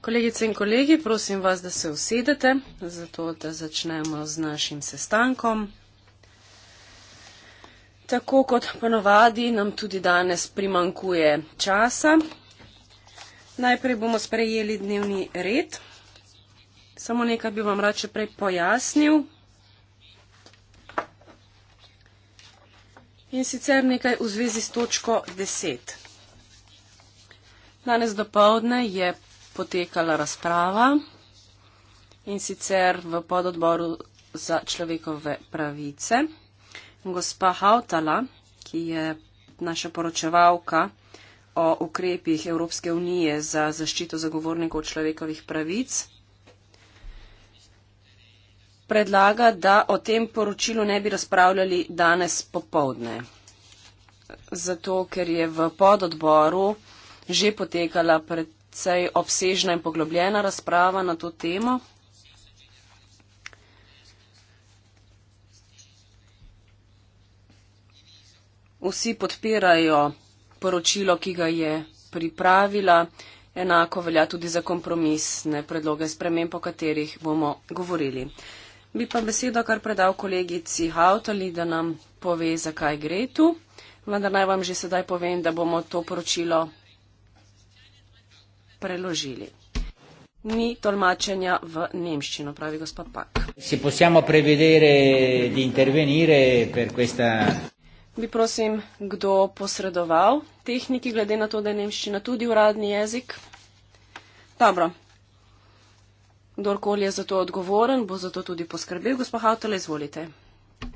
Kolegice in kolegi, prosim vas, da se usedete, zato da začnemo z našim sestankom. Tako kot ponovadi, nam tudi danes primankuje časa. Najprej bomo sprejeli dnevni red. Samo nekaj bi vam rače prej pojasnil. In sicer nekaj v zvezi s točko 10. Danes do povdne je potekala razprava in sicer v pododboru za človekove pravice. Gospa Hautala, ki je naša poročevalka o ukrepih Evropske unije za zaščito zagovornikov človekovih pravic, predlaga, da o tem poročilu ne bi razpravljali danes popovdne. Zato, ker je v pododboru že potekala pred precej obsežna in poglobljena razprava na to temo. Vsi podpirajo poročilo, ki ga je pripravila. Enako velja tudi za kompromisne predloge spremem, po katerih bomo govorili. Bi pa besedo kar predal kolegici Hautali, da nam pove, zakaj gre tu. Vendar naj vam že sedaj povem, da bomo to poročilo preložili. Ni tolmačenja v nemščino, pravi gospod Pak. Si possiamo prevedere di intervenire per questa. Bi prosim, kdo posredoval tehniki, glede na to, da je nemščina tudi uradni jezik? Dobro. Kdorkoli je za to odgovoren, bo za to tudi poskrbel. Gospod Hautele, izvolite.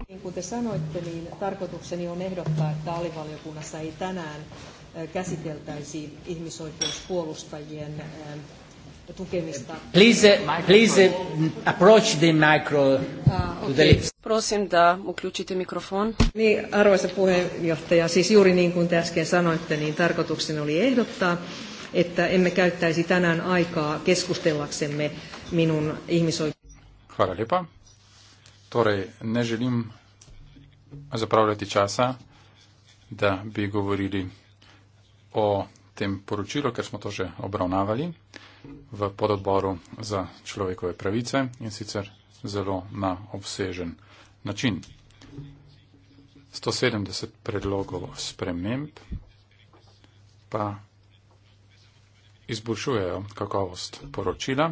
In kot ste sanojte, ni tarkotuk se ni onehrotar, da li valjo puna se i tanan käsiteltäisiin ihmisoikeuspuolustajien tukemista. Please, please approach the micro ah, to the lips. Prosim da uključite mikrofon. Niin, arvoisa puheenjohtaja, siis juuri niin kuin te äsken sanoitte, niin tarkoituksena oli ehdottaa, että emme käyttäisi tänään aikaa keskustellaksemme minun ihmisoikeuksia. Hvala lipa. Tore, ne želim zapravljati časa da bi govorili o tem poročilu, ker smo to že obravnavali v pododboru za človekove pravice in sicer zelo na obsežen način. 170 predlogov sprememb pa izboljšujejo kakovost poročila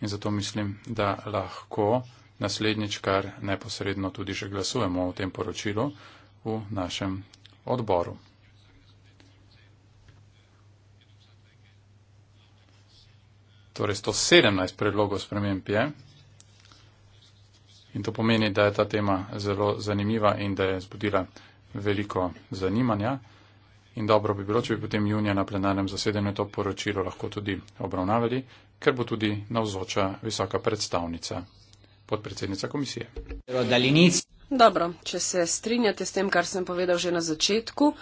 in zato mislim, da lahko naslednjič kar neposredno tudi že glasujemo o tem poročilu v našem odboru. torej 117 predlogov sprememb je. In to pomeni, da je ta tema zelo zanimiva in da je zbudila veliko zanimanja. In dobro bi bilo, če bi potem junija na plenarnem zasedanju to poročilo lahko tudi obravnavali, ker bo tudi navzoča visoka predstavnica, podpredsednica komisije. Dobro, če se strinjate s tem, kar sem povedal že na začetku,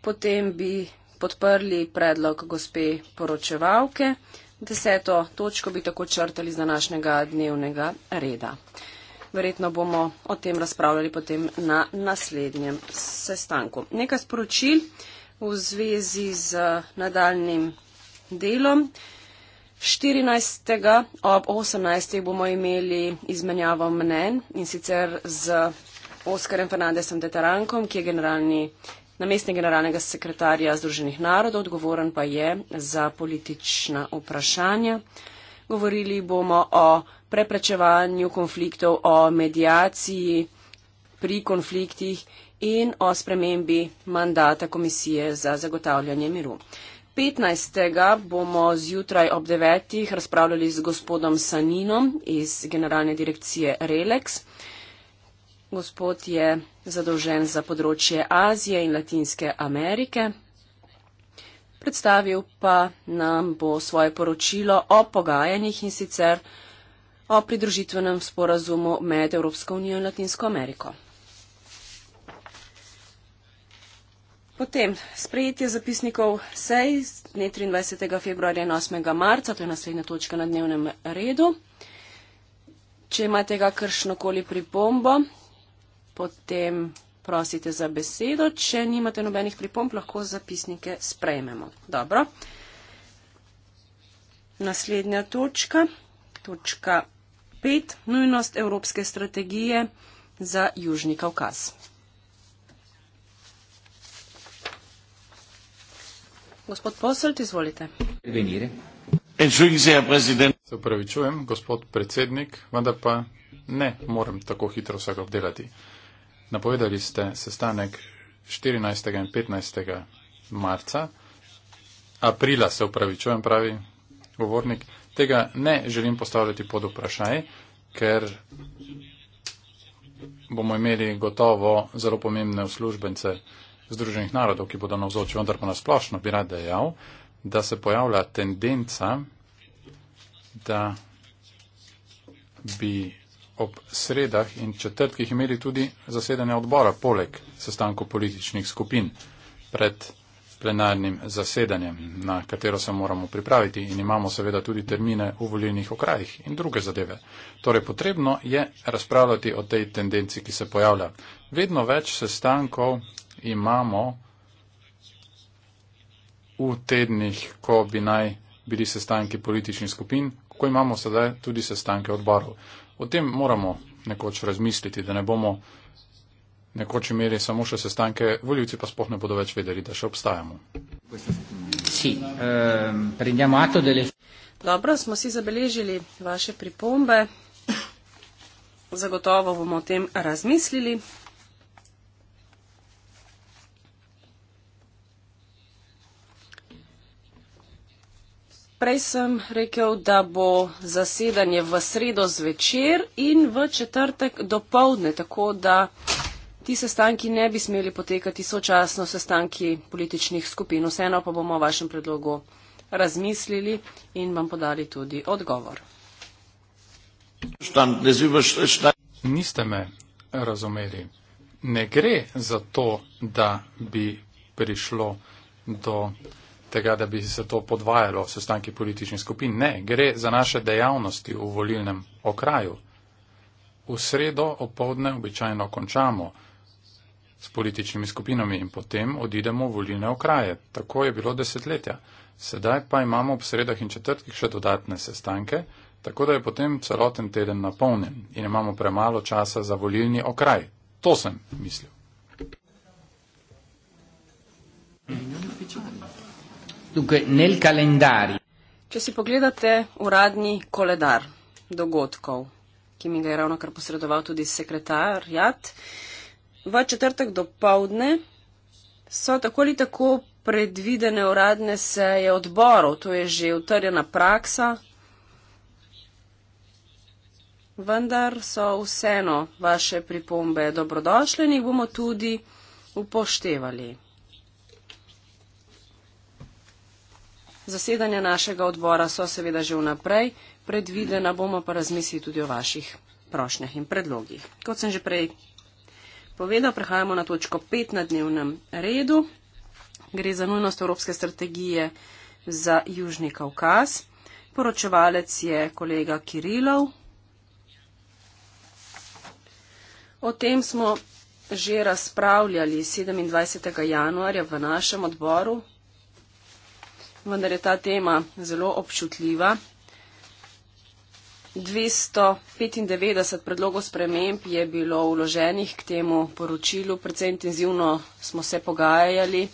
potem bi podprli predlog gospe poročevalke, deseto točko bi tako črtali z današnjega dnevnega reda. Verjetno bomo o tem razpravljali potem na naslednjem sestanku. Nekaj sporočil v zvezi z eh, nadaljnim delom. 14. ob 18. bomo imeli izmenjavo mnen in sicer z Oskarjem Fernandesom Detarankom, ki je generalni namestnik generalnega sekretarja Združenih narodov, odgovoren pa je za politična vprašanja. Govorili bomo o preprečevanju konfliktov, o medijaciji pri konfliktih in o spremembi mandata Komisije za zagotavljanje miru. 15. bomo zjutraj ob 9. razpravljali z gospodom Saninom iz generalne direkcije Relex. Gospod je zadolžen za področje Azije in Latinske Amerike. Predstavil pa nam bo svoje poročilo o pogajanjih in sicer o pridružitvenem sporazumu med Evropsko unijo in Latinsko Ameriko. Potem sprejetje zapisnikov sej z dne 23. februarja in 8. marca, to je naslednja točka na dnevnem redu. Če imate kakršnokoli pripombo, potem prosite za besedo. Če nimate nobenih pripomp, lahko zapisnike sprejmemo. Dobro. Naslednja točka, točka 5, nujnost evropske strategije za Južni Kaukaz. Gospod Poselt, izvolite. Se upravičujem, gospod predsednik, vendar pa ne morem tako hitro vsega obdelati. Napovedali ste sestanek 14. in 15. marca, aprila se upravičujem, pravi govornik. Tega ne želim postavljati pod vprašaj, ker bomo imeli gotovo zelo pomembne uslužbence Združenih narodov, ki bodo navzočili, vendar pa nasplošno bi rad dejal, da se pojavlja tendenca, da bi ob sredah in četrtkih imeli tudi zasedanje odbora poleg sestanku političnih skupin pred plenarnim zasedanjem, na katero se moramo pripraviti in imamo seveda tudi termine v volilnih okrajih in druge zadeve. Torej potrebno je razpravljati o tej tendenci, ki se pojavlja. Vedno več sestankov imamo v tednih, ko bi naj bili sestanki političnih skupin, ko imamo sedaj tudi sestanke odborov o tem moramo nekoč razmisliti, da ne bomo nekoč imeli samo še sestanke, voljivci pa spohne bodo več vedeli, da še obstajamo. Ehm, Dobro, smo si zabeležili vaše pripombe. Zagotovo bomo o tem razmislili. Prej sem rekel, da bo zasedanje v sredo zvečer in v četrtek do povdne, tako da ti sestanki ne bi smeli potekati sočasno sestanki političnih skupin. Vseeno pa bomo o vašem predlogu razmislili in vam podali tudi odgovor. Niste me razumeli. Ne gre za to, da bi prišlo do tega, da bi se to podvajalo v sestanki političnih skupin. Ne, gre za naše dejavnosti v volilnem okraju. V sredo opovdne običajno končamo s političnimi skupinami in potem odidemo v volilne okraje. Tako je bilo desetletja. Sedaj pa imamo ob sredah in četrtkih še dodatne sestanke, tako da je potem celoten teden napolnjen in imamo premalo časa za volilni okraj. To sem mislil. Thank hm. you. Tukaj nel kalendari. Če si pogledate uradni koledar dogodkov, ki mi ga je ravno kar posredoval tudi sekretarjat, v četrtek do povdne so tako ali tako predvidene uradne seje odborov, to je že utrjena praksa, vendar so vseeno vaše pripombe dobrodošle in jih bomo tudi upoštevali. Zasedanja našega odbora so seveda že vnaprej, predvidena bomo pa razmisliti tudi o vaših prošnjah in predlogih. Kot sem že prej povedal, prehajamo na točko 5 na dnevnem redu. Gre za nujnost Evropske strategije za Južni Kaukaz. Poročevalec je kolega Kirilov. O tem smo že razpravljali 27. januarja v našem odboru, vendar je ta tema zelo občutljiva. 295 predlogov sprememb je bilo uloženih k temu poročilu. Predvsej intenzivno smo se pogajali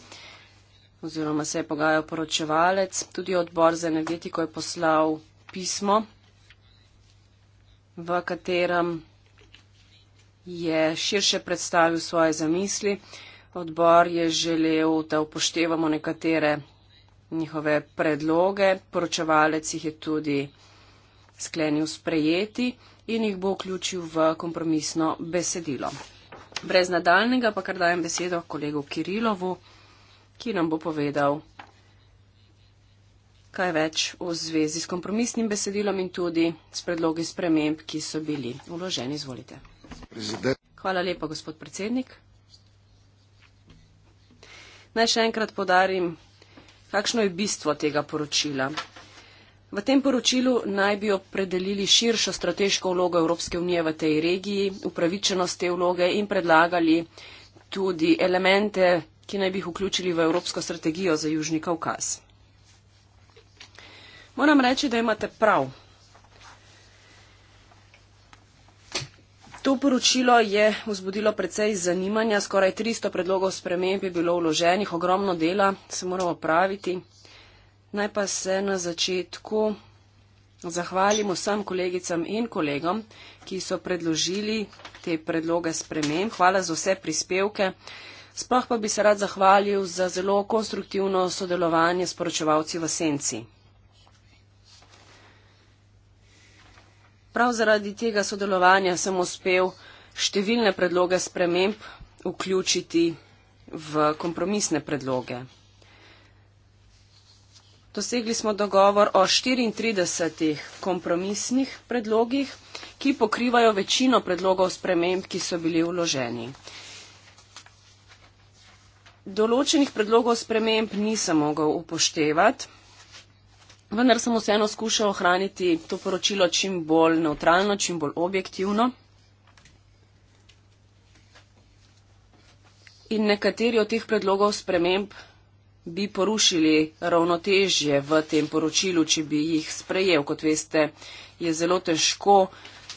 oziroma se je pogajal poročevalec. Tudi odbor za energetiko je poslal pismo, v katerem je širše predstavil svoje zamisli. Odbor je želel, da upoštevamo nekatere njihove predloge, poročevalec jih je tudi sklenil sprejeti in jih bo vključil v kompromisno besedilo. Brez nadaljnega pa kar dajem besedo kolegu Kirilovu, ki nam bo povedal, kaj več v zvezi s kompromisnim besedilom in tudi s predlogi sprememb, ki so bili uloženi. Izvolite. Hvala lepa, gospod predsednik. Naj še enkrat podarim Kakšno je bistvo tega poročila? V tem poročilu naj bi opredelili širšo strateško vlogo Evropske unije v tej regiji, upravičenost te vloge in predlagali tudi elemente, ki naj bi jih vključili v Evropsko strategijo za Južni Kaukaz. Moram reči, da imate prav. To poročilo je vzbudilo precej zanimanja, skoraj 300 predlogov sprememb je bilo vloženih, ogromno dela se moramo praviti. Naj pa se na začetku zahvalimo vsem kolegicam in kolegom, ki so predložili te predloge sprememb. Hvala za vse prispevke. Sploh pa bi se rad zahvalil za zelo konstruktivno sodelovanje s poročevalci v Senci. prav zaradi tega sodelovanja sem uspel številne predloge sprememb vključiti v kompromisne predloge. Dosegli smo dogovor o 34 kompromisnih predlogih, ki pokrivajo večino predlogov sprememb, ki so bili vloženi. Določenih predlogov sprememb nisem mogel upoštevati, vendar sem vseeno skušal ohraniti to poročilo čim bolj neutralno, čim bolj objektivno. In nekateri od teh predlogov sprememb bi porušili ravnotežje v tem poročilu, če bi jih sprejel. Kot veste, je zelo težko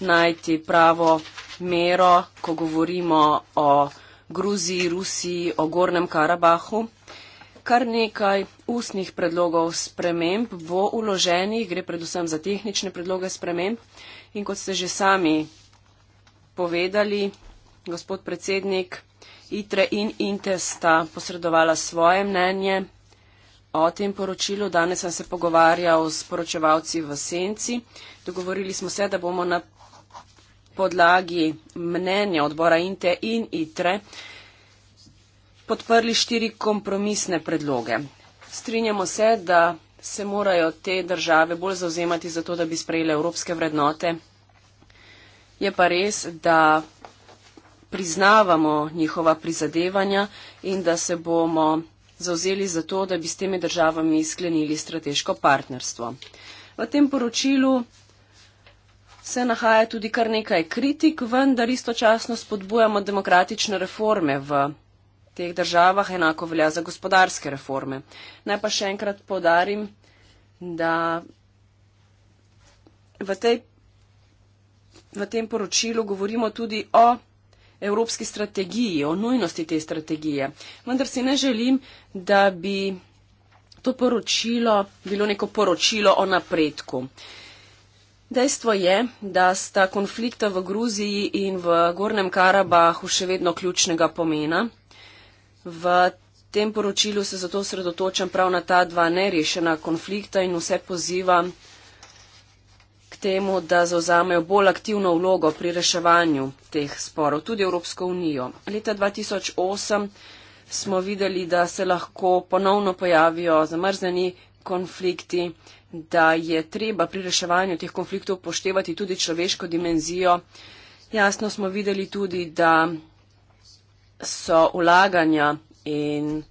najti pravo mero, ko govorimo o Gruziji, Rusiji, o Gornem Karabahu. Kar nekaj ustnih predlogov sprememb bo uloženih, gre predvsem za tehnične predloge sprememb. In kot ste že sami povedali, gospod predsednik, ITRE in INTE sta posredovala svoje mnenje o tem poročilu. Danes sem se pogovarjal s poročevalci v Senci. Dogovorili smo se, da bomo na podlagi mnenja odbora INTE in ITRE podprli štiri kompromisne predloge. Strinjamo se, da se morajo te države bolj zauzemati za to, da bi sprejele evropske vrednote. Je pa res, da priznavamo njihova prizadevanja in da se bomo zauzeli za to, da bi s temi državami sklenili strateško partnerstvo. V tem poročilu se nahaja tudi kar nekaj kritik, vendar istočasno spodbujamo demokratične reforme v teh državah enako velja za gospodarske reforme. Naj pa še enkrat podarim, da v, tej, v tem poročilu govorimo tudi o evropski strategiji, o nujnosti te strategije. Vendar si ne želim, da bi to poročilo bilo neko poročilo o napredku. Dejstvo je, da sta konflikta v Gruziji in v Gornjem Karabahu še vedno ključnega pomena. V tem poročilu se zato sredotočam prav na ta dva nerešena konflikta in vse pozivam k temu, da zauzamejo bolj aktivno vlogo pri reševanju teh sporov, tudi Evropsko unijo. Leta 2008 smo videli, da se lahko ponovno pojavijo zamrzneni konflikti, da je treba pri reševanju teh konfliktov poštevati tudi človeško dimenzijo. Jasno smo videli tudi, da so ulaganja in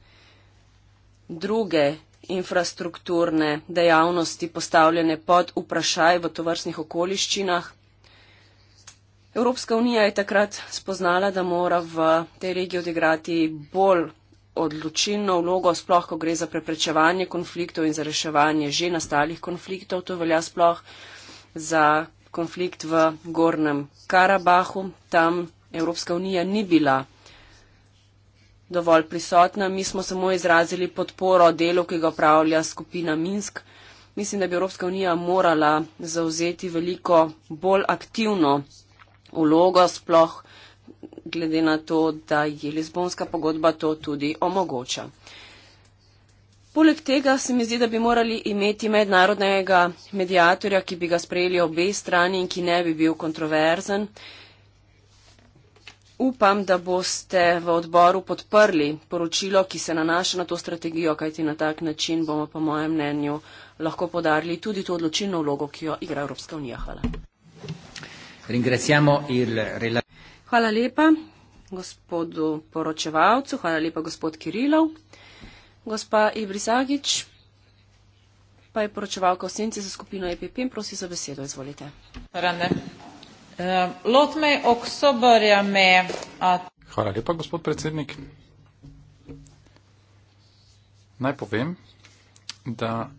druge infrastrukturne dejavnosti postavljene pod vprašaj v tovrstnih okoliščinah. Evropska unija je takrat spoznala, da mora v tej regiji odigrati bolj odločilno vlogo, sploh ko gre za preprečevanje konfliktov in za reševanje že nastalih konfliktov. To velja sploh za konflikt v Gornem Karabahu. Tam Evropska unija ni bila dovolj prisotna. Mi smo samo izrazili podporo delu, ki ga upravlja skupina Minsk. Mislim, da bi Evropska unija morala zauzeti veliko bolj aktivno vlogo, sploh glede na to, da je Lizbonska pogodba to tudi omogoča. Poleg tega se mi zdi, da bi morali imeti mednarodnega medijatorja, ki bi ga sprejeli obe strani in ki ne bi bil kontroverzen upam, da boste v odboru podprli poročilo, ki se nanaša na to strategijo, kajti na tak način bomo, po mojem mnenju, lahko podarili tudi to odločilno vlogo, ki jo igra Evropska unija. Hvala. Hvala lepa gospodu poročevalcu, hvala lepa gospod Kirilov. Gospa Ibrisagič, pa je poročevalka v senci za skupino EPP, prosim za besedo, izvolite. Rane. Ehm, låt mig också börja med att... Hvala lepa, gospod predsednik. Naj povem, da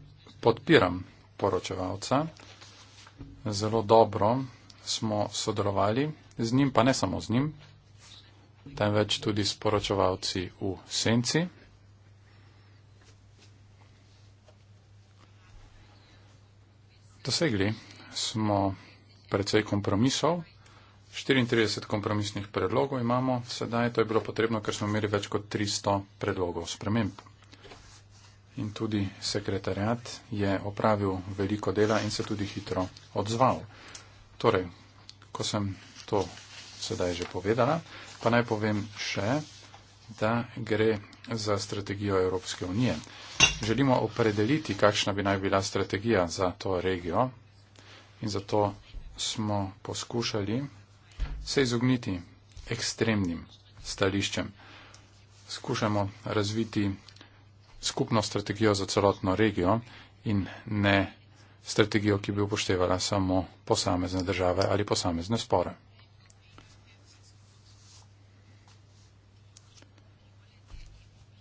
podpiram poročevalca. Zelo dobro smo sodelovali z njim, pa ne samo z njim, temveč tudi s poročevalci v senci. Dosegli smo precej kompromisov. 34 kompromisnih predlogov imamo sedaj, to je bilo potrebno, ker smo imeli več kot 300 predlogov sprememb. In tudi sekretarjat je opravil veliko dela in se tudi hitro odzval. Torej, ko sem to sedaj že povedala, pa naj povem še, da gre za strategijo Evropske unije. Želimo opredeliti, kakšna bi naj bila strategija za to regijo. In zato smo poskušali se izogniti ekstremnim stališčem. Skušamo razviti skupno strategijo za celotno regijo in ne strategijo, ki bi upoštevala samo posamezne države ali posamezne spore.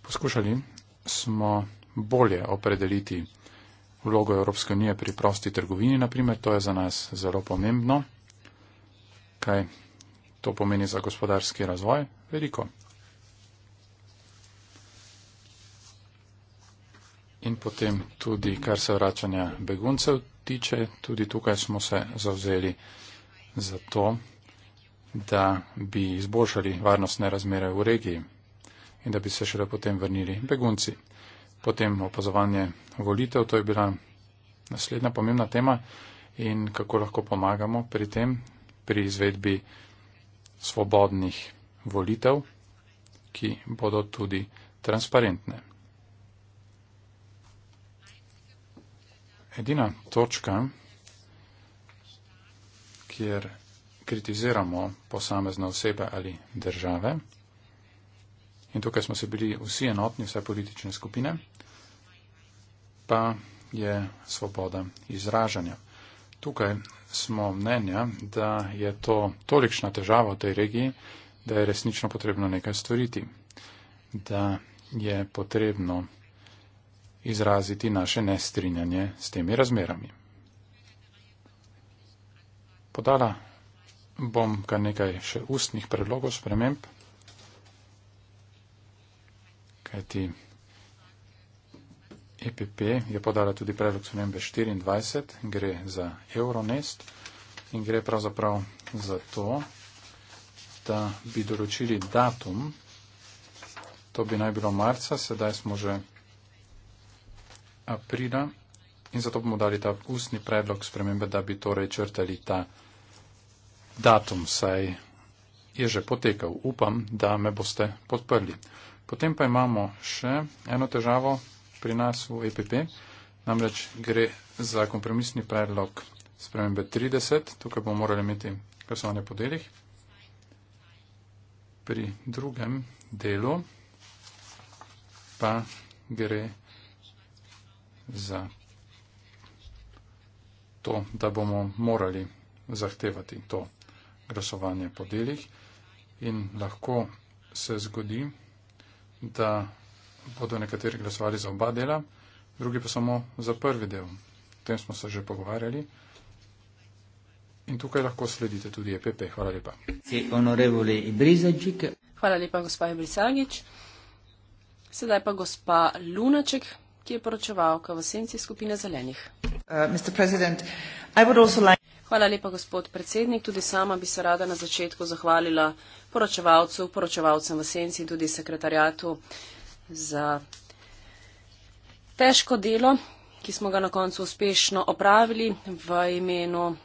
Poskušali smo bolje opredeliti vlogo Evropske unije pri prosti trgovini, naprimer, to je za nas zelo pomembno. Kaj to pomeni za gospodarski razvoj? Veliko. In potem tudi, kar se vračanja beguncev tiče, tudi tukaj smo se zavzeli za to, da bi izboljšali varnostne razmere v regiji in da bi se šele potem vrnili begunci potem opazovanje volitev, to je bila naslednja pomembna tema in kako lahko pomagamo pri tem, pri izvedbi svobodnih volitev, ki bodo tudi transparentne. Edina točka, kjer kritiziramo posamezne osebe ali države, in tukaj smo se bili vsi enotni, vse politične skupine, pa je svoboda izražanja. Tukaj smo mnenja, da je to tolikšna težava v tej regiji, da je resnično potrebno nekaj storiti, da je potrebno izraziti naše nestrinjanje s temi razmerami. Podala bom kar nekaj še ustnih predlogov sprememb, kajti EPP je podala tudi predlog spremembe 24, gre za Euronest in gre pravzaprav za to, da bi določili datum, to bi naj bilo marca, sedaj smo že aprila in zato bomo dali ta ustni predlog spremembe, da bi torej črtali ta datum, saj je že potekal. Upam, da me boste podprli. Potem pa imamo še eno težavo, pri nas v EPP. Namreč gre za kompromisni predlog spremembe 30. Tukaj bomo morali imeti glasovanje po delih. Pri drugem delu pa gre za to, da bomo morali zahtevati to glasovanje po delih in lahko se zgodi, da bodo nekateri glasovali za oba dela, drugi pa samo za prvi del. O tem smo se že pogovarjali. In tukaj lahko sledite tudi EPP. Hvala lepa. Hvala lepa, gospa Ibrisagič. Sedaj pa gospa Lunaček, ki je poročevalka v senci skupine zelenih. Uh, Hvala lepa, gospod predsednik. Tudi sama bi se rada na začetku zahvalila poročevalcu, poročevalcem v senci in tudi sekretarjatu za težko delo, ki smo ga na koncu uspešno opravili v imenu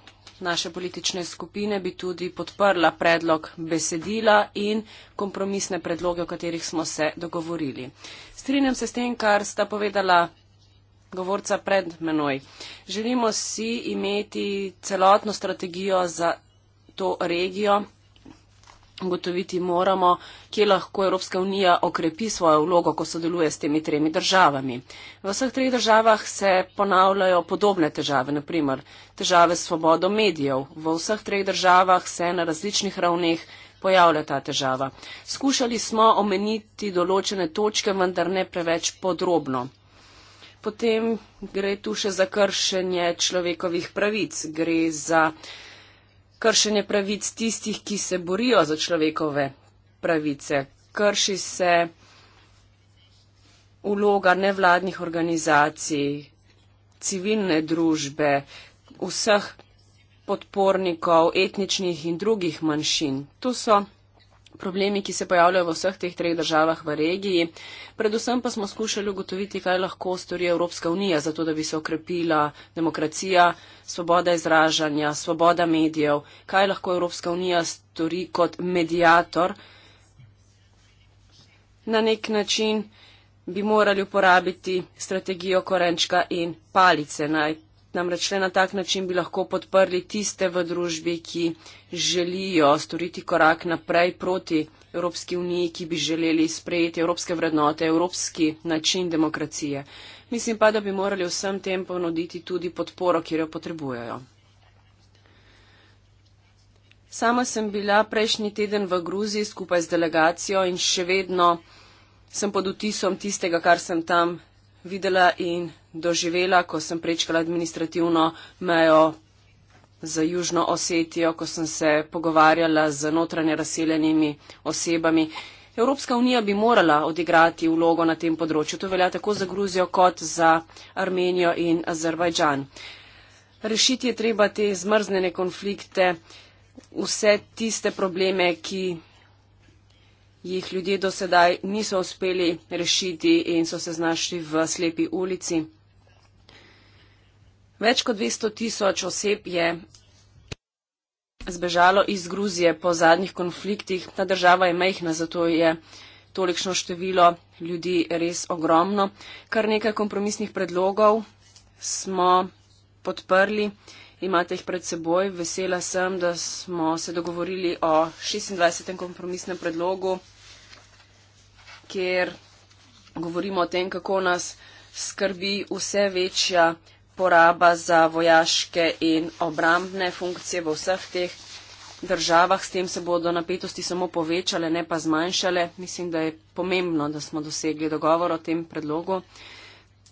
naše politične skupine bi tudi podprla predlog besedila in kompromisne predloge, o katerih smo se dogovorili. Strinjam se s tem, kar sta povedala govorca pred menoj. Želimo si imeti celotno strategijo za to regijo ugotoviti moramo, kje lahko Evropska unija okrepi svojo vlogo, ko sodeluje s temi tremi državami. V vseh treh državah se ponavljajo podobne težave, naprimer težave s svobodo medijev. V vseh treh državah se na različnih ravneh pojavlja ta težava. Skušali smo omeniti določene točke, vendar ne preveč podrobno. Potem gre tu še za kršenje človekovih pravic. Gre za kršenje pravic tistih, ki se borijo za človekove pravice, krši se uloga nevladnih organizacij, civilne družbe, vseh podpornikov etničnih in drugih manjšin. To so problemi, ki se pojavljajo v vseh teh treh državah v regiji. Predvsem pa smo skušali ugotoviti, kaj lahko stori Evropska unija, zato da bi se okrepila demokracija, svoboda izražanja, svoboda medijev, kaj lahko Evropska unija stori kot medijator. Na nek način bi morali uporabiti strategijo korenčka in palice. Naj Namreč le na tak način bi lahko podprli tiste v družbi, ki želijo storiti korak naprej proti Evropski uniji, ki bi želeli sprejeti evropske vrednote, evropski način demokracije. Mislim pa, da bi morali vsem tem ponuditi tudi podporo, kjer jo potrebujejo. Sama sem bila prejšnji teden v Gruziji skupaj z delegacijo in še vedno sem pod vtisom tistega, kar sem tam videla in doživela, ko sem prečkala administrativno mejo za Južno Osetijo, ko sem se pogovarjala z notranje razseljenimi osebami. Evropska unija bi morala odigrati vlogo na tem področju. To velja tako za Gruzijo kot za Armenijo in Azerbajdžan. Rešiti je treba te zmrznene konflikte, vse tiste probleme, ki jih ljudje do sedaj niso uspeli rešiti in so se znašli v slepi ulici. Več kot 200 tisoč oseb je zbežalo iz Gruzije po zadnjih konfliktih. Ta država je mehna, zato je tolikšno število ljudi res ogromno. Kar nekaj kompromisnih predlogov smo podprli. Imate jih pred seboj. Vesela sem, da smo se dogovorili o 26. kompromisnem predlogu kjer govorimo o tem, kako nas skrbi vse večja poraba za vojaške in obrambne funkcije v vseh teh državah. S tem se bodo napetosti samo povečale, ne pa zmanjšale. Mislim, da je pomembno, da smo dosegli dogovor o tem predlogu.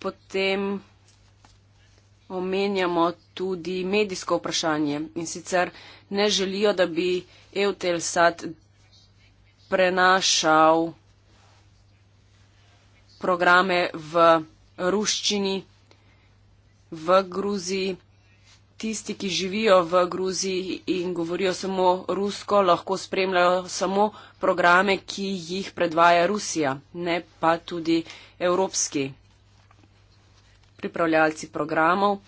Potem omenjamo tudi medijsko vprašanje in sicer ne želijo, da bi Eutelsat prenašal programe v ruščini, v Gruziji. Tisti, ki živijo v Gruziji in govorijo samo rusko, lahko spremljajo samo programe, ki jih predvaja Rusija, ne pa tudi evropski pripravljalci programov.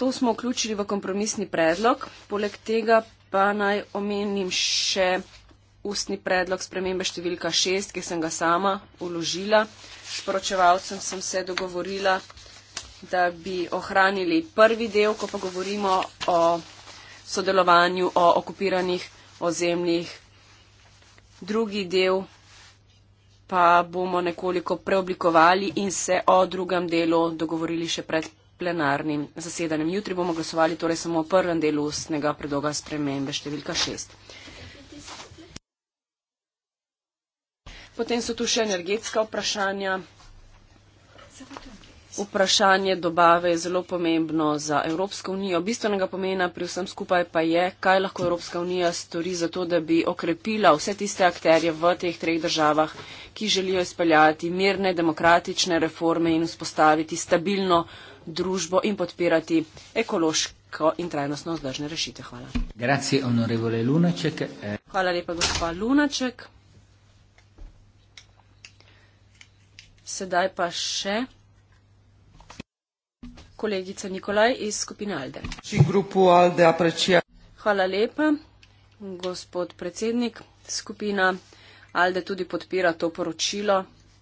To smo vključili v kompromisni predlog. Poleg tega pa naj omenim še ustni predlog spremembe številka 6, ki sem ga sama uložila. S poročevalcem sem se dogovorila, da bi ohranili prvi del, ko pa govorimo o sodelovanju o okupiranih ozemljih. Drugi del pa bomo nekoliko preoblikovali in se o drugem delu dogovorili še pred plenarnim zasedanjem. Jutri bomo glasovali torej samo o prvem delu ustnega predloga spremembe številka 6. Potem so tu še energetska vprašanja. Vprašanje dobave je zelo pomembno za Evropsko unijo. Bistvenega pomena pri vsem skupaj pa je, kaj lahko Evropska unija stori za to, da bi okrepila vse tiste akterje v teh treh državah, ki želijo izpeljati mirne demokratične reforme in vzpostaviti stabilno družbo in podpirati ekološko in trajnostno vzdržne rešitve. Hvala. Hvala lepa, gospa Lunaček. Sedaj pa še kolegica Nikolaj iz skupine Alde. Hvala lepa, gospod predsednik. Skupina Alde tudi podpira to poročilo.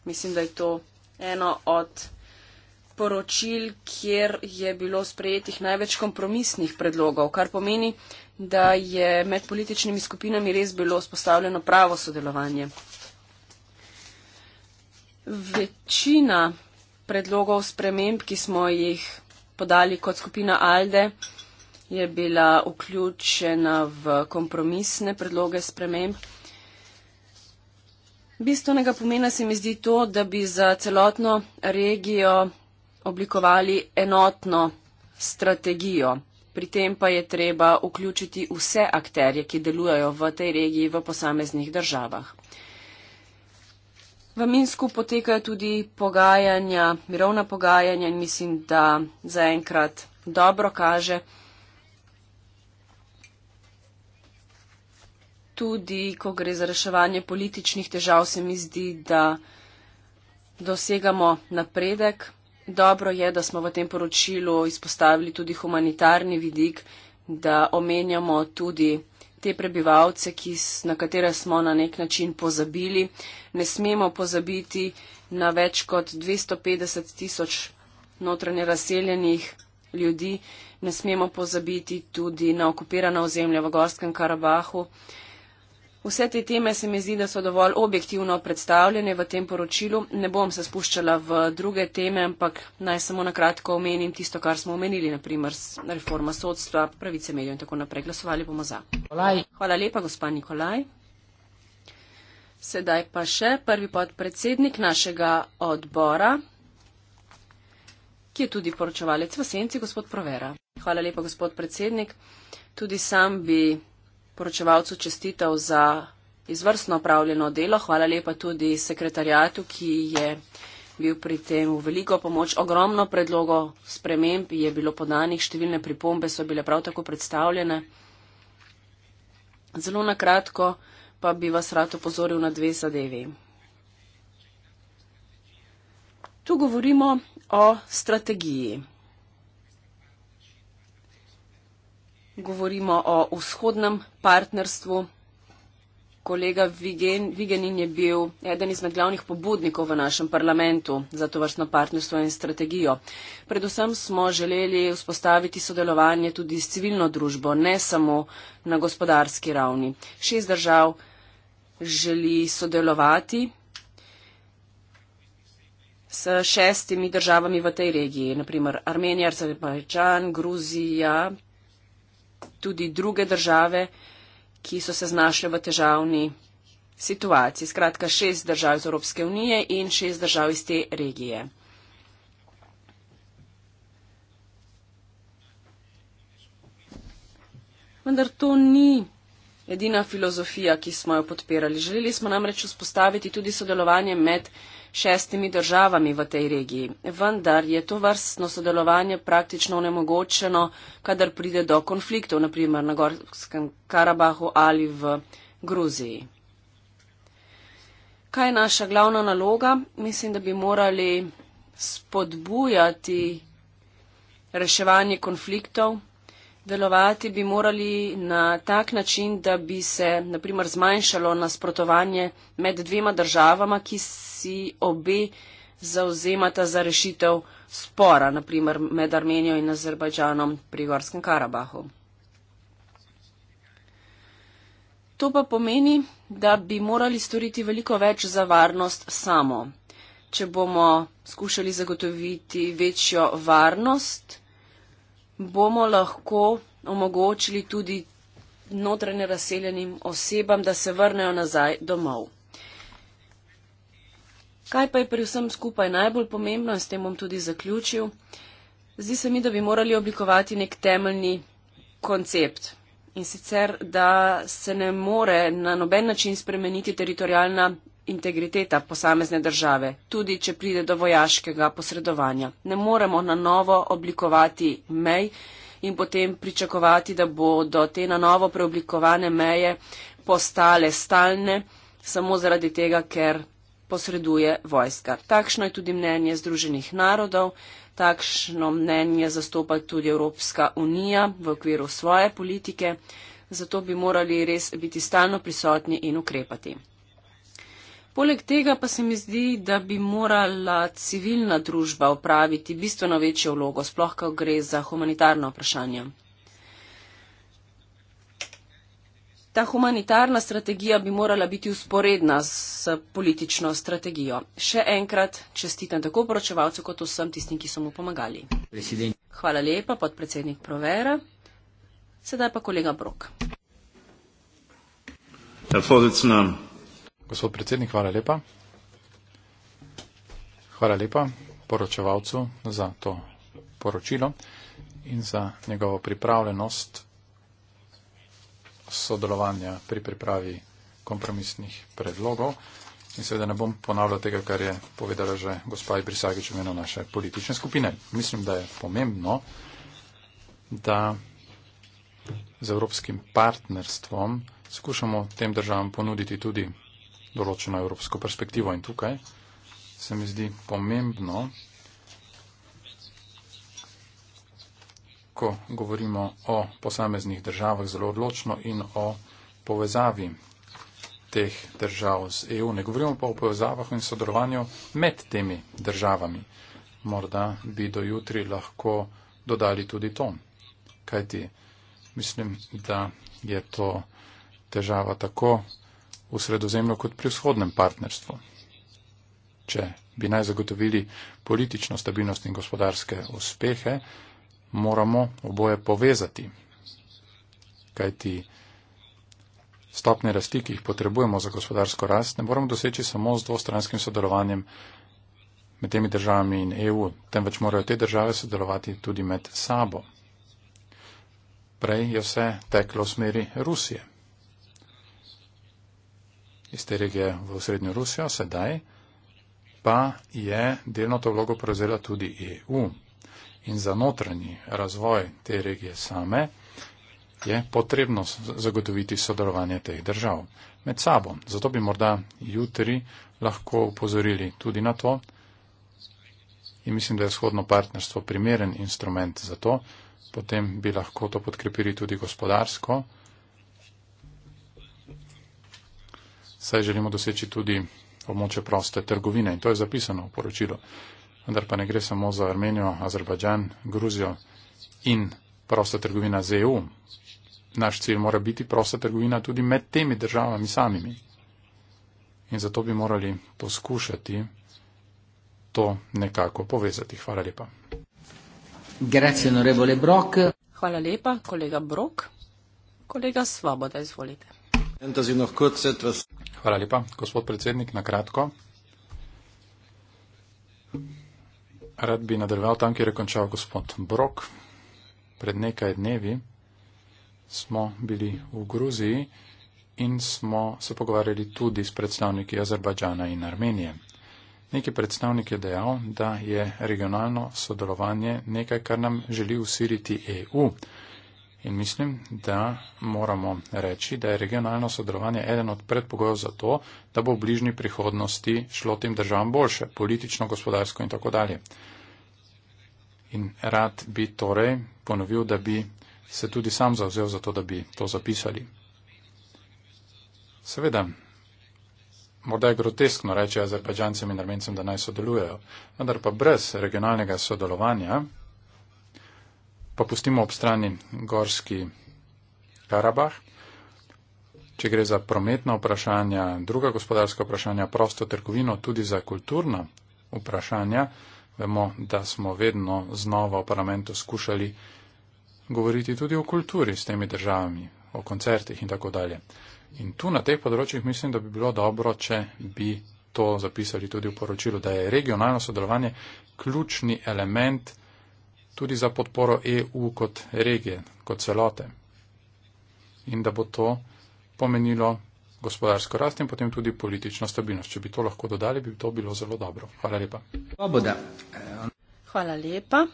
Mislim, da je to eno od poročil, kjer je bilo sprejetih največ kompromisnih predlogov, kar pomeni, da je med političnimi skupinami res bilo spostavljeno pravo sodelovanje. Večina predlogov sprememb, ki smo jih podali kot skupina Alde, je bila vključena v kompromisne predloge sprememb. Bistvenega pomena se mi zdi to, da bi za celotno regijo oblikovali enotno strategijo. Pri tem pa je treba vključiti vse akterje, ki delujejo v tej regiji v posameznih državah. V Minsku potekajo tudi pogajanja, mirovna pogajanja in mislim, da zaenkrat dobro kaže. Tudi, ko gre za reševanje političnih težav, se mi zdi, da dosegamo napredek. Dobro je, da smo v tem poročilu izpostavili tudi humanitarni vidik, da omenjamo tudi te prebivalce, na katere smo na nek način pozabili. Ne smemo pozabiti na več kot 250 tisoč notranje razseljenih ljudi, ne smemo pozabiti tudi na okupirana ozemlja v Gorskem Karabahu. Vse te teme se mi zdi, da so dovolj objektivno predstavljene v tem poročilu. Ne bom se spuščala v druge teme, ampak naj samo na kratko omenim tisto, kar smo omenili, naprimer reforma sodstva, pravice medijev in tako naprej. Glasovali bomo za. Nikolaj. Hvala lepa, gospod Nikolaj. Sedaj pa še prvi podpredsednik našega odbora, ki je tudi poročevalec v senci, gospod Provera. Hvala lepa, gospod predsednik. Tudi sam bi poročevalcu čestitev za izvrstno opravljeno delo. Hvala lepa tudi sekretarjatu, ki je bil pri tem v veliko pomoč. Ogromno predlogo sprememb je bilo podanih, številne pripombe so bile prav tako predstavljene. Zelo na kratko pa bi vas rad opozoril na dve zadevi. Tu govorimo o strategiji. govorimo o vzhodnem partnerstvu. Kolega Vigen, Vigenin je bil eden izmed glavnih pobudnikov v našem parlamentu za to vrstno partnerstvo in strategijo. Predvsem smo želeli vzpostaviti sodelovanje tudi s civilno družbo, ne samo na gospodarski ravni. Šest držav želi sodelovati s šestimi državami v tej regiji, naprimer Armenija, Azerbajdžan, Gruzija, tudi druge države, ki so se znašle v težavni situaciji. Skratka, šest držav iz Evropske unije in šest držav iz te regije. Vendar to ni edina filozofija, ki smo jo podpirali. Želeli smo namreč vzpostaviti tudi sodelovanje med šestimi državami v tej regiji. Vendar je to vrstno sodelovanje praktično onemogočeno, kadar pride do konfliktov, naprimer na Gorskem Karabahu ali v Gruziji. Kaj je naša glavna naloga? Mislim, da bi morali spodbujati reševanje konfliktov Delovati bi morali na tak način, da bi se naprimer zmanjšalo nasprotovanje med dvema državama, ki si obe zauzemata za rešitev spora, naprimer med Armenijo in Azerbajdžanom pri Gorskem Karabahu. To pa pomeni, da bi morali storiti veliko več za varnost samo. Če bomo skušali zagotoviti večjo varnost, bomo lahko omogočili tudi notranje razseljenim osebam, da se vrnejo nazaj domov. Kaj pa je pri vsem skupaj najbolj pomembno in s tem bom tudi zaključil? Zdi se mi, da bi morali oblikovati nek temeljni koncept. In sicer, da se ne more na noben način spremeniti teritorijalna integriteta posamezne države, tudi če pride do vojaškega posredovanja. Ne moremo na novo oblikovati mej in potem pričakovati, da bodo te na novo preoblikovane meje postale stalne samo zaradi tega, ker posreduje vojska. Takšno je tudi mnenje Združenih narodov, takšno mnenje zastopa tudi Evropska unija v okviru svoje politike, zato bi morali res biti stalno prisotni in ukrepati. Poleg tega pa se mi zdi, da bi morala civilna družba upraviti bistveno večjo vlogo, sploh ko gre za humanitarno vprašanje. Ta humanitarna strategija bi morala biti usporedna s politično strategijo. Še enkrat čestitam tako poročevalcu, kot vsem tistim, ki so mu pomagali. Presidenti. Hvala lepa, podpredsednik Provera. Sedaj pa kolega Brok. Hvala, Gospod predsednik, hvala lepa. Hvala lepa poročevalcu za to poročilo in za njegovo pripravljenost sodelovanja pri pripravi kompromisnih predlogov. In seveda ne bom ponavljal tega, kar je povedala že gospa Ibrisagič v imenu naše politične skupine. Mislim, da je pomembno, da z evropskim partnerstvom skušamo tem državam ponuditi tudi določeno evropsko perspektivo. In tukaj se mi zdi pomembno, ko govorimo o posameznih državah zelo odločno in o povezavi teh držav z EU. Ne govorimo pa o povezavah in sodelovanju med temi državami. Morda bi do jutri lahko dodali tudi to. Kajti mislim, da je to težava tako v sredozemlju kot pri vzhodnem partnerstvu. Če bi naj zagotovili politično stabilnost in gospodarske uspehe, moramo oboje povezati. Kajti stopne rasti, ki jih potrebujemo za gospodarsko rast, ne moramo doseči samo z dvostranskim sodelovanjem med temi državami in EU, temveč morajo te države sodelovati tudi med sabo. Prej je vse teklo v smeri Rusije iz te regije v Srednjo Rusijo, sedaj pa je delno to vlogo prevzela tudi EU. In za notranji razvoj te regije same je potrebno zagotoviti sodelovanje teh držav med sabo. Zato bi morda jutri lahko upozorili tudi na to. In mislim, da je shodno partnerstvo primeren instrument za to. Potem bi lahko to podkrepili tudi gospodarsko. saj želimo doseči tudi območje proste trgovine. In to je zapisano v poročilu. Vendar pa ne gre samo za Armenijo, Azerbajdžan, Gruzijo in prosta trgovina z EU. Naš cilj mora biti prosta trgovina tudi med temi državami samimi. In zato bi morali poskušati to nekako povezati. Hvala lepa. Grazie, onorevole Brok. Hvala lepa, kolega Brok. Kolega Svoboda, izvolite. Hvala lepa, gospod predsednik, na kratko. Rad bi nadaljeval tam, kjer je končal gospod Brok. Pred nekaj dnevi smo bili v Gruziji in smo se pogovarjali tudi s predstavniki Azerbajdžana in Armenije. Neki predstavnik je dejal, da je regionalno sodelovanje nekaj, kar nam želi usiriti EU. In mislim, da moramo reči, da je regionalno sodelovanje eden od predpogojev za to, da bo v bližnji prihodnosti šlo tem državam boljše, politično, gospodarsko in tako dalje. In rad bi torej ponovil, da bi se tudi sam zauzel za to, da bi to zapisali. Seveda, morda je groteskno reči Azerbajdžancem in Armencem, da naj sodelujejo, vendar pa brez regionalnega sodelovanja pa pustimo ob strani Gorski Karabah. Če gre za prometna vprašanja, druga gospodarska vprašanja, prosto trgovino, tudi za kulturna vprašanja, vemo, da smo vedno znova v parlamentu skušali govoriti tudi o kulturi s temi državami, o koncertih in tako dalje. In tu na teh področjih mislim, da bi bilo dobro, če bi to zapisali tudi v poročilu, da je regionalno sodelovanje ključni element tudi za podporo EU kot regije, kot celote. In da bo to pomenilo gospodarsko rast in potem tudi politično stabilnost. Če bi to lahko dodali, bi to bilo zelo dobro. Hvala lepa. Hvala lepa.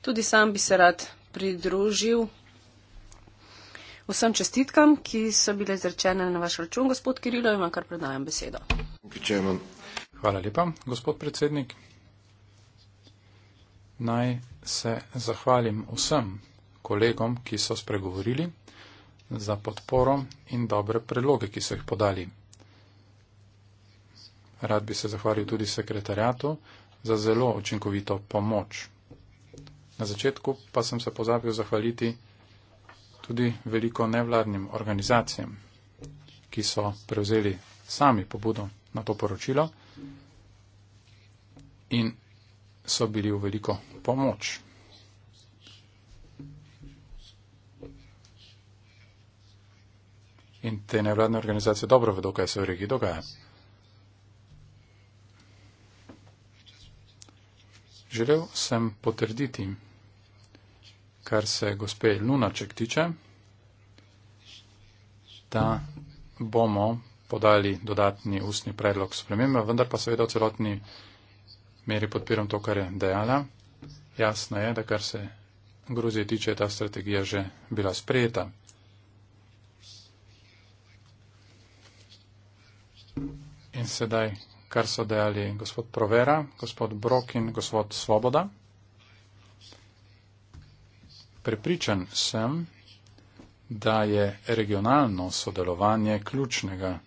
Tudi sam bi se rad pridružil vsem čestitkam, ki so bile izrečene na vaš račun, gospod Kirilov, in vam kar predajam besedo. Hvala lepa, gospod predsednik naj se zahvalim vsem kolegom, ki so spregovorili za podporo in dobre predloge, ki so jih podali. Rad bi se zahvalil tudi sekretarjatu za zelo učinkovito pomoč. Na začetku pa sem se pozabil zahvaliti tudi veliko nevladnim organizacijam, ki so prevzeli sami pobudo na to poročilo in so bili v veliko pomoč. In te nevladne organizacije dobro vedo, kaj se v regiji dogaja. Želel sem potrditi, kar se gospe Lunaček tiče, da bomo podali dodatni ustni predlog spremembe, vendar pa seveda v celotni meri podpiram to, kar je dejala. Jasno je, da kar se Gruzije tiče, je ta strategija že bila sprejeta. In sedaj, kar so dejali gospod Provera, gospod Brok in gospod Svoboda. Prepričan sem, da je regionalno sodelovanje ključnega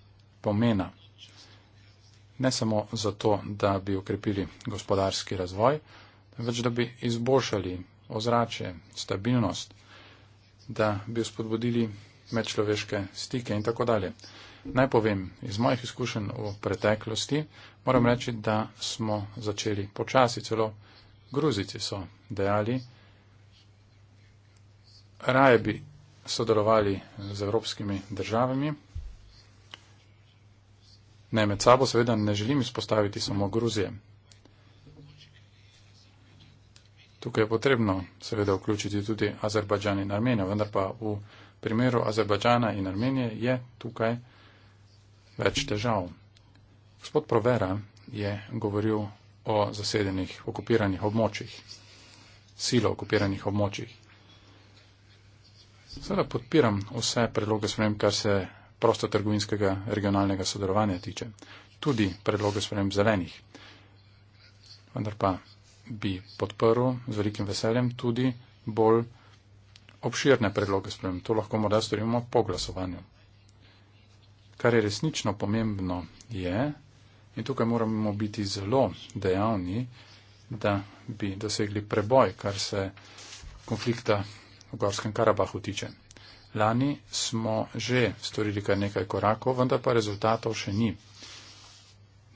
pomena ne samo zato, da bi ukrepili gospodarski razvoj, več da bi izboljšali ozračje, stabilnost, da bi spodbudili medčloveške stike in tako dalje. Naj povem iz mojih izkušenj v preteklosti, moram reči, da smo začeli počasi, celo gruzici so dejali, raje bi sodelovali z evropskimi državami, Ne, med sabo seveda ne želim izpostaviti samo Gruzije. Tukaj je potrebno seveda vključiti tudi Azerbajdžan in Armenijo, vendar pa v primeru Azerbajdžana in Armenije je tukaj več težav. Gospod Provera je govoril o zasedenih okupiranih območjih, silo okupiranih območjih. Sveda podpiram vse predloge sprem, kar se prostotrgovinskega regionalnega sodelovanja tiče. Tudi predloge sprem zelenih. Vendar pa bi podprl z velikim veseljem tudi bolj obširne predloge sprem. To lahko morda storimo po glasovanju. Kar je resnično pomembno je, in tukaj moramo biti zelo dejavni, da bi dosegli preboj, kar se konflikta v Gorskem Karabahu tiče. Lani smo že storili kar nekaj korakov, vendar pa rezultatov še ni.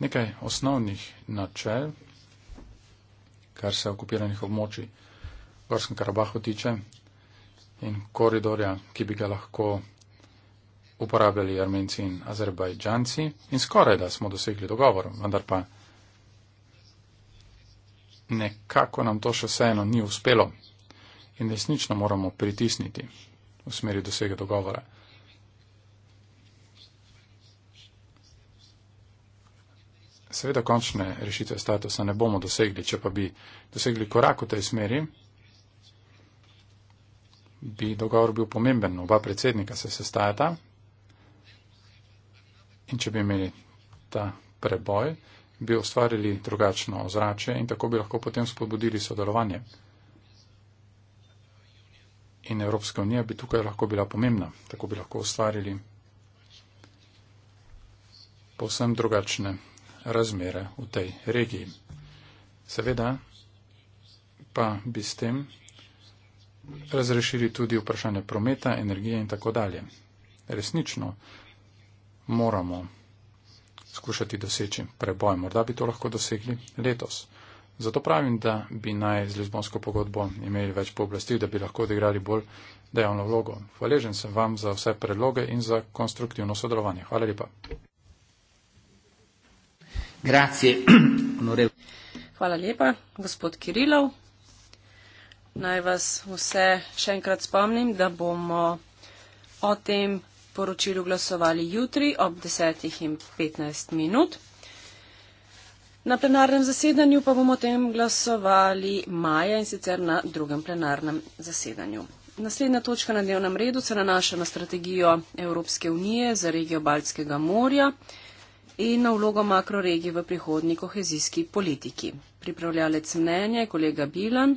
Nekaj osnovnih načel, kar se okupiranih območij v Gorskem Karabahu tiče in koridorja, ki bi ga lahko uporabljali armenci in azerbajdžanci. In skoraj da smo dosegli dogovor, vendar pa nekako nam to še vseeno ni uspelo. In resnično moramo pritisniti v smeri dosega dogovora. Seveda končne rešitve statusa ne bomo dosegli, če pa bi dosegli korak v tej smeri, bi dogovor bil pomemben. Oba predsednika se sestajata in če bi imeli ta preboj, bi ustvarili drugačno ozračje in tako bi lahko potem spodbudili sodelovanje in Evropska unija bi tukaj lahko bila pomembna. Tako bi lahko ustvarili posem drugačne razmere v tej regiji. Seveda pa bi s tem razrešili tudi vprašanje prometa, energije in tako dalje. Resnično moramo skušati doseči preboj. Morda bi to lahko dosegli letos. Zato pravim, da bi naj z Lizbonsko pogodbo imeli več pooblastil, da bi lahko odigrali bolj dejavno vlogo. Hvaležen sem vam za vse predloge in za konstruktivno sodelovanje. Hvala lepa. Grazie, Hvala lepa, gospod Kirilov. Naj vas vse še enkrat spomnim, da bomo o tem poročilu glasovali jutri ob 10.15 minut. Na plenarnem zasedanju pa bomo o tem glasovali maja in sicer na drugem plenarnem zasedanju. Naslednja točka na dnevnem redu se nanaša na strategijo Evropske unije za regijo Baltskega morja in na vlogo makroregij v prihodnji kohezijski politiki. Pripravljalec mnenja je kolega Bilan.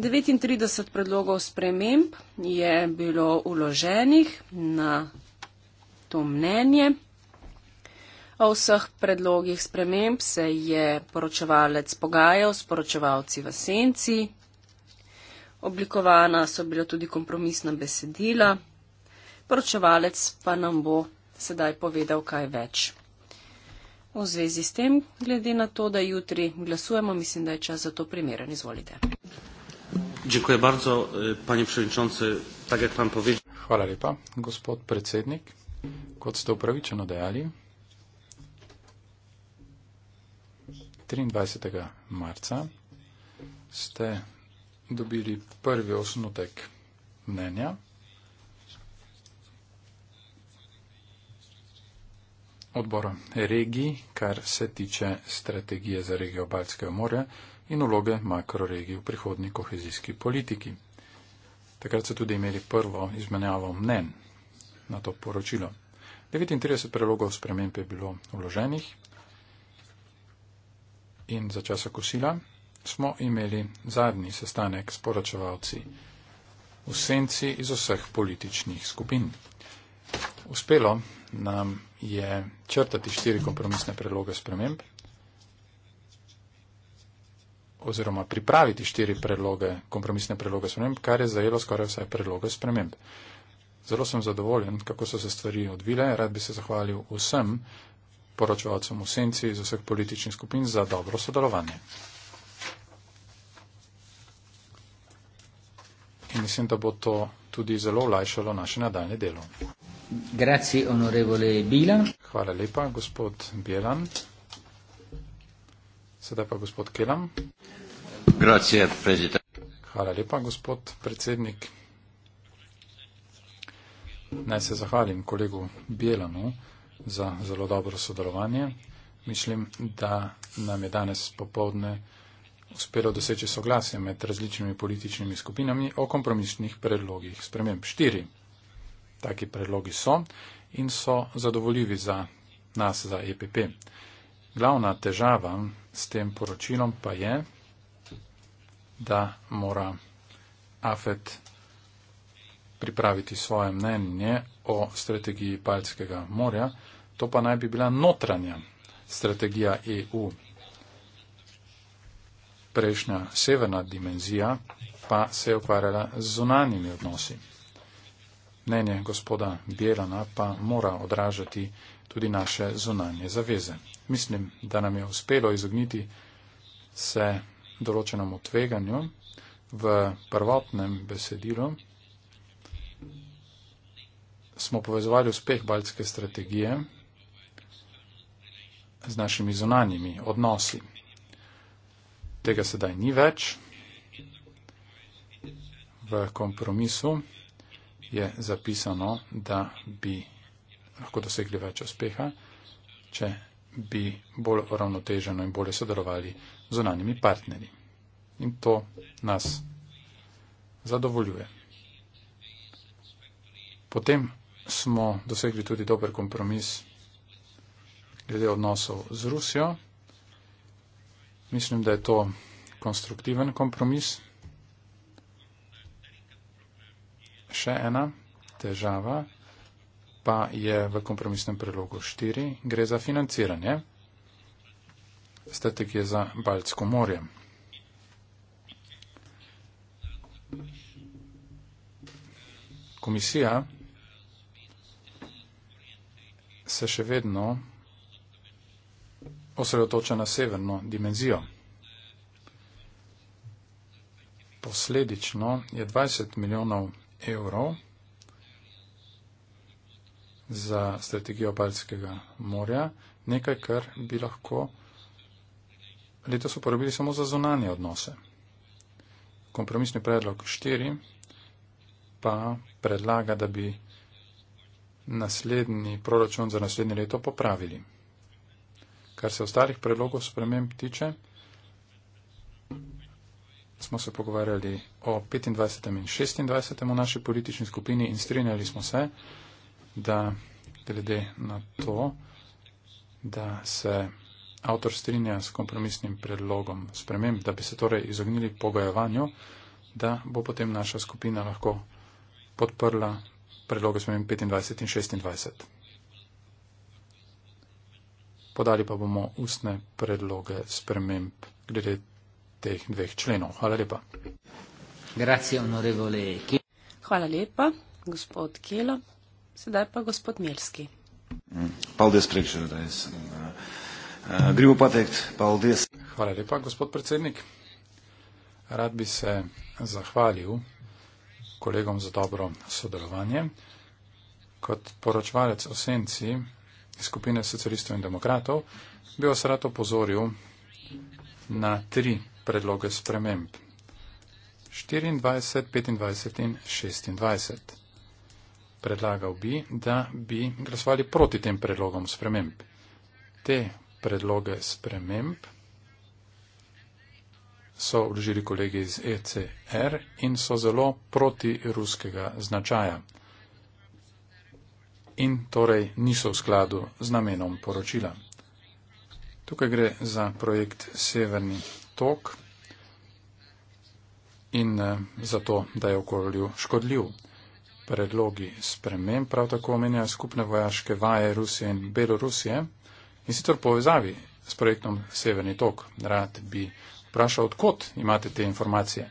39 predlogov sprememb je bilo uloženih na to mnenje. O vseh predlogih sprememb se je poročevalec pogajal s poročevalci v senci. Oblikovana so bila tudi kompromisna besedila. Poročevalec pa nam bo sedaj povedal kaj več. V zvezi s tem, glede na to, da jutri glasujemo, mislim, da je čas za to primeren. Izvolite. E, Hvala lepa, gospod predsednik. Kot ste upravičeno dejali, 23. marca ste dobili prvi osnotek mnenja. odbora regij, kar se tiče strategije za regijo Baltskega morja in uloge makroregij v prihodnji kohezijski politiki. Takrat so tudi imeli prvo izmenjavo mnen na to poročilo. 39 prelogov sprememb je bilo vloženih, in za časa kosila smo imeli zadnji sestanek s poročevalci v senci iz vseh političnih skupin. Uspelo nam je črtati štiri kompromisne predloge sprememb oziroma pripraviti štiri predloge, kompromisne predloge sprememb, kar je zajelo skoraj vse predloge sprememb. Zelo sem zadovoljen, kako so se stvari odvile. Rad bi se zahvalil vsem, poročevalcem v senci iz vseh političnih skupin za dobro sodelovanje. In mislim, da bo to tudi zelo olajšalo naše nadaljne delo. Grazie, onorevole Bilan. Hvala lepa, gospod Bilan. Sedaj pa gospod Kelam. Grazie, predsednik. Hvala lepa, gospod predsednik. Naj se zahvalim kolegu Bielanu za zelo dobro sodelovanje. Mislim, da nam je danes popovdne uspelo doseči soglasje med različnimi političnimi skupinami o kompromisnih predlogih. Sprememb štiri taki predlogi so in so zadovoljivi za nas, za EPP. Glavna težava s tem poročilom pa je, da mora AFET pripraviti svoje mnenje o strategiji Baltskega morja, to pa naj bi bila notranja strategija EU. Prejšnja severna dimenzija pa se je ukvarjala z zunanjimi odnosi. Mnenje gospoda Bjelana pa mora odražati tudi naše zunanje zaveze. Mislim, da nam je uspelo izogniti se določenemu tveganju v prvotnem besedilu, smo povezovali uspeh baltske strategije z našimi zunanjimi odnosi. Tega sedaj ni več. V kompromisu je zapisano, da bi lahko dosegli več uspeha, če bi bolj uravnoteženo in bolje sodelovali z zunanjimi partnerji. In to nas zadovoljuje. Potem smo dosegli tudi dober kompromis glede odnosov z Rusijo. Mislim, da je to konstruktiven kompromis. Še ena težava pa je v kompromisnem prilogu 4. Gre za financiranje strategije za Baltsko morje. Komisija se še vedno osredotoča na severno dimenzijo. Posledično je 20 milijonov evrov za strategijo Baltskega morja nekaj, kar bi lahko letos uporabili samo za zonanje odnose. Kompromisni predlog 4 pa predlaga, da bi naslednji proračun za naslednje leto popravili. Kar se ostalih predlogov sprememb tiče, smo se pogovarjali o 25. in 26. v naši politični skupini in strinjali smo se, da glede na to, da se avtor strinja s kompromisnim predlogom sprememb, da bi se torej izognili pogojevanju, da bo potem naša skupina lahko podprla predloga smo imeli 25 in 26. Podali pa bomo ustne predloge sprememb glede teh dveh členov. Hvala lepa. Hvala lepa, gospod Kelo. Sedaj pa gospod Mirski. Mm, mm, uh, uh, Hvala lepa, gospod predsednik. Rad bi se zahvalil kolegom za dobro sodelovanje. Kot poročvalec o senci iz skupine socialistov in demokratov bi vas rad opozoril na tri predloge sprememb. 24, 25 in 26. Predlagal bi, da bi glasovali proti tem predlogom sprememb. Te predloge sprememb so vložili kolegi iz ECR in so zelo proti ruskega značaja. In torej niso v skladu z namenom poročila. Tukaj gre za projekt Severni tok in eh, za to, da je okolju škodljiv. Predlogi sprememb prav tako omenja skupne vojaške vaje Rusije in Belorusije in sicer povezavi s projektom Severni tok. Rad bi vpraša, odkot imate te informacije.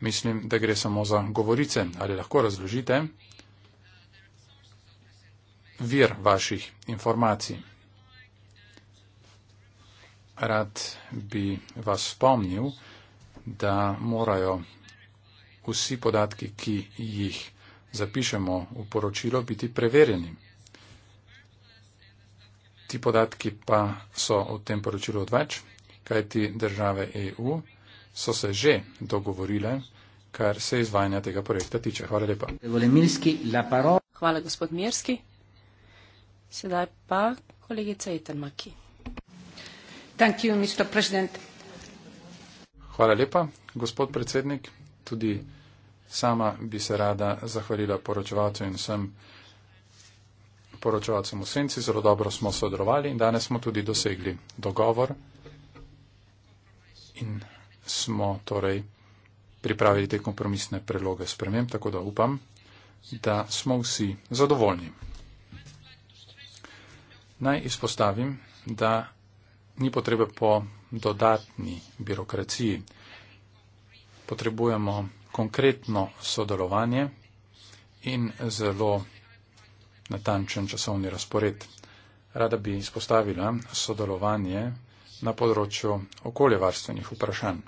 Mislim, da gre samo za govorice. Ali lahko razložite vir vaših informacij? Rad bi vas spomnil, da morajo vsi podatki, ki jih zapišemo v poročilo, biti preverjeni. Ti podatki pa so v tem poročilu odveč kajti države EU so se že dogovorile, kar se izvajanja tega projekta tiče. Hvala lepa. Hvala, gospod Mirski. Sedaj pa kolegica Etermaki. Hvala lepa, gospod predsednik. Tudi sama bi se rada zahvalila poročevalcu in vsem poročevalcem v Senci. Zelo dobro smo sodelovali in danes smo tudi dosegli dogovor in smo torej pripravili te kompromisne predloge sprememb, tako da upam, da smo vsi zadovoljni. Naj izpostavim, da ni potrebe po dodatni birokraciji. Potrebujemo konkretno sodelovanje in zelo natančen časovni razpored. Rada bi izpostavila sodelovanje na področju okoljevarstvenih vprašanj.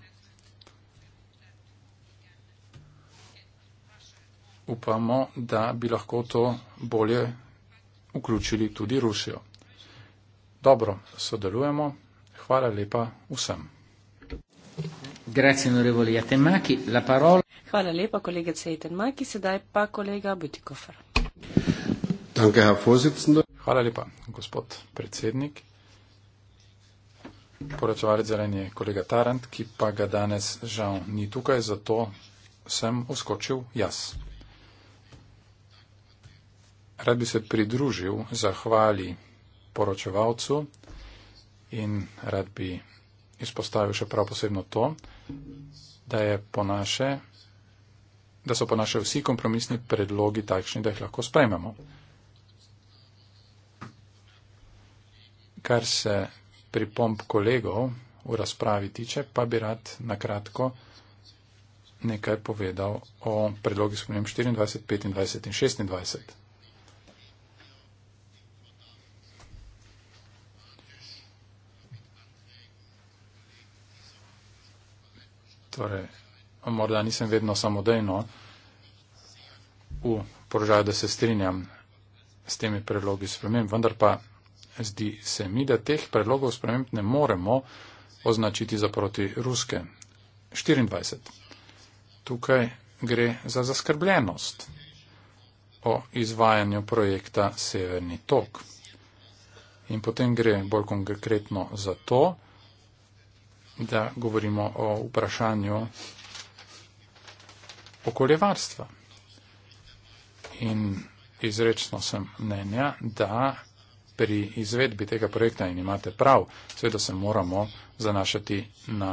Upamo, da bi lahko to bolje vključili tudi Rusijo. Dobro, sodelujemo. Hvala lepa vsem. Grazie, onorevoli Jatemaki. La parola. Hvala lepa, kolega Cejtenmaki. Sedaj pa kolega Butikofer. Hvala lepa, gospod predsednik. Poročevalec zelen je kolega Tarant, ki pa ga danes žal ni tukaj, zato sem oskočil jaz. Rad bi se pridružil zahvali poročevalcu in rad bi izpostavil še prav posebno to, da, po naše, da so po naše vsi kompromisni predlogi takšni, da jih lahko sprejmemo. Kar se pripomp kolegov v razpravi tiče, pa bi rad nakratko nekaj povedal o predlogi spremem 24, 25 in 26. Torej, morda nisem vedno samodejno v položaju, da se strinjam s temi predlogi spremem, vendar pa zdi se mi, da teh predlogov sprememb ne moremo označiti za proti ruske. 24. Tukaj gre za zaskrbljenost o izvajanju projekta Severni tok. In potem gre bolj konkretno za to, da govorimo o vprašanju okoljevarstva. In izrečno sem mnenja, da pri izvedbi tega projekta in imate prav, seveda se moramo zanašati na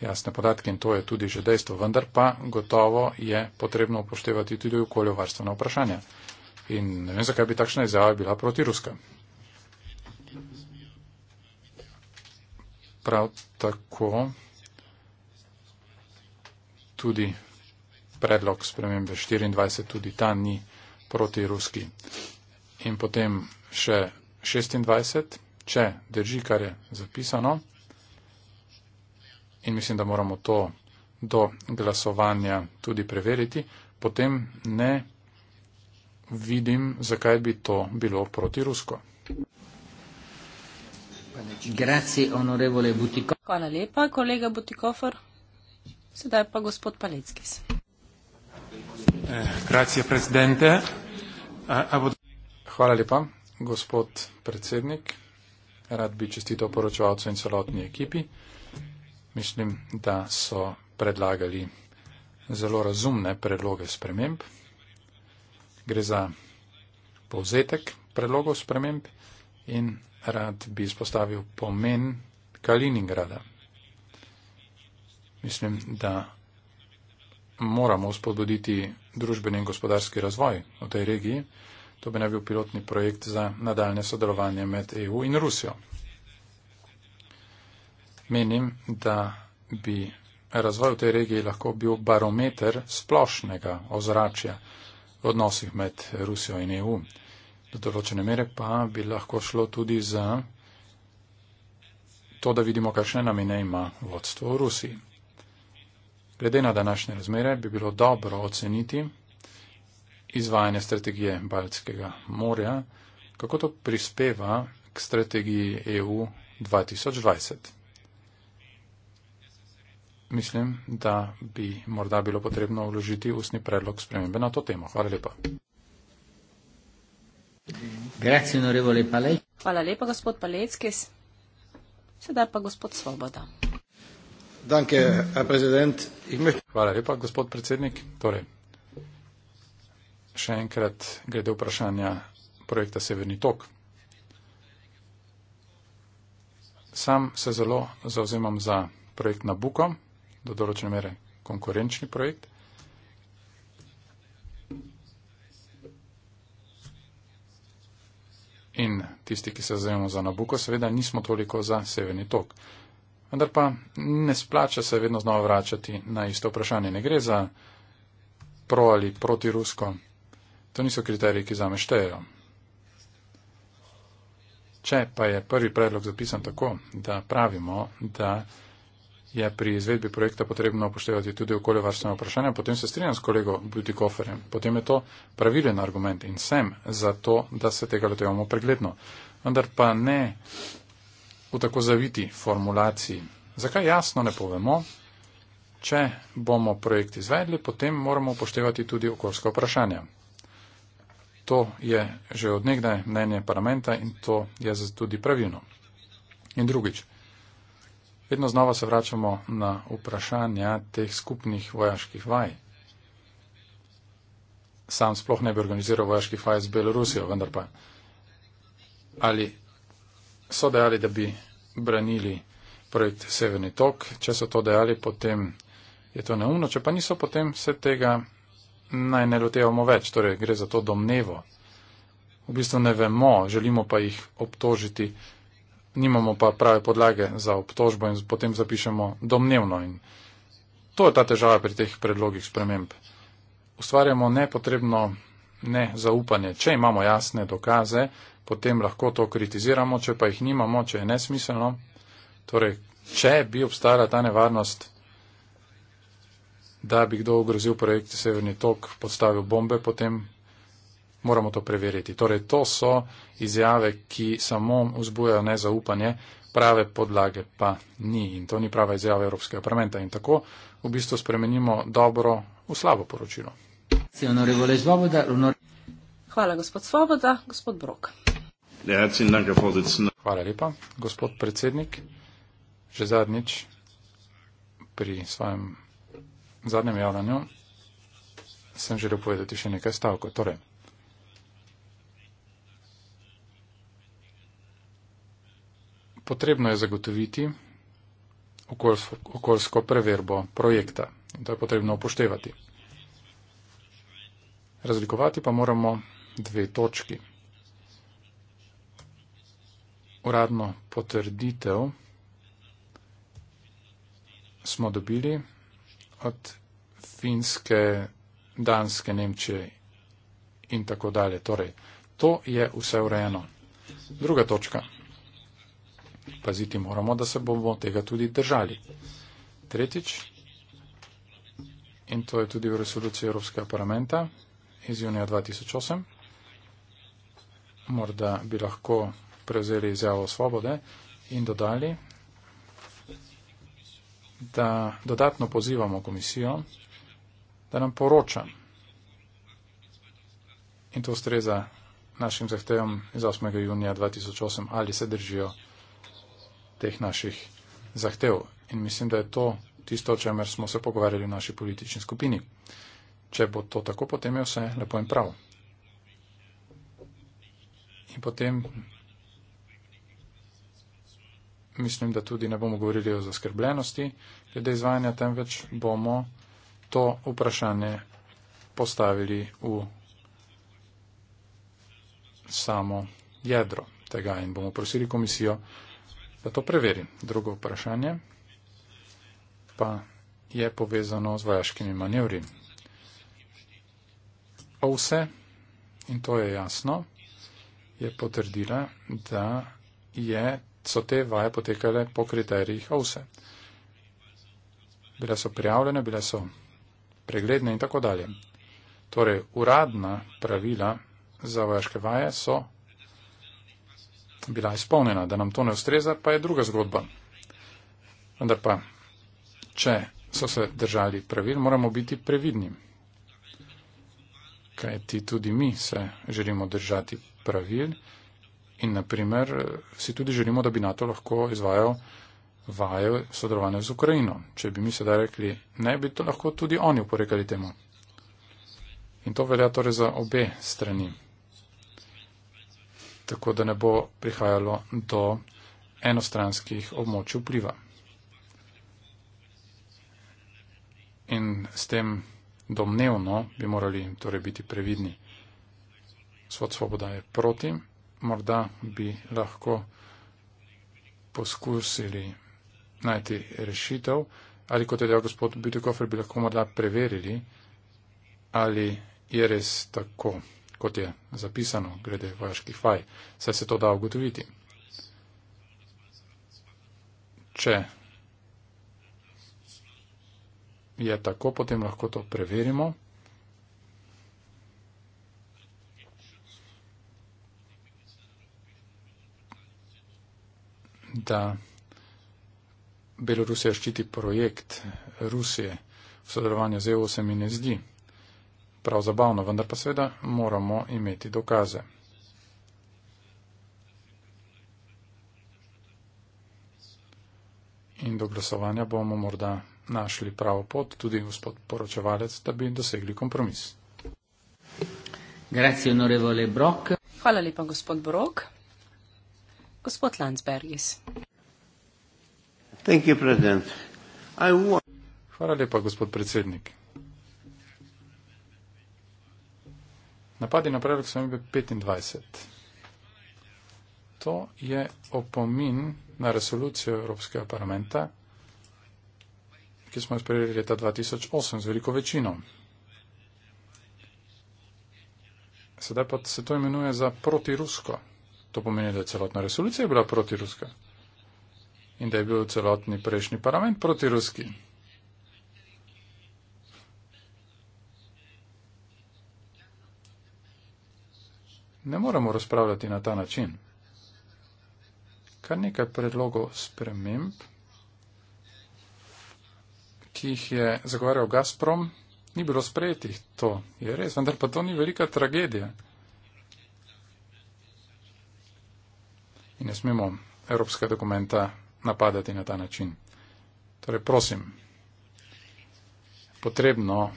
jasne podatke in to je tudi že dejstvo, vendar pa gotovo je potrebno upoštevati tudi okoljovarstvena vprašanja. In ne vem, zakaj bi takšna izjava bila proti Ruska. Prav tako tudi predlog spremembe 24 tudi ta ni proti Ruski in potem še 26, če drži, kar je zapisano. In mislim, da moramo to do glasovanja tudi preveriti. Potem ne vidim, zakaj bi to bilo proti Rusko. Hvala lepa, kolega Butikofer. Sedaj pa gospod Paleckis. Eh, Hvala lepa, gospod predsednik. Rad bi čestitev poročevalcu in celotni ekipi. Mislim, da so predlagali zelo razumne predloge sprememb. Gre za povzetek predlogov sprememb in rad bi izpostavil pomen Kaliningrada. Mislim, da moramo spodbuditi družbeni in gospodarski razvoj v tej regiji. To bi naj bil pilotni projekt za nadaljne sodelovanje med EU in Rusijo. Menim, da bi razvoj v tej regiji lahko bil barometer splošnega ozračja v odnosih med Rusijo in EU. Do določene mere pa bi lahko šlo tudi za to, da vidimo, kakšne namene ima vodstvo v Rusiji. Glede na današnje razmere bi bilo dobro oceniti, izvajanje strategije Baltskega morja, kako to prispeva k strategiji EU 2020. Mislim, da bi morda bilo potrebno vložiti ustni predlog spremembe na to temo. Hvala lepa. Hvala lepa, gospod Paleckis. Sedaj pa gospod Svoboda. Danke, Hvala lepa, gospod predsednik. Torej, še enkrat glede vprašanja projekta Severni tok. Sam se zelo zauzemam za projekt Nabuko, do določene mere konkurenčni projekt. In tisti, ki se zauzemamo za Nabuko, seveda nismo toliko za Severni tok. Vendar pa ne splača se vedno znova vračati na isto vprašanje. Ne gre za pro ali proti rusko To niso kriteriji, ki zame štejejo. Če pa je prvi predlog zapisan tako, da pravimo, da je pri izvedbi projekta potrebno upoštevati tudi okoljevarstvene vprašanja, potem se strinjam s kolego Blutikoferjem. Potem je to pravilen argument in sem za to, da se tega letevamo pregledno. Vendar pa ne v tako zaviti formulaciji. Zakaj jasno ne povemo, če bomo projekt izvedli, potem moramo upoštevati tudi okoljske vprašanja to je že odnegdaj mnenje parlamenta in to je tudi pravilno. In drugič, vedno znova se vračamo na vprašanja teh skupnih vojaških vaj. Sam sploh ne bi organiziral vojaških vaj z Belorusijo, vendar pa. Ali so dejali, da bi branili projekt Severni tok, če so to dejali, potem je to neumno, če pa niso, potem se tega naj ne lotevamo več, torej gre za to domnevo. V bistvu ne vemo, želimo pa jih obtožiti, nimamo pa prave podlage za obtožbo in potem zapišemo domnevno. In to je ta težava pri teh predlogih sprememb. Ustvarjamo nepotrebno nezaupanje. Če imamo jasne dokaze, potem lahko to kritiziramo, če pa jih nimamo, če je nesmiselno. Torej, če bi obstajala ta nevarnost, da bi kdo ogrozil projekt Severni tok, podstavil bombe, potem moramo to preveriti. Torej, to so izjave, ki samo vzbujajo nezaupanje, prave podlage pa ni in to ni prava izjava Evropskega parlamenta in tako v bistvu spremenimo dobro v slabo poročilo. Hvala, gospod Svoboda, gospod Brok. Hvala lepa, gospod predsednik. Že zadnjič pri svojem zadnjem javljanju sem želel povedati še nekaj stavkov. Torej, potrebno je zagotoviti okoljsko, okoljsko preverbo projekta in to je potrebno upoštevati. Razlikovati pa moramo dve točki. Uradno potrditev smo dobili od finske, danske, nemčije in tako dalje. Torej, to je vse urejeno. Druga točka. Paziti moramo, da se bomo tega tudi držali. Tretjič, in to je tudi v resoluciji Evropskega parlamenta iz junija 2008, morda bi lahko prevzeli izjavo svobode in dodali, da dodatno pozivamo komisijo, da nam poroča in to ustreza našim zahtevom iz 8. junija 2008, ali se držijo teh naših zahtev. In mislim, da je to tisto, o čemer smo se pogovarjali v naši politični skupini. Če bo to tako, potem je vse lepo in prav. In potem mislim, da tudi ne bomo govorili o zaskrbljenosti glede izvajanja, temveč bomo to vprašanje postavili v samo jedro tega in bomo prosili komisijo, da to preveri. Drugo vprašanje pa je povezano z vojaškimi manevri. OVSE, in to je jasno, je potrdila, da je so te vaje potekale po kriterijih OSE. Bile so prijavljene, bile so pregledne in tako dalje. Torej, uradna pravila za vojaške vaje so bila izpolnjena. Da nam to ne ustreza, pa je druga zgodba. Vendar pa, če so se držali pravil, moramo biti previdni. Kaj ti tudi mi se želimo držati pravil. In naprimer si tudi želimo, da bi NATO lahko izvajal vaje sodelovanja z Ukrajino. Če bi mi sedaj rekli ne, bi to lahko tudi oni uporekali temu. In to velja torej za obe strani. Tako da ne bo prihajalo do enostranskih območij vpliva. In s tem domnevno bi morali torej biti previdni. Svod svoboda je proti morda bi lahko poskusili najti rešitev ali kot je dejal gospod Bitekofer, bi lahko morda preverili, ali je res tako, kot je zapisano glede vojaških faj, saj se to da ugotoviti. Če je tako, potem lahko to preverimo. da Belorusija ščiti projekt Rusije v sodelovanju z EU, se mi ne zdi prav zabavno, vendar pa seveda moramo imeti dokaze. In do glasovanja bomo morda našli pravo pot, tudi gospod poročevalec, da bi dosegli kompromis. Grazie, Hvala lepa, gospod Brok. Gospod Landsbergis. Hvala lepa, gospod predsednik. Napadi na predlog so imeli 25. To je opomin na resolucijo Evropskega parlamenta, ki smo jo sprejeli leta 2008 z veliko večino. Sedaj pa se to imenuje za protirusko. To pomeni, da je celotna resolucija bila protiruska in da je bil celotni prejšnji parlament protiruski. Ne moramo razpravljati na ta način. Kar nekaj predlogov sprememb, ki jih je zagovarjal Gazprom, ni bilo sprejetih. To je res, vendar pa to ni velika tragedija. in ne smemo evropske dokumenta napadati na ta način. Torej, prosim, potrebno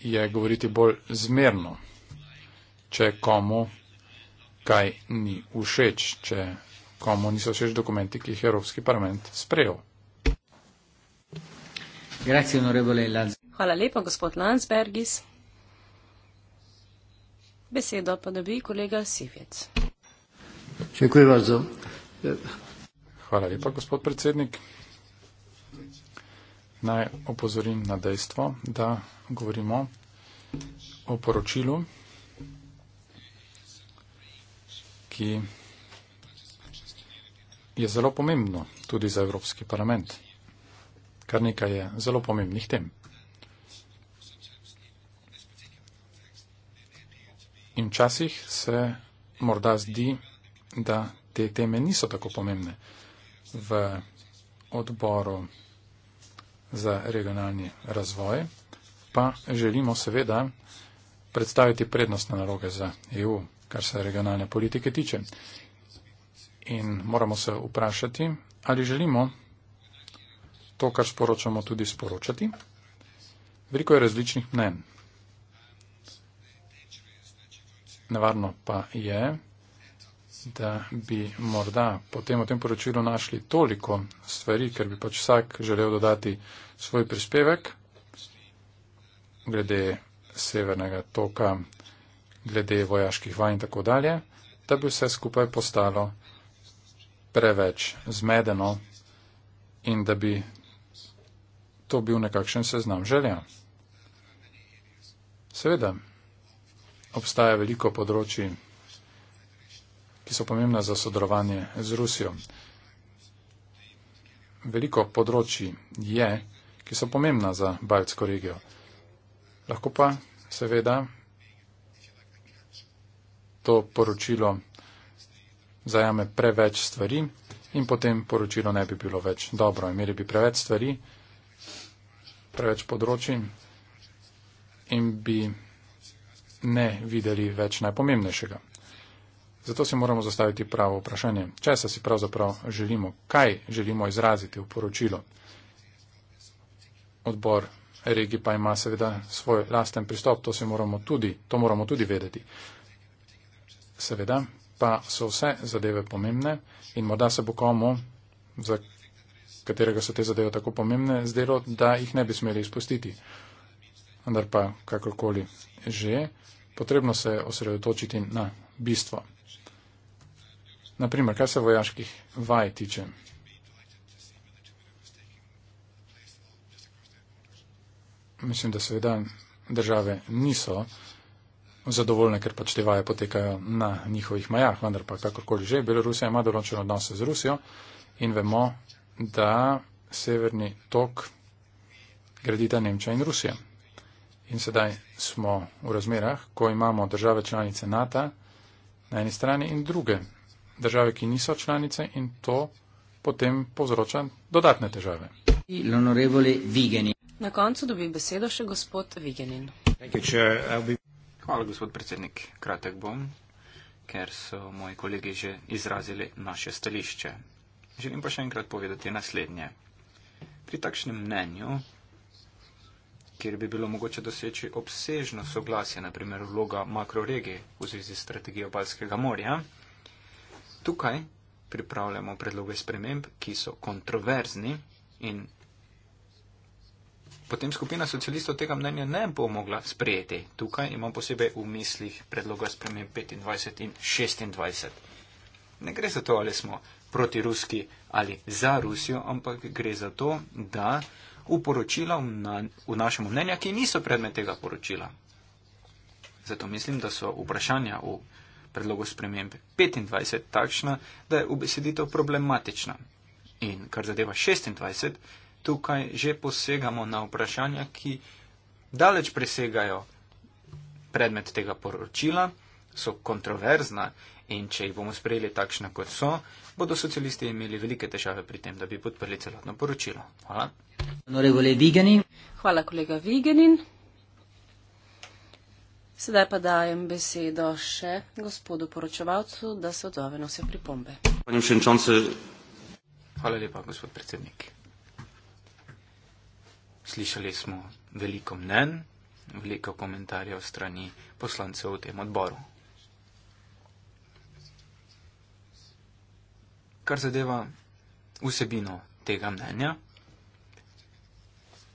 je govoriti bolj zmerno, če komu kaj ni všeč, če komu niso všeč dokumenti, ki jih je Evropski parlament sprejel. Hvala lepa, gospod Landsbergis. Besedo pa dobi kolega Sivec. Dziękuję bardzo. Hvala lepa, gospod predsednik. Naj opozorim na dejstvo, da govorimo o poročilu, ki je zelo pomembno tudi za Evropski parlament. Kar nekaj je zelo pomembnih tem. In včasih se morda zdi, da te teme niso tako pomembne v odboru za regionalni razvoj, pa želimo seveda predstaviti prednostne naloge za EU, kar se regionalne politike tiče. In moramo se vprašati, ali želimo to, kar sporočamo, tudi sporočati. Veliko je različnih mnen. Nevarno pa je, da bi morda potem v tem poročilu našli toliko stvari, ker bi pač vsak želel dodati svoj prispevek glede severnega toka, glede vojaških vaj in tako dalje, da bi vse skupaj postalo preveč zmedeno in da bi to bil nekakšen seznam želja. Seveda, obstaja veliko področji, ki so pomembna za sodelovanje z Rusijo. Veliko področji je, ki so pomembna za Baltsko regijo. Lahko pa seveda to poročilo zajame preveč stvari in potem poročilo ne bi bilo več dobro. Imeli bi preveč stvari, preveč področji in bi ne videli več najpomembnejšega. Zato si moramo zastaviti pravo vprašanje. Česa si pravzaprav želimo? Kaj želimo izraziti v poročilo? Odbor regi pa ima seveda svoj lasten pristop, to, moramo tudi, to moramo tudi vedeti. Seveda pa so vse zadeve pomembne in morda se bo komu, za katerega so te zadeve tako pomembne, zdelo, da jih ne bi smeli izpustiti. Vendar pa, kakorkoli že, potrebno se osredotočiti na bistvo. Naprimer, kar se vojaških vaj tiče. Mislim, da seveda države niso zadovoljne, ker pač te vaje potekajo na njihovih majah, vendar pa kakorkoli že, Belorusija ima določene odnose z Rusijo in vemo, da severni tok gradita Nemčija in Rusija. In sedaj smo v razmerah, ko imamo države članice NATO na eni strani in druge države, ki niso članice in to potem povzroča dodatne težave. Na koncu dobi besedo še gospod Vigenin. Hvala, gospod predsednik. Kratek bom, ker so moji kolegi že izrazili naše stališče. Želim pa še enkrat povedati naslednje. Pri takšnem mnenju, kjer bi bilo mogoče doseči obsežno soglasje, naprimer vloga makroregi v zvezi s strategijo Balskega morja, tukaj pripravljamo predloge sprememb, ki so kontroverzni in potem skupina socialistov tega mnenja ne bo mogla sprejeti. Tukaj imam posebej v mislih predloga sprememb 25 in 26. Ne gre za to, ali smo proti Ruski ali za Rusijo, ampak gre za to, da v poročila v našem mnenju, ki niso predmet tega poročila. Zato mislim, da so vprašanja v predlogu sprememb 25 takšna, da je ubeseditev problematična. In kar zadeva 26, tukaj že posegamo na vprašanja, ki daleč presegajo predmet tega poročila, so kontroverzna in če jih bomo sprejeli takšna, kot so, bodo socialisti imeli velike težave pri tem, da bi podprli celotno poročilo. Hvala. Hvala, kolega Viganin. Sedaj pa dajem besedo še gospodu poročevalcu, da se odzove na vse pripombe. Hvala lepa, gospod predsednik. Slišali smo veliko mnen, veliko komentarjev strani poslancev v tem odboru. Kar zadeva vsebino tega mnenja,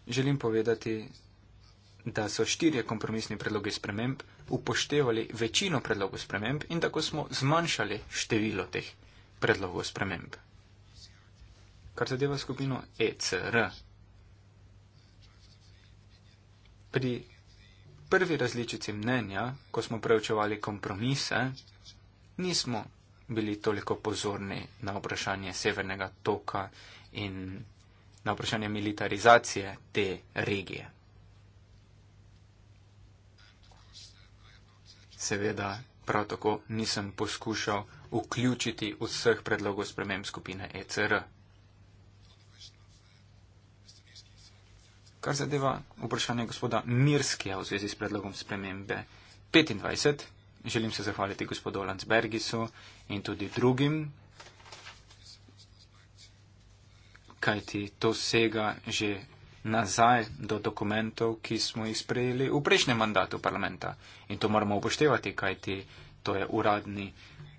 želim povedati da so štirje kompromisni predlogi sprememb upoštevali večino predlogov sprememb in tako smo zmanjšali število teh predlogov sprememb. Kar zadeva skupino ECR. Pri prvi različici mnenja, ko smo preučevali kompromise, nismo bili toliko pozorni na vprašanje severnega toka in na vprašanje militarizacije te regije. seveda prav tako nisem poskušal vključiti vseh predlogov spremem skupine ECR. Kar zadeva vprašanje gospoda Mirskija v zvezi s predlogom spremembe 25, želim se zahvaliti gospodu Landsbergisu in tudi drugim, kajti to sega že nazaj do dokumentov, ki smo jih sprejeli v prejšnjem mandatu parlamenta. In to moramo upoštevati, kajti to je uradni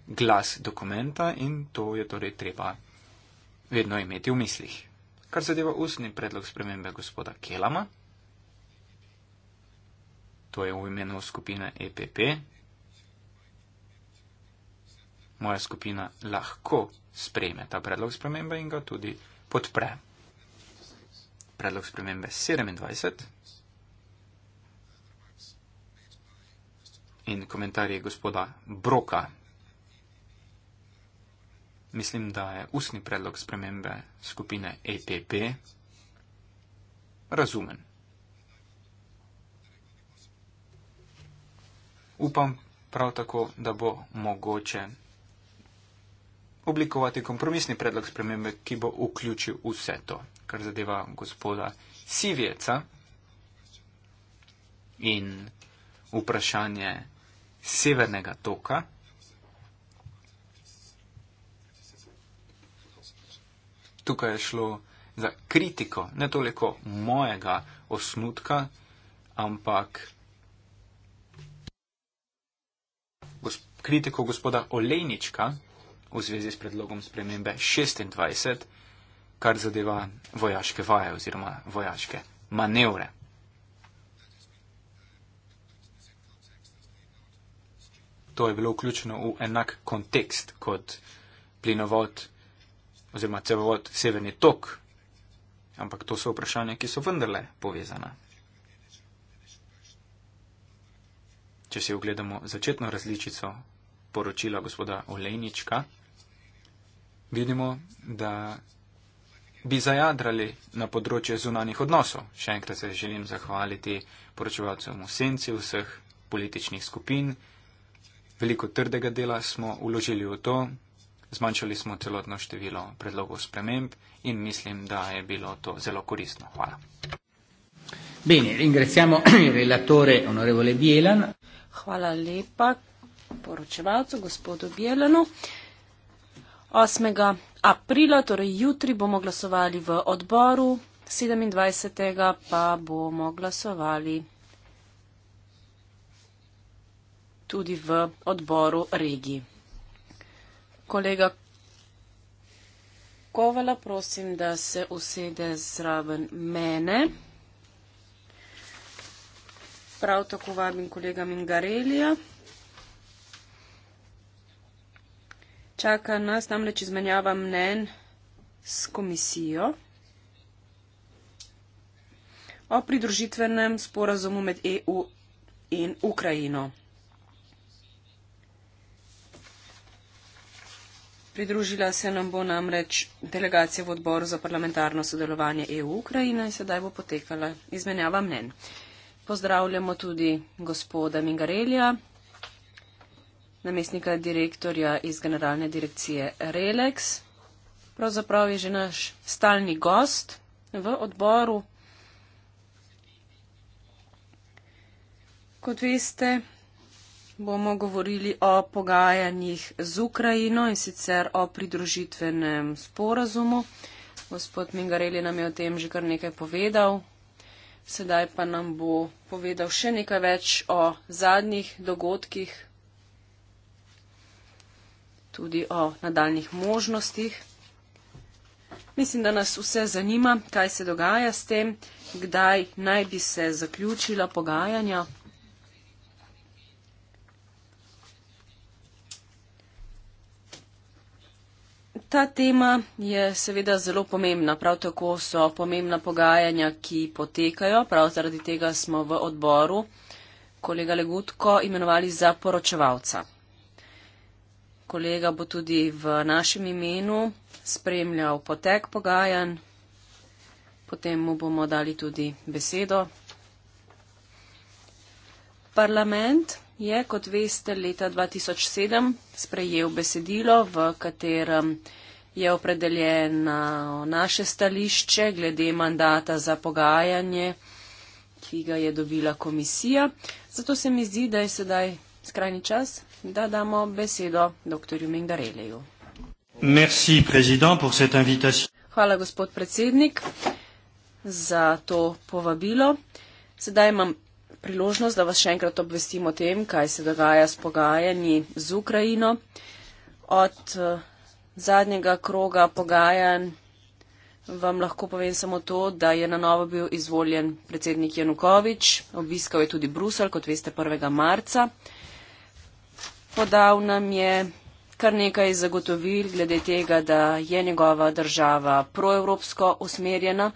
glas dokumenta in to je torej treba vedno imeti v mislih. Kar zadeva ustni predlog spremembe gospoda Kelama, to je v imenu skupine EPP, moja skupina lahko sprejme ta predlog spremembe in ga tudi podpre predlog spremembe 27. In komentar je gospoda Broka. Mislim, da je ustni predlog spremembe skupine EPP razumen. Upam prav tako, da bo mogoče oblikovati kompromisni predlog spremembe, ki bo vključil vse to kar zadeva gospoda Sivjeca in vprašanje severnega toka. Tukaj je šlo za kritiko, ne toliko mojega osnutka, ampak kritiko gospoda Olejnička v zvezi s predlogom spremembe 26, kar zadeva vojaške vaje oziroma vojaške manevre. To je bilo vključeno v enak kontekst kot plinovod oziroma cevovod Severni tok, ampak to so vprašanja, ki so vendarle povezana. Če si ogledamo začetno različico poročila gospoda Olejnička, vidimo, da bi zajadrali na področje zunanih odnosov. Še enkrat se želim zahvaliti poročevalcem v senci vseh političnih skupin. Veliko trdega dela smo uložili v to, zmanjšali smo celotno število predlogov sprememb in mislim, da je bilo to zelo koristno. Hvala. Bene, ringraziamo relatore onorevole Bielan. Hvala lepa poročevalcu gospodu Bielanu. 8. aprila, torej jutri, bomo glasovali v odboru, 27. pa bomo glasovali tudi v odboru regiji. Kolega Kovala, prosim, da se usede zraven mene. Prav tako vabim kolega Mingarelija. čaka nas namreč izmenjava mnen s komisijo o pridružitvenem sporazumu med EU in Ukrajino. Pridružila se nam bo namreč delegacija v odboru za parlamentarno sodelovanje EU-Ukrajina in sedaj bo potekala izmenjava mnen. Pozdravljamo tudi gospoda Mingarelija namestnika direktorja iz generalne direkcije Relex. Pravzaprav je že naš stalni gost v odboru. Kot veste, bomo govorili o pogajanjih z Ukrajino in sicer o pridružitvenem sporazumu. Gospod Mingareli nam je o tem že kar nekaj povedal. Sedaj pa nam bo povedal še nekaj več o zadnjih dogodkih tudi o nadaljnih možnostih. Mislim, da nas vse zanima, kaj se dogaja s tem, kdaj naj bi se zaključila pogajanja. Ta tema je seveda zelo pomembna, prav tako so pomembna pogajanja, ki potekajo, prav zaradi tega smo v odboru kolega Legutko imenovali za poročevalca kolega bo tudi v našem imenu spremljal potek pogajanj, potem mu bomo dali tudi besedo. Parlament je, kot veste, leta 2007 sprejel besedilo, v katerem je opredeljeno naše stališče glede mandata za pogajanje, ki ga je dobila komisija. Zato se mi zdi, da je sedaj skrajni čas, da damo besedo dr. Mingdareleju. Hvala, gospod predsednik, za to povabilo. Sedaj imam priložnost, da vas še enkrat obvestim o tem, kaj se dogaja s pogajanji z Ukrajino. Od eh, zadnjega kroga pogajanj vam lahko povem samo to, da je na novo bil izvoljen predsednik Janukovič. Obiskal je tudi Brusel, kot veste, 1. marca podal nam je kar nekaj zagotovil glede tega, da je njegova država proevropsko usmerjena.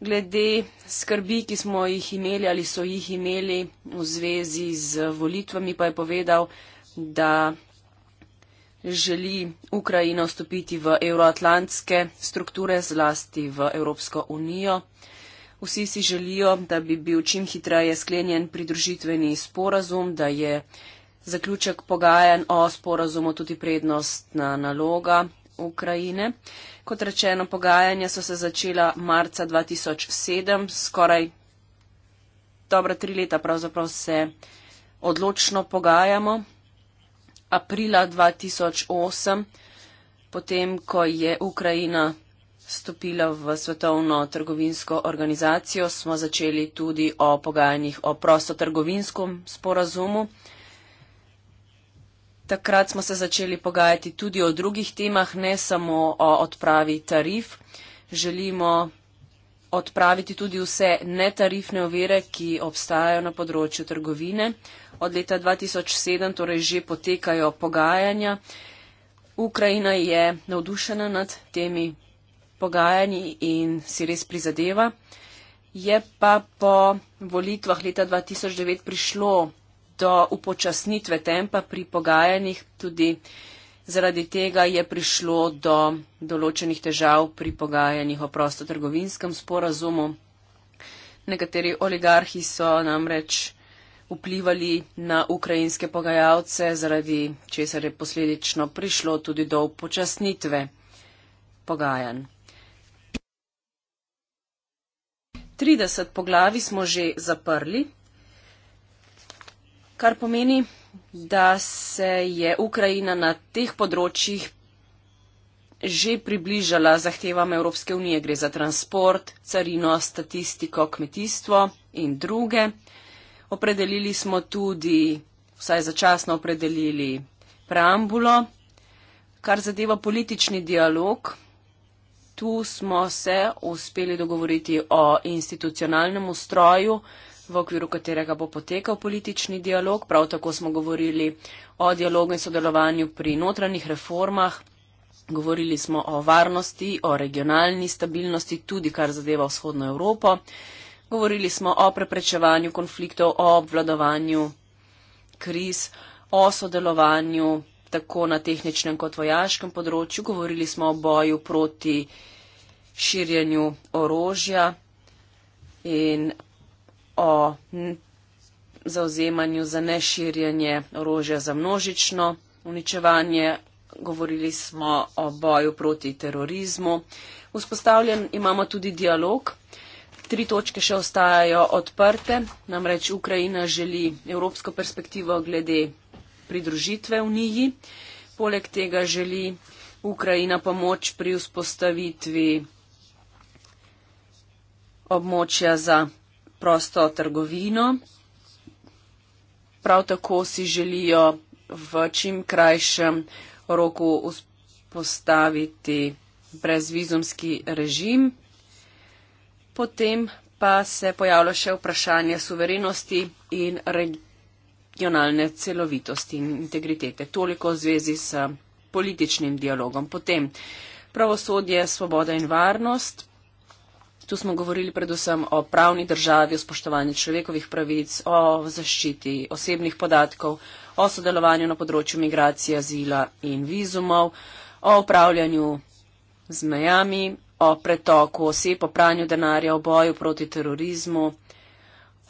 Glede skrbi, ki smo jih imeli ali so jih imeli v zvezi z volitvami, pa je povedal, da želi Ukrajina vstopiti v euroatlantske strukture, zlasti v Evropsko unijo. Vsi si želijo, da bi bil čim hitreje sklenjen pridružitveni sporazum, da je zaključek pogajanj o sporazumu tudi prednostna naloga Ukrajine. Kot rečeno, pogajanja so se začela marca 2007, skoraj dobra tri leta pravzaprav se odločno pogajamo. Aprila 2008, potem, ko je Ukrajina stopila v Svetovno trgovinsko organizacijo, smo začeli tudi o pogajanjih o prostotrgovinskom sporazumu. Takrat smo se začeli pogajati tudi o drugih temah, ne samo o odpravi tarif. Želimo odpraviti tudi vse netarifne ovire, ki obstajajo na področju trgovine. Od leta 2007 torej že potekajo pogajanja. Ukrajina je navdušena nad temi pogajanji in si res prizadeva. Je pa po volitvah leta 2009 prišlo do upočasnitve tempa pri pogajanjih, tudi zaradi tega je prišlo do določenih težav pri pogajanjih o prostotrgovinskem sporazumu. Nekateri oligarhi so namreč vplivali na ukrajinske pogajalce, zaradi česar je posledično prišlo tudi do upočasnitve pogajanj. 30 poglavi smo že zaprli kar pomeni, da se je Ukrajina na teh področjih že približala zahtevam Evropske unije. Gre za transport, carino, statistiko, kmetijstvo in druge. Opredelili smo tudi, vsaj začasno opredelili preambulo. Kar zadeva politični dialog, tu smo se uspeli dogovoriti o institucionalnem ustroju, v okviru katerega bo potekal politični dialog. Prav tako smo govorili o dialogu in sodelovanju pri notranjih reformah. Govorili smo o varnosti, o regionalni stabilnosti, tudi kar zadeva vzhodno Evropo. Govorili smo o preprečevanju konfliktov, o obvladovanju kriz, o sodelovanju tako na tehničnem kot vojaškem področju. Govorili smo o boju proti širjenju orožja in o zauzemanju za neširjanje orožja za množično uničevanje, govorili smo o boju proti terorizmu. Vzpostavljen imamo tudi dialog. Tri točke še ostajajo odprte, namreč Ukrajina želi evropsko perspektivo glede pridružitve v Niji. Poleg tega želi Ukrajina pomoč pri vzpostavitvi območja za prosto trgovino. Prav tako si želijo v čim krajšem roku vzpostaviti brezvizumski režim. Potem pa se pojavlja še vprašanje suverenosti in regionalne celovitosti in integritete. Toliko v zvezi s političnim dialogom. Potem pravosodje, svoboda in varnost, Tu smo govorili predvsem o pravni državi, o spoštovanju človekovih pravic, o zaščiti osebnih podatkov, o sodelovanju na področju migracije, azila in vizumov, o upravljanju z mejami, o pretoku oseb, o pranju denarja, o boju proti terorizmu,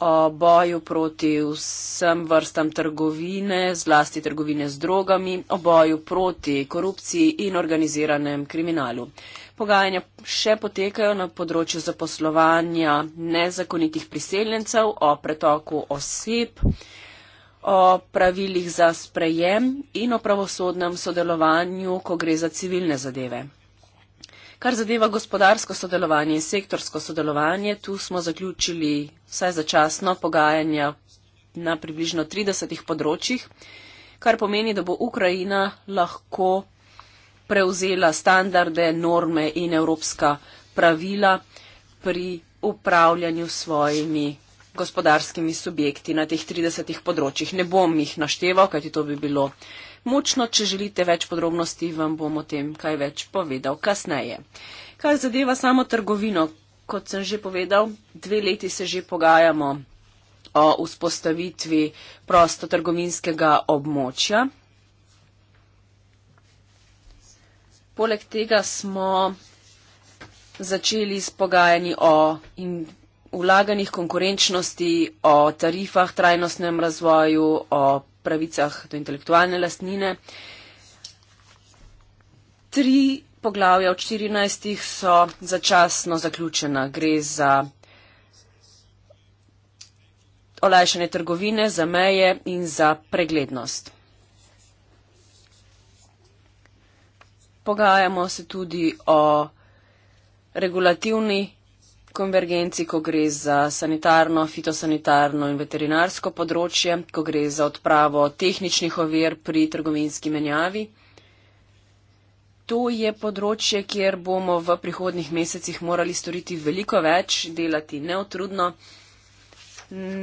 o boju proti vsem vrstam trgovine, zlasti trgovine z drogami, o boju proti korupciji in organiziranem kriminalu pogajanja še potekajo na področju zaposlovanja nezakonitih priseljencev o pretoku oseb, o pravilih za sprejem in o pravosodnem sodelovanju, ko gre za civilne zadeve. Kar zadeva gospodarsko sodelovanje in sektorsko sodelovanje, tu smo zaključili vsaj začasno pogajanja na približno 30 področjih, kar pomeni, da bo Ukrajina lahko prevzela standarde, norme in evropska pravila pri upravljanju svojimi gospodarskimi subjekti na teh 30 področjih. Ne bom jih našteval, kajti to bi bilo mučno. Če želite več podrobnosti, vam bom o tem kaj več povedal kasneje. Kar zadeva samo trgovino, kot sem že povedal, dve leti se že pogajamo o vzpostavitvi prostotrgovinskega območja. Poleg tega smo začeli s pogajanji o vlaganjih konkurenčnosti, o tarifah, trajnostnem razvoju, o pravicah do intelektualne lastnine. Tri poglavja od 14 so začasno zaključena. Gre za olajšanje trgovine, za meje in za preglednost. Pogajamo se tudi o regulativni konvergenci, ko gre za sanitarno, fitosanitarno in veterinarsko področje, ko gre za odpravo tehničnih ovir pri trgovinski menjavi. To je področje, kjer bomo v prihodnih mesecih morali storiti veliko več, delati neutrudno.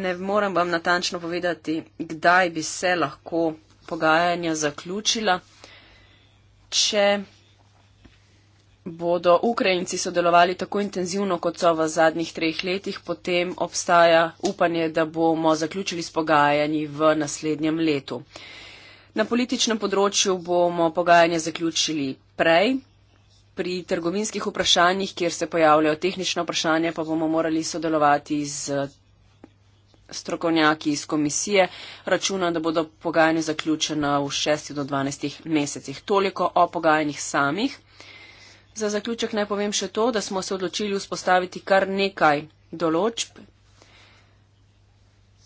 Ne morem vam natančno povedati, kdaj bi se lahko pogajanja zaključila če bodo Ukrajinci sodelovali tako intenzivno, kot so v zadnjih treh letih, potem obstaja upanje, da bomo zaključili s pogajanji v naslednjem letu. Na političnem področju bomo pogajanja zaključili prej. Pri trgovinskih vprašanjih, kjer se pojavljajo tehnične vprašanja, pa bomo morali sodelovati z strokovnjaki iz komisije računa, da bodo pogajanja zaključena v 6 do 12 mesecih. Toliko o pogajanjih samih. Za zaključek naj povem še to, da smo se odločili vzpostaviti kar nekaj določb,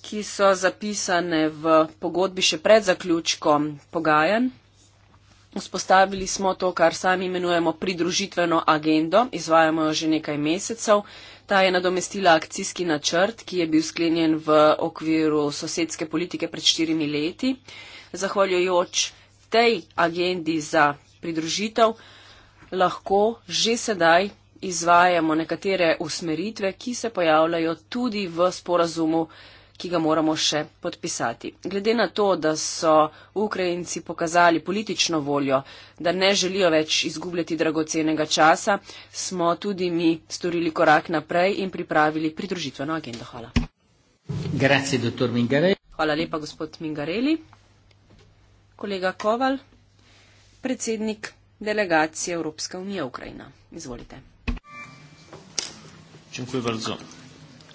ki so zapisane v pogodbi še pred zaključkom pogajanj. Vzpostavili smo to, kar sami imenujemo pridružitveno agendo, izvajamo jo že nekaj mesecev. Ta je nadomestila akcijski načrt, ki je bil sklenjen v okviru sosedske politike pred štirimi leti. Zahvaljujoč tej agendi za pridružitev lahko že sedaj izvajamo nekatere usmeritve, ki se pojavljajo tudi v sporazumu ki ga moramo še podpisati. Glede na to, da so Ukrajinci pokazali politično voljo, da ne želijo več izgubljati dragocenega časa, smo tudi mi storili korak naprej in pripravili pridružitveno agendo. Hvala. Grazie, Hvala lepa, gospod Mingareli. Kolega Koval, predsednik delegacije Evropske unije Ukrajina. Izvolite. Dziękuję bardzo.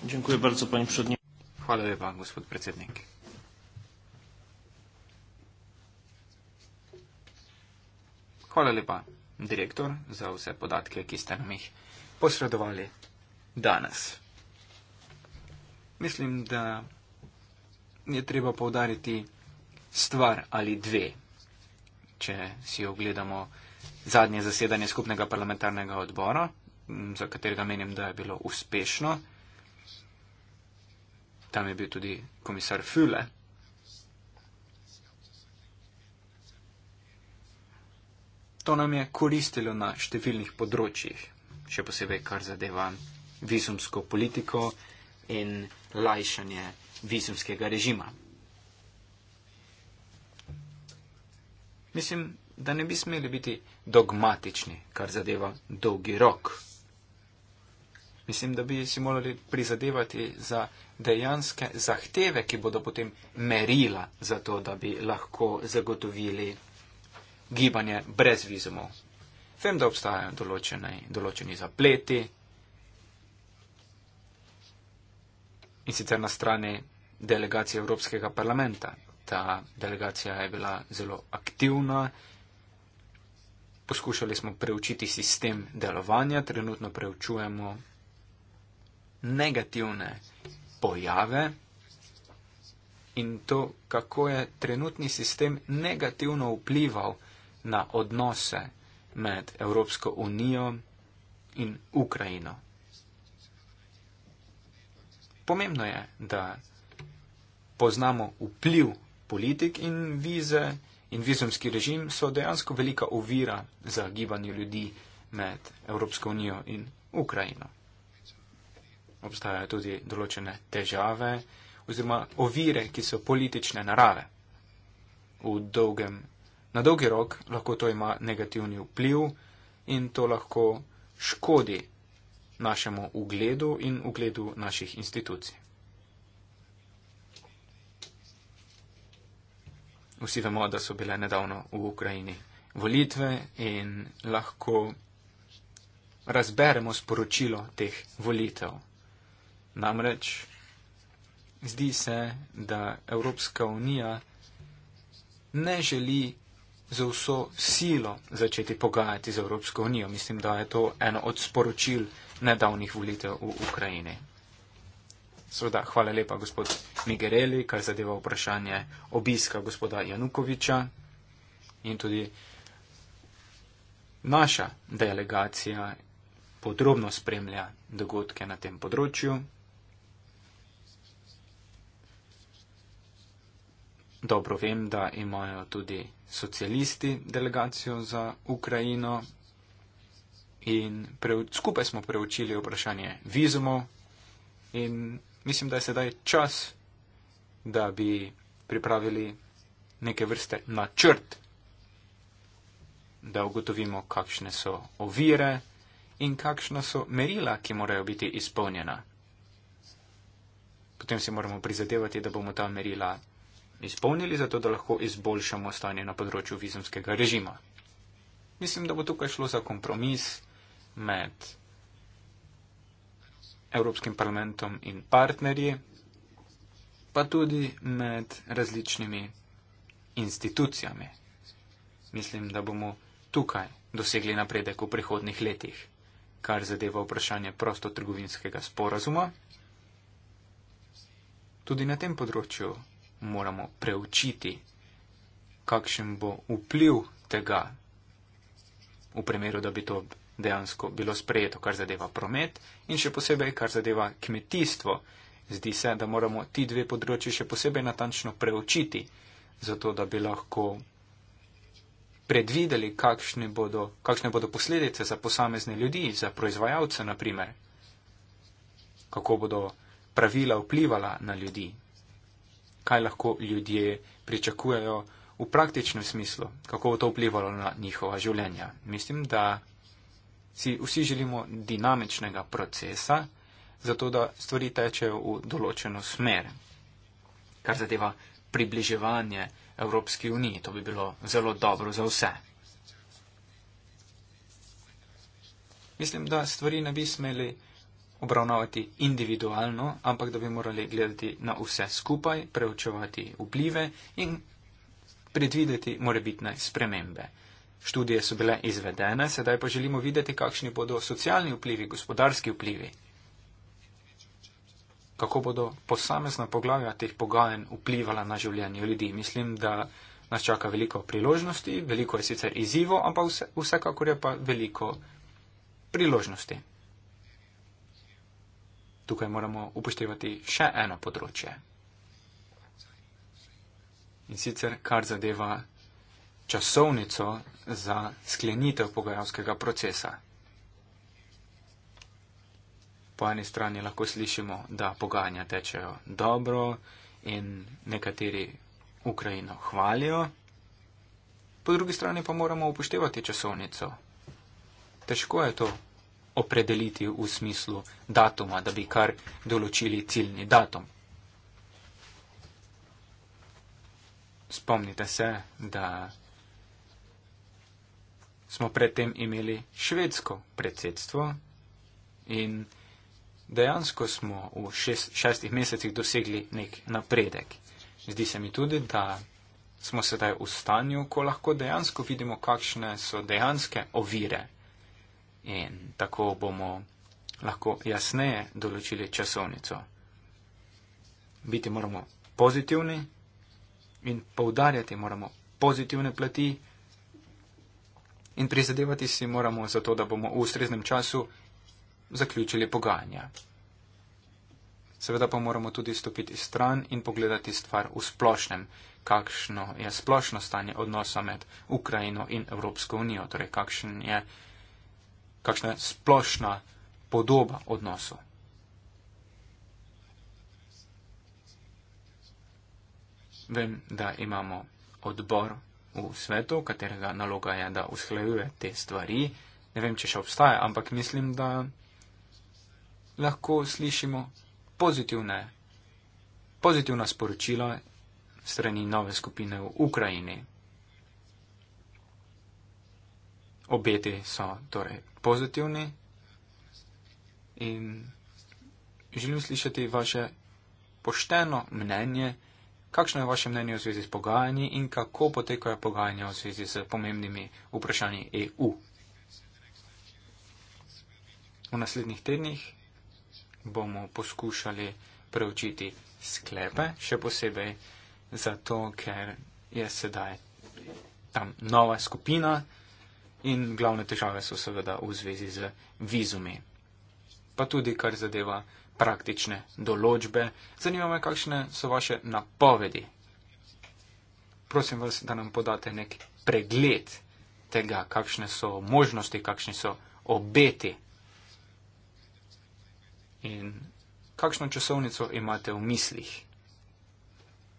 Dziękuję bardzo Pani Przewodnicząca. Hvala lepa, gospod predsednik. Hvala lepa, direktor, za vse podatke, ki ste nam jih posredovali danes. Mislim, da je treba povdariti stvar ali dve, če si ogledamo zadnje zasedanje skupnega parlamentarnega odbora, za katerega menim, da je bilo uspešno. Tam je bil tudi komisar Füle. To nam je koristilo na številnih področjih, še posebej kar zadeva vizumsko politiko in lajšanje vizumskega režima. Mislim, da ne bi smeli biti dogmatični, kar zadeva dolgi rok. Mislim, da bi si morali prizadevati za dejanske zahteve, ki bodo potem merila za to, da bi lahko zagotovili gibanje brez vizumov. Vem, da obstajajo določeni, določeni zapleti. In sicer na strani delegacije Evropskega parlamenta. Ta delegacija je bila zelo aktivna. Poskušali smo preučiti sistem delovanja, trenutno preučujemo negativne pojave in to, kako je trenutni sistem negativno vplival na odnose med Evropsko unijo in Ukrajino. Pomembno je, da poznamo vpliv politik in vize in vizumski režim so dejansko velika ovira za gibanje ljudi med Evropsko unijo in Ukrajino obstajajo tudi določene težave oziroma ovire, ki so politične narave. Dolgem, na dolgi rok lahko to ima negativni vpliv in to lahko škodi našemu ugledu in ugledu naših institucij. Vsi vemo, da so bile nedavno v Ukrajini volitve in lahko razberemo sporočilo teh volitev. Namreč zdi se, da Evropska unija ne želi za vso silo začeti pogajati z Evropsko unijo. Mislim, da je to eno od sporočil nedavnih volitev v Ukrajini. Sveda, hvala lepa gospod Migereli, kar zadeva vprašanje obiska gospoda Janukoviča in tudi naša delegacija podrobno spremlja dogodke na tem področju. dobro vem, da imajo tudi socialisti delegacijo za Ukrajino in preu, skupaj smo preučili vprašanje vizumov in mislim, da je sedaj čas, da bi pripravili neke vrste načrt, da ugotovimo, kakšne so ovire in kakšna so merila, ki morajo biti izpolnjena. Potem si moramo prizadevati, da bomo ta merila izpolnili, zato da lahko izboljšamo stanje na področju vizumskega režima. Mislim, da bo tukaj šlo za kompromis med Evropskim parlamentom in partnerji, pa tudi med različnimi institucijami. Mislim, da bomo tukaj dosegli napredek v prihodnih letih, kar zadeva vprašanje prostotrgovinskega sporazuma. Tudi na tem področju moramo preučiti, kakšen bo vpliv tega, v primeru, da bi to dejansko bilo sprejeto, kar zadeva promet in še posebej, kar zadeva kmetijstvo. Zdi se, da moramo ti dve področji še posebej natančno preučiti, zato da bi lahko predvideli, kakšne bodo, kakšne bodo posledice za posamezne ljudi, za proizvajalce naprimer, kako bodo pravila vplivala na ljudi, kaj lahko ljudje pričakujejo v praktičnem smislu, kako bo to vplivalo na njihova življenja. Mislim, da si vsi želimo dinamičnega procesa, zato da stvari tečejo v določeno smer, kar zadeva približevanje Evropski uniji. To bi bilo zelo dobro za vse. Mislim, da stvari ne bi smeli obravnavati individualno, ampak da bi morali gledati na vse skupaj, preučevati vplive in predvideti morebitne spremembe. Študije so bile izvedene, sedaj pa želimo videti, kakšni bodo socialni vplivi, gospodarski vplivi, kako bodo posamezna poglavja teh pogajanj vplivala na življenje ljudi. Mislim, da nas čaka veliko priložnosti, veliko je sicer izzivo, ampak vse, vsekakor je pa veliko priložnosti tukaj moramo upoštevati še eno področje. In sicer, kar zadeva časovnico za sklenitev pogajalskega procesa. Po eni strani lahko slišimo, da pogajanja tečejo dobro in nekateri Ukrajino hvalijo, po drugi strani pa moramo upoštevati časovnico. Težko je to opredeliti v smislu datuma, da bi kar določili ciljni datum. Spomnite se, da smo predtem imeli švedsko predsedstvo in dejansko smo v šest, šestih mesecih dosegli nek napredek. Zdi se mi tudi, da smo sedaj v stanju, ko lahko dejansko vidimo, kakšne so dejanske ovire in tako bomo lahko jasneje določili časovnico. Biti moramo pozitivni in poudarjati moramo pozitivne plati in prizadevati si moramo za to, da bomo v ustreznem času zaključili pogajanja. Seveda pa moramo tudi stopiti stran in pogledati stvar v splošnem, kakšno je splošno stanje odnosa med Ukrajino in Evropsko unijo, torej kakšen je kakšna splošna podoba odnosov. Vem, da imamo odbor v svetu, katerega naloga je, da usklajuje te stvari. Ne vem, če še obstaja, ampak mislim, da lahko slišimo pozitivne, pozitivna sporočila strani nove skupine v Ukrajini. obeti so torej pozitivni in želim slišati vaše pošteno mnenje, kakšno je vaše mnenje v zvezi s pogajanji in kako potekajo pogajanja v zvezi s pomembnimi vprašanji EU. V naslednjih tednih bomo poskušali preučiti sklepe, še posebej zato, ker je sedaj tam nova skupina in glavne težave so seveda v zvezi z vizumi. Pa tudi kar zadeva praktične določbe. Zanima me, kakšne so vaše napovedi. Prosim vas, da nam podate nek pregled tega, kakšne so možnosti, kakšni so obeti in kakšno časovnico imate v mislih,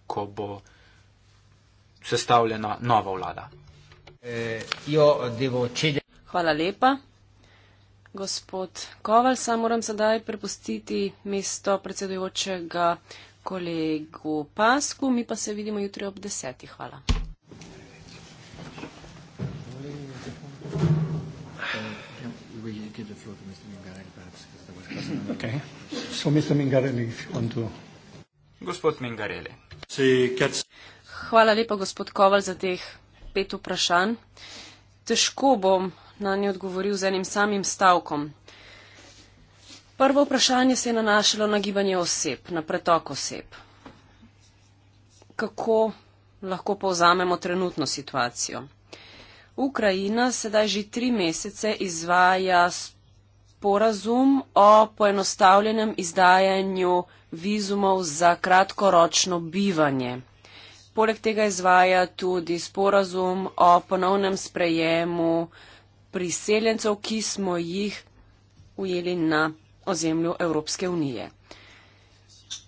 ko bo sestavljena nova vlada. Eh, Hvala lepa. Gospod Koval, sam moram sedaj prepustiti mesto predsedujočega kolegu Pasku, mi pa se vidimo jutri ob desetih. Hvala. Gospod Mingareli. Hvala lepa, gospod Koval, za teh pet vprašanj. Težko bom na nje odgovoril z enim samim stavkom. Prvo vprašanje se je nanašalo na gibanje oseb, na pretok oseb. Kako lahko povzamemo trenutno situacijo? Ukrajina sedaj že tri mesece izvaja sporazum o poenostavljenem izdajanju vizumov za kratkoročno bivanje poleg tega izvaja tudi sporazum o ponovnem sprejemu priseljencev, ki smo jih ujeli na ozemlju Evropske unije.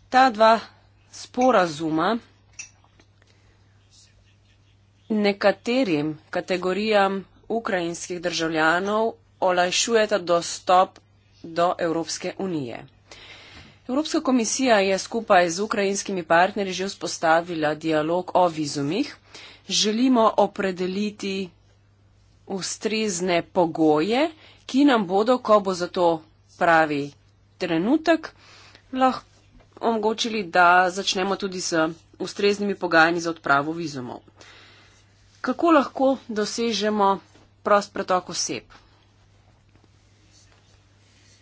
Ta dva sporazuma nekaterim kategorijam ukrajinskih državljanov olajšujeta dostop do Evropske unije. Evropska komisija je skupaj z ukrajinskimi partnerji že vzpostavila dialog o vizumih. Želimo opredeliti ustrezne pogoje, ki nam bodo, ko bo za to pravi trenutek, lahko omogočili, da začnemo tudi s ustreznimi pogajanji za odpravo vizumov. Kako lahko dosežemo prost pretok oseb?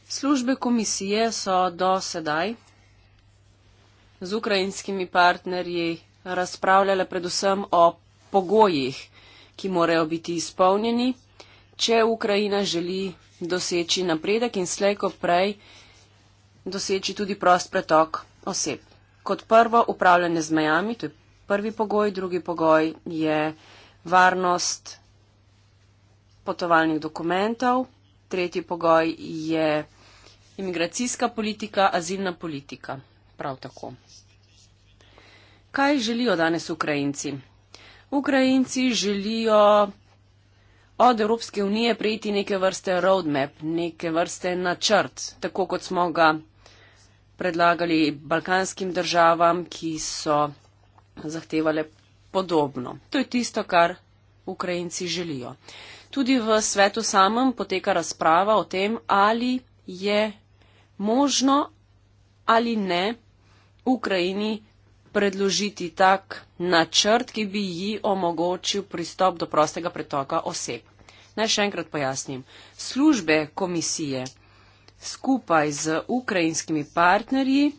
Službe komisije so do sedaj z ukrajinskimi partnerji razpravljale predvsem o pogojih, ki morajo biti izpolnjeni, če Ukrajina želi doseči napredek in slej ko prej doseči tudi prost pretok oseb. Kot prvo, upravljanje z mejami, to je prvi pogoj, drugi pogoj je varnost potovalnih dokumentov, tretji pogoj je imigracijska politika, azilna politika. Prav tako. Kaj želijo danes Ukrajinci? Ukrajinci želijo od Evropske unije prejeti neke vrste roadmap, neke vrste načrt, tako kot smo ga predlagali balkanskim državam, ki so zahtevale podobno. To je tisto, kar Ukrajinci želijo. Tudi v svetu samem poteka razprava o tem, ali je možno ali ne Ukrajini predložiti tak načrt, ki bi ji omogočil pristop do prostega pretoka oseb. Naj še enkrat pojasnim. Službe komisije skupaj z ukrajinskimi partnerji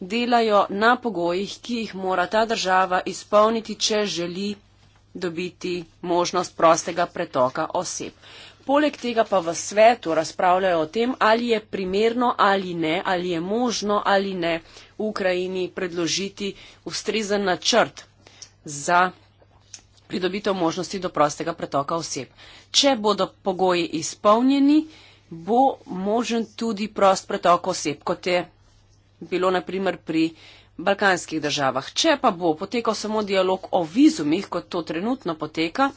delajo na pogojih, ki jih mora ta država izpolniti, če želi dobiti možnost prostega pretoka oseb poleg tega pa v svetu razpravljajo o tem, ali je primerno ali ne, ali je možno ali ne v Ukrajini predložiti ustrezen načrt za pridobitev možnosti do prostega pretoka oseb. Če bodo pogoji izpolnjeni, bo možen tudi prost pretok oseb, kot je bilo naprimer pri balkanskih državah. Če pa bo potekal samo dialog o vizumih, kot to trenutno poteka,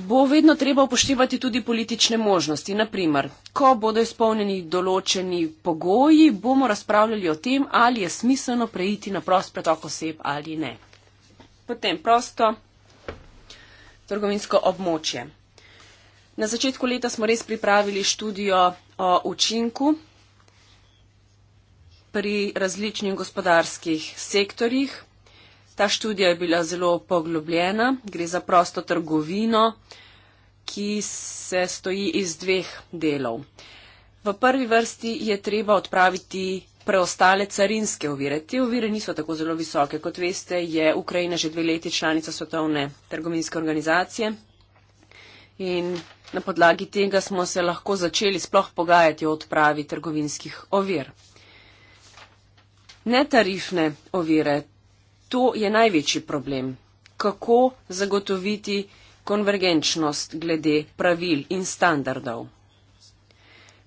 bo vedno treba upoštevati tudi politične možnosti. Naprimer, ko bodo izpolnjeni določeni pogoji, bomo razpravljali o tem, ali je smiselno preiti na prost pretok oseb ali ne. Potem prosto trgovinsko območje. Na začetku leta smo res pripravili študijo o učinku pri različnih gospodarskih sektorjih, Ta študija je bila zelo poglobljena. Gre za prosto trgovino, ki se stoji iz dveh delov. V prvi vrsti je treba odpraviti preostale carinske ovire. Te ovire niso tako zelo visoke. Kot veste, je Ukrajina že dve leti članica Svetovne trgovinske organizacije in na podlagi tega smo se lahko začeli sploh pogajati o odpravi trgovinskih ovir. Netarifne ovire, To je največji problem. Kako zagotoviti konvergenčnost glede pravil in standardov?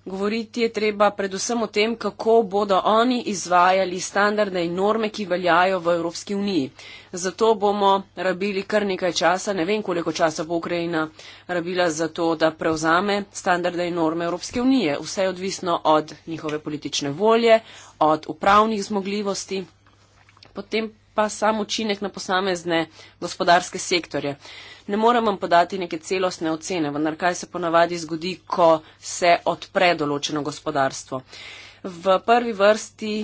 Govoriti je treba predvsem o tem, kako bodo oni izvajali standarde in norme, ki veljajo v Evropski uniji. Zato bomo rabili kar nekaj časa, ne vem koliko časa bo Ukrajina rabila za to, da prevzame standarde in norme Evropske unije. Vse je odvisno od njihove politične volje, od upravnih zmogljivosti. Potem pa sam učinek na posamezne gospodarske sektorje. Ne morem vam podati neke celostne ocene, vendar kaj se ponavadi zgodi, ko se odpre določeno gospodarstvo. V prvi vrsti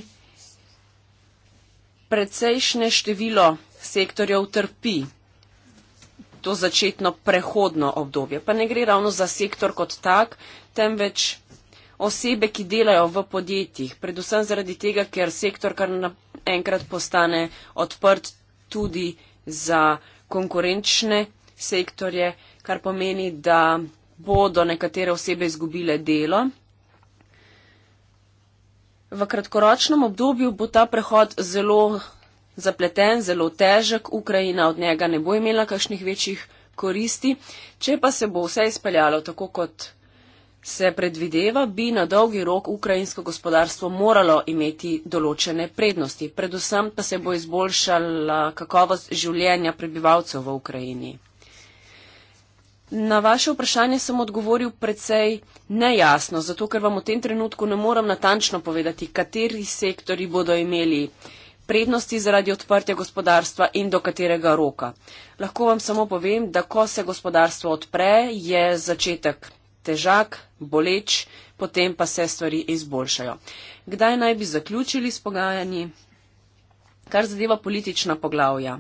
precejšnje število sektorjev trpi to začetno prehodno obdobje. Pa ne gre ravno za sektor kot tak, temveč osebe, ki delajo v podjetjih, predvsem zaradi tega, ker sektor kar na enkrat postane odprt tudi za konkurenčne sektorje, kar pomeni, da bodo nekatere osebe izgubile delo. V kratkoročnem obdobju bo ta prehod zelo zapleten, zelo težek, Ukrajina od njega ne bo imela kakšnih večjih koristi, če pa se bo vse izpeljalo tako, kot se predvideva, bi na dolgi rok ukrajinsko gospodarstvo moralo imeti določene prednosti. Predvsem pa se bo izboljšala kakovost življenja prebivalcev v Ukrajini. Na vaše vprašanje sem odgovoril precej nejasno, zato ker vam v tem trenutku ne moram natančno povedati, kateri sektori bodo imeli prednosti zaradi odprtja gospodarstva in do katerega roka. Lahko vam samo povem, da ko se gospodarstvo odpre, je začetek težak, boleč, potem pa se stvari izboljšajo. Kdaj naj bi zaključili s pogajanji? Kar zadeva politična poglavja,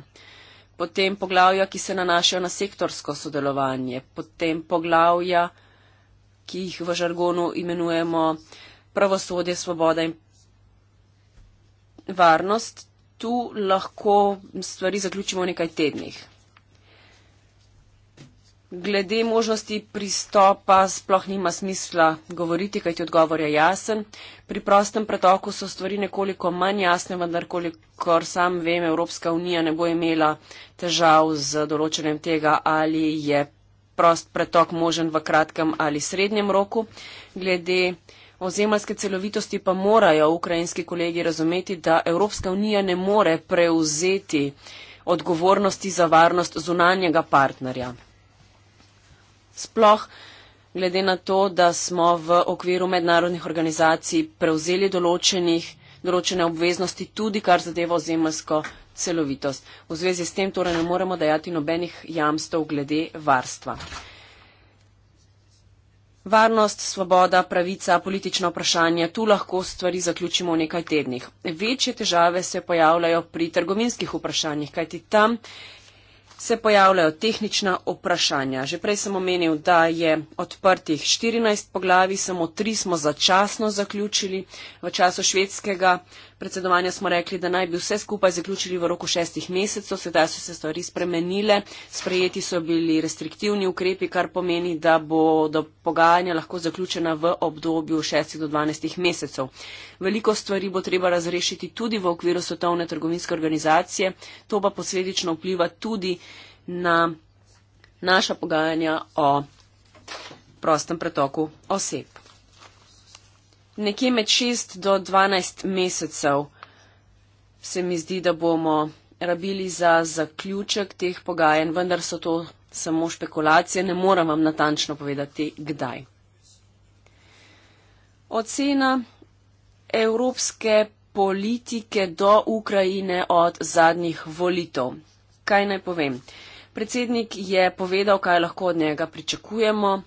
potem poglavja, ki se nanašajo na sektorsko sodelovanje, potem poglavja, ki jih v žargonu imenujemo pravosodje, svoboda in varnost, tu lahko stvari zaključimo v nekaj tednih glede možnosti pristopa sploh nima smisla govoriti, kajti odgovor je jasen. Pri prostem pretoku so stvari nekoliko manj jasne, vendar kolikor sam vem, Evropska unija ne bo imela težav z določenjem tega, ali je prost pretok možen v kratkem ali srednjem roku. Glede ozemalske celovitosti pa morajo ukrajinski kolegi razumeti, da Evropska unija ne more prevzeti odgovornosti za varnost zunanjega partnerja sploh glede na to, da smo v okviru mednarodnih organizacij prevzeli določene obveznosti, tudi kar zadeva ozemljsko celovitost. V zvezi s tem torej ne moremo dajati nobenih jamstev glede varstva. Varnost, svoboda, pravica, politična vprašanja, tu lahko stvari zaključimo v nekaj tednih. Večje težave se pojavljajo pri trgovinskih vprašanjih, kajti tam se pojavljajo tehnična vprašanja. Že prej sem omenil, da je odprtih 14 poglavi, samo tri smo začasno zaključili v času švedskega predsedovanja smo rekli, da naj bi vse skupaj zaključili v roku šestih mesecev, sedaj so se stvari spremenile, sprejeti so bili restriktivni ukrepi, kar pomeni, da bo do pogajanja lahko zaključena v obdobju šestih do dvanajstih mesecev. Veliko stvari bo treba razrešiti tudi v okviru Svetovne trgovinske organizacije, to pa posledično vpliva tudi na naša pogajanja o prostem pretoku oseb nekje med 6 do 12 mesecev se mi zdi, da bomo rabili za zaključek teh pogajanj, vendar so to samo špekulacije, ne moram vam natančno povedati, kdaj. Ocena evropske politike do Ukrajine od zadnjih volitev. Kaj naj povem? Predsednik je povedal, kaj lahko od njega pričakujemo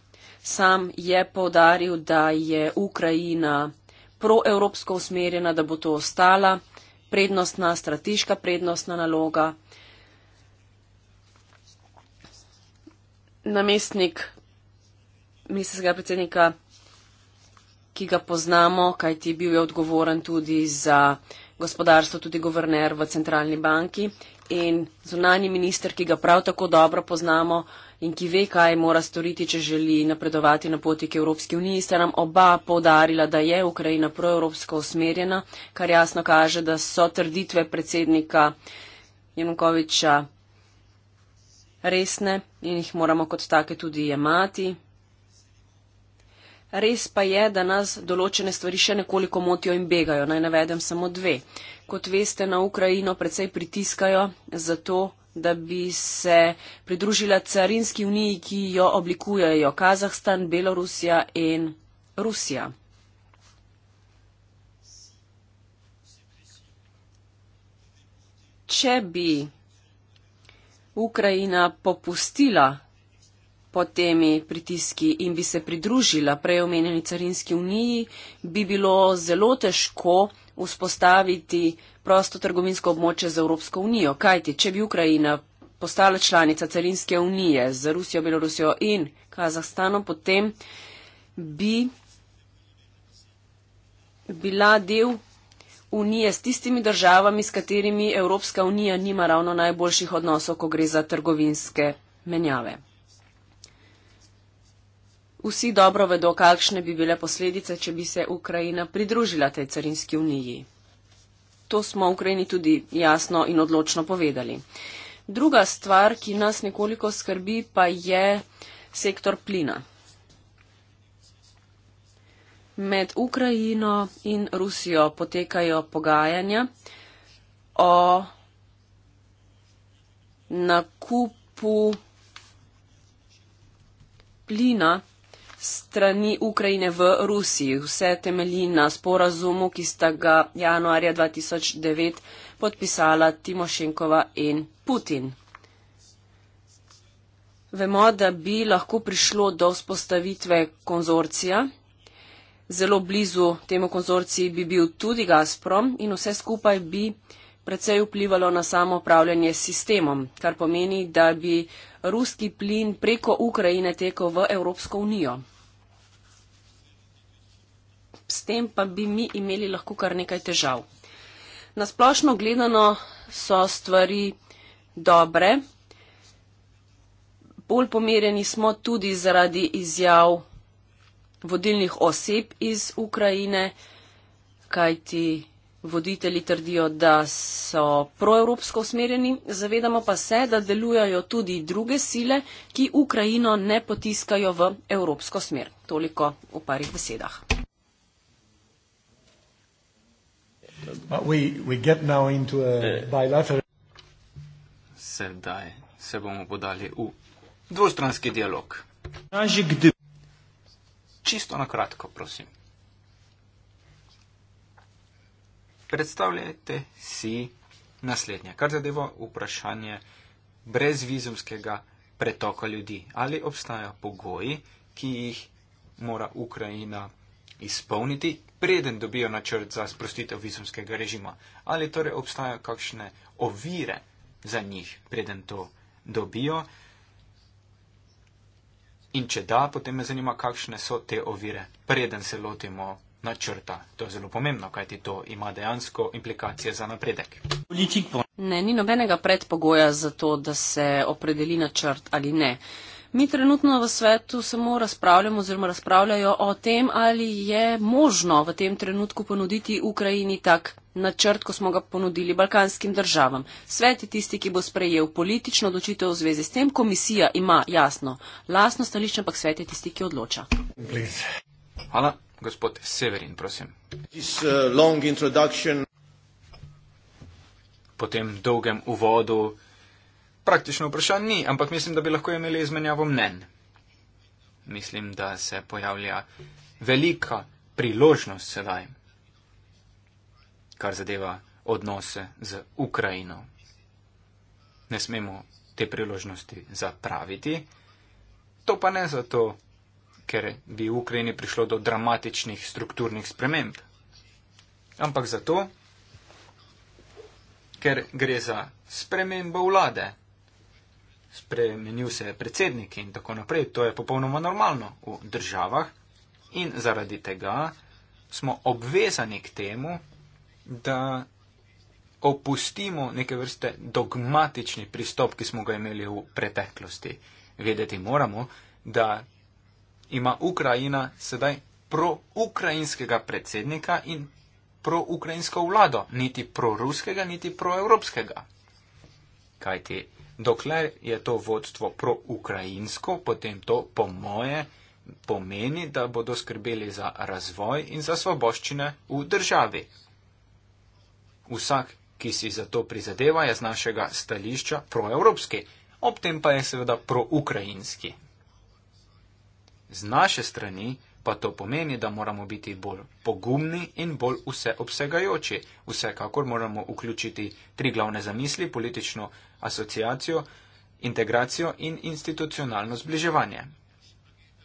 sam je povdaril, da je Ukrajina proevropsko usmerjena, da bo to ostala prednostna, strateška prednostna naloga. Namestnik ministrskega predsednika, ki ga poznamo, kajti bil je odgovoren tudi za gospodarstvo, tudi guverner v centralni banki in zunani minister, ki ga prav tako dobro poznamo, in ki ve, kaj mora storiti, če želi napredovati na poti k Evropski uniji, sta nam oba podarila, da je Ukrajina proevropsko usmerjena, kar jasno kaže, da so trditve predsednika Janukoviča resne in jih moramo kot take tudi jemati. Res pa je, da nas določene stvari še nekoliko motijo in begajo. Naj navedem samo dve. Kot veste, na Ukrajino predvsej pritiskajo, zato da bi se pridružila carinski uniji, ki jo oblikujejo Kazahstan, Belorusija in Rusija. Če bi Ukrajina popustila pod temi pritiski in bi se pridružila prejomenjeni carinski uniji, bi bilo zelo težko vzpostaviti prosto trgovinsko območje z Evropsko unijo. Kajti, če bi Ukrajina postala članica carinske unije z Rusijo, Belorusijo in Kazahstanom, potem bi bila del unije s tistimi državami, s katerimi Evropska unija nima ravno najboljših odnosov, ko gre za trgovinske menjave. Vsi dobro vedo, kakšne bi bile posledice, če bi se Ukrajina pridružila tej carinski uniji. To smo Ukrajini tudi jasno in odločno povedali. Druga stvar, ki nas nekoliko skrbi, pa je sektor plina. Med Ukrajino in Rusijo potekajo pogajanja o nakupu plina strani Ukrajine v Rusiji. Vse temelji na sporazumu, ki sta ga januarja 2009 podpisala Timošenkova in Putin. Vemo, da bi lahko prišlo do vzpostavitve konzorcija. Zelo blizu temu konzorciji bi bil tudi Gazprom in vse skupaj bi precej vplivalo na samo upravljanje s sistemom, kar pomeni, da bi ruski plin preko Ukrajine tekel v Evropsko unijo. S tem pa bi mi imeli lahko kar nekaj težav. Na splošno gledano so stvari dobre. Bolj pomereni smo tudi zaradi izjav vodilnih oseb iz Ukrajine, kajti Voditelji trdijo, da so proevropsko usmerjeni, zavedamo pa se, da delujajo tudi druge sile, ki Ukrajino ne potiskajo v evropsko smer. Toliko v parih besedah. Eh. Sedaj se bomo podali v dvostranski dialog. Čisto na kratko, prosim. predstavljajte si naslednje, kar zadeva vprašanje brezvizumskega pretoka ljudi. Ali obstajajo pogoji, ki jih mora Ukrajina izpolniti, preden dobijo načrt za sprostitev vizumskega režima? Ali torej obstajajo kakšne ovire za njih, preden to dobijo? In če da, potem me zanima, kakšne so te ovire, preden se lotimo načrta. To je zelo pomembno, kajti to ima dejansko implikacije za napredek. Ne, ni nobenega predpogoja za to, da se opredeli načrt ali ne. Mi trenutno v svetu samo razpravljamo oziroma razpravljajo o tem, ali je možno v tem trenutku ponuditi Ukrajini tak načrt, ko smo ga ponudili balkanskim državam. Svet je tisti, ki bo sprejel politično odločitev v zvezi s tem. Komisija ima jasno lasno stališče, ampak svet je tisti, ki odloča. Please. Hvala gospod Severin, prosim. This, uh, po tem dolgem uvodu praktično vprašanj ni, ampak mislim, da bi lahko imeli izmenjavo mnen. Mislim, da se pojavlja velika priložnost sedaj, kar zadeva odnose z Ukrajino. Ne smemo te priložnosti zapraviti. To pa ne zato, ker bi v Ukrajini prišlo do dramatičnih strukturnih sprememb. Ampak zato, ker gre za spremembo vlade. Spremenil se je predsednik in tako naprej. To je popolnoma normalno v državah in zaradi tega smo obvezani k temu, da opustimo neke vrste dogmatični pristop, ki smo ga imeli v preteklosti. Vedeti moramo, da ima Ukrajina sedaj pro-ukrajinskega predsednika in pro-ukrajinsko vlado, niti pro-ruskega, niti pro-evropskega. Kaj ti, dokler je to vodstvo pro-ukrajinsko, potem to, po moje, pomeni, da bodo skrbeli za razvoj in za svoboščine v državi. Vsak, ki si za to prizadeva, je z našega stališča pro-evropski, ob tem pa je seveda pro-ukrajinski. Z naše strani pa to pomeni, da moramo biti bolj pogumni in bolj vseobsegajoči. Vsekakor moramo vključiti tri glavne zamisli, politično asociacijo, integracijo in institucionalno zbliževanje.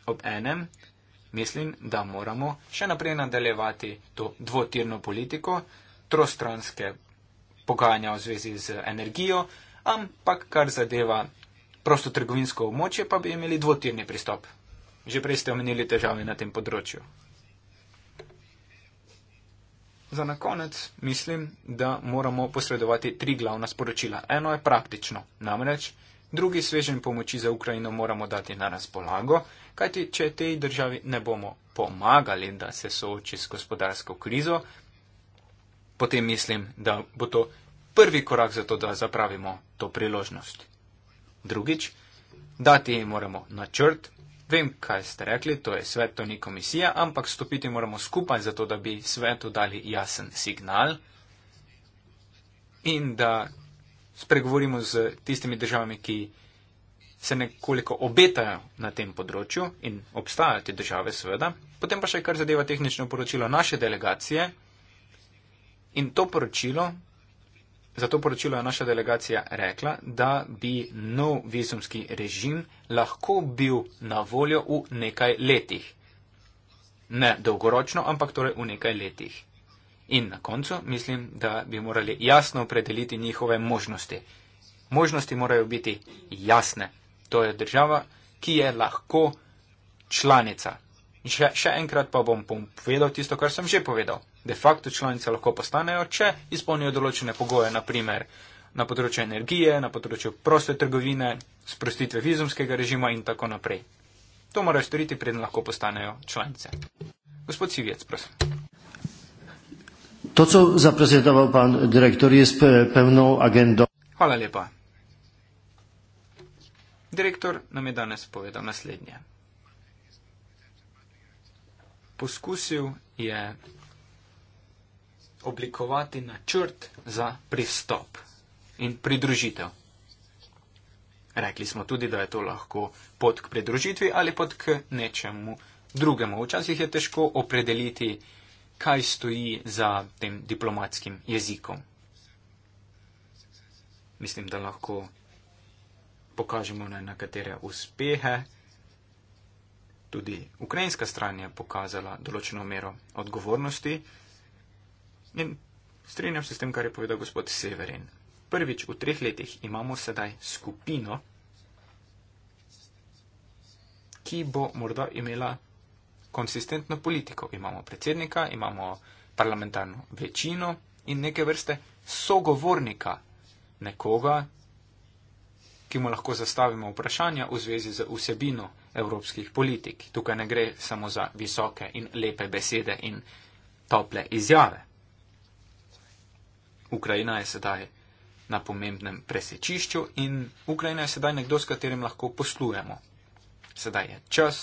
Ob enem mislim, da moramo še naprej nadaljevati to dvotirno politiko, trostranske pogajanja v zvezi z energijo, ampak kar zadeva prostotrgovinsko območje, pa bi imeli dvotirni pristop. Že prej ste omenili težave na tem področju. Za na konec mislim, da moramo posredovati tri glavna sporočila. Eno je praktično, namreč drugi svežen pomoči za Ukrajino moramo dati na razpolago, kajti če tej državi ne bomo pomagali, da se sooči s gospodarsko krizo, potem mislim, da bo to prvi korak za to, da zapravimo to priložnost. Drugič, dati jim moramo načrt, Vem, kaj ste rekli, to je svet, to ni komisija, ampak stopiti moramo skupaj, zato da bi svetu dali jasen signal in da spregovorimo z tistimi državami, ki se nekoliko obetajo na tem področju in obstajajo te države, seveda. Potem pa še kar zadeva tehnično poročilo naše delegacije in to poročilo Zato poročilo je naša delegacija rekla, da bi nov vizumski režim lahko bil na voljo v nekaj letih. Ne dolgoročno, ampak torej v nekaj letih. In na koncu mislim, da bi morali jasno opredeliti njihove možnosti. Možnosti morajo biti jasne. To je država, ki je lahko članica Še, še enkrat pa bom povedal tisto, kar sem že povedal. De facto članice lahko postanejo, če izpolnijo določene pogoje, naprimer na področju energije, na področju proste trgovine, sprostitve vizumskega režima in tako naprej. To morajo storiti, preden lahko postanejo članice. Gospod Civjec, prosim. To, co zaprezentoval pan direktor, je s pevno agendo. Hvala lepa. Direktor nam je danes povedal naslednje poskusil je oblikovati načrt za pristop in pridružitev. Rekli smo tudi, da je to lahko pot k pridružitvi ali pot k nečemu drugemu. Včasih je težko opredeliti, kaj stoji za tem diplomatskim jezikom. Mislim, da lahko pokažemo na nekatere uspehe, tudi ukrajinska stran je pokazala določeno mero odgovornosti in strinjam se s tem, kar je povedal gospod Severin. Prvič v treh letih imamo sedaj skupino, ki bo morda imela konsistentno politiko. Imamo predsednika, imamo parlamentarno večino in neke vrste sogovornika, nekoga, ki mu lahko zastavimo vprašanja v zvezi z vsebino evropskih politik. Tukaj ne gre samo za visoke in lepe besede in tople izjave. Ukrajina je sedaj na pomembnem presečišču in Ukrajina je sedaj nekdo, s katerim lahko poslujemo. Sedaj je čas,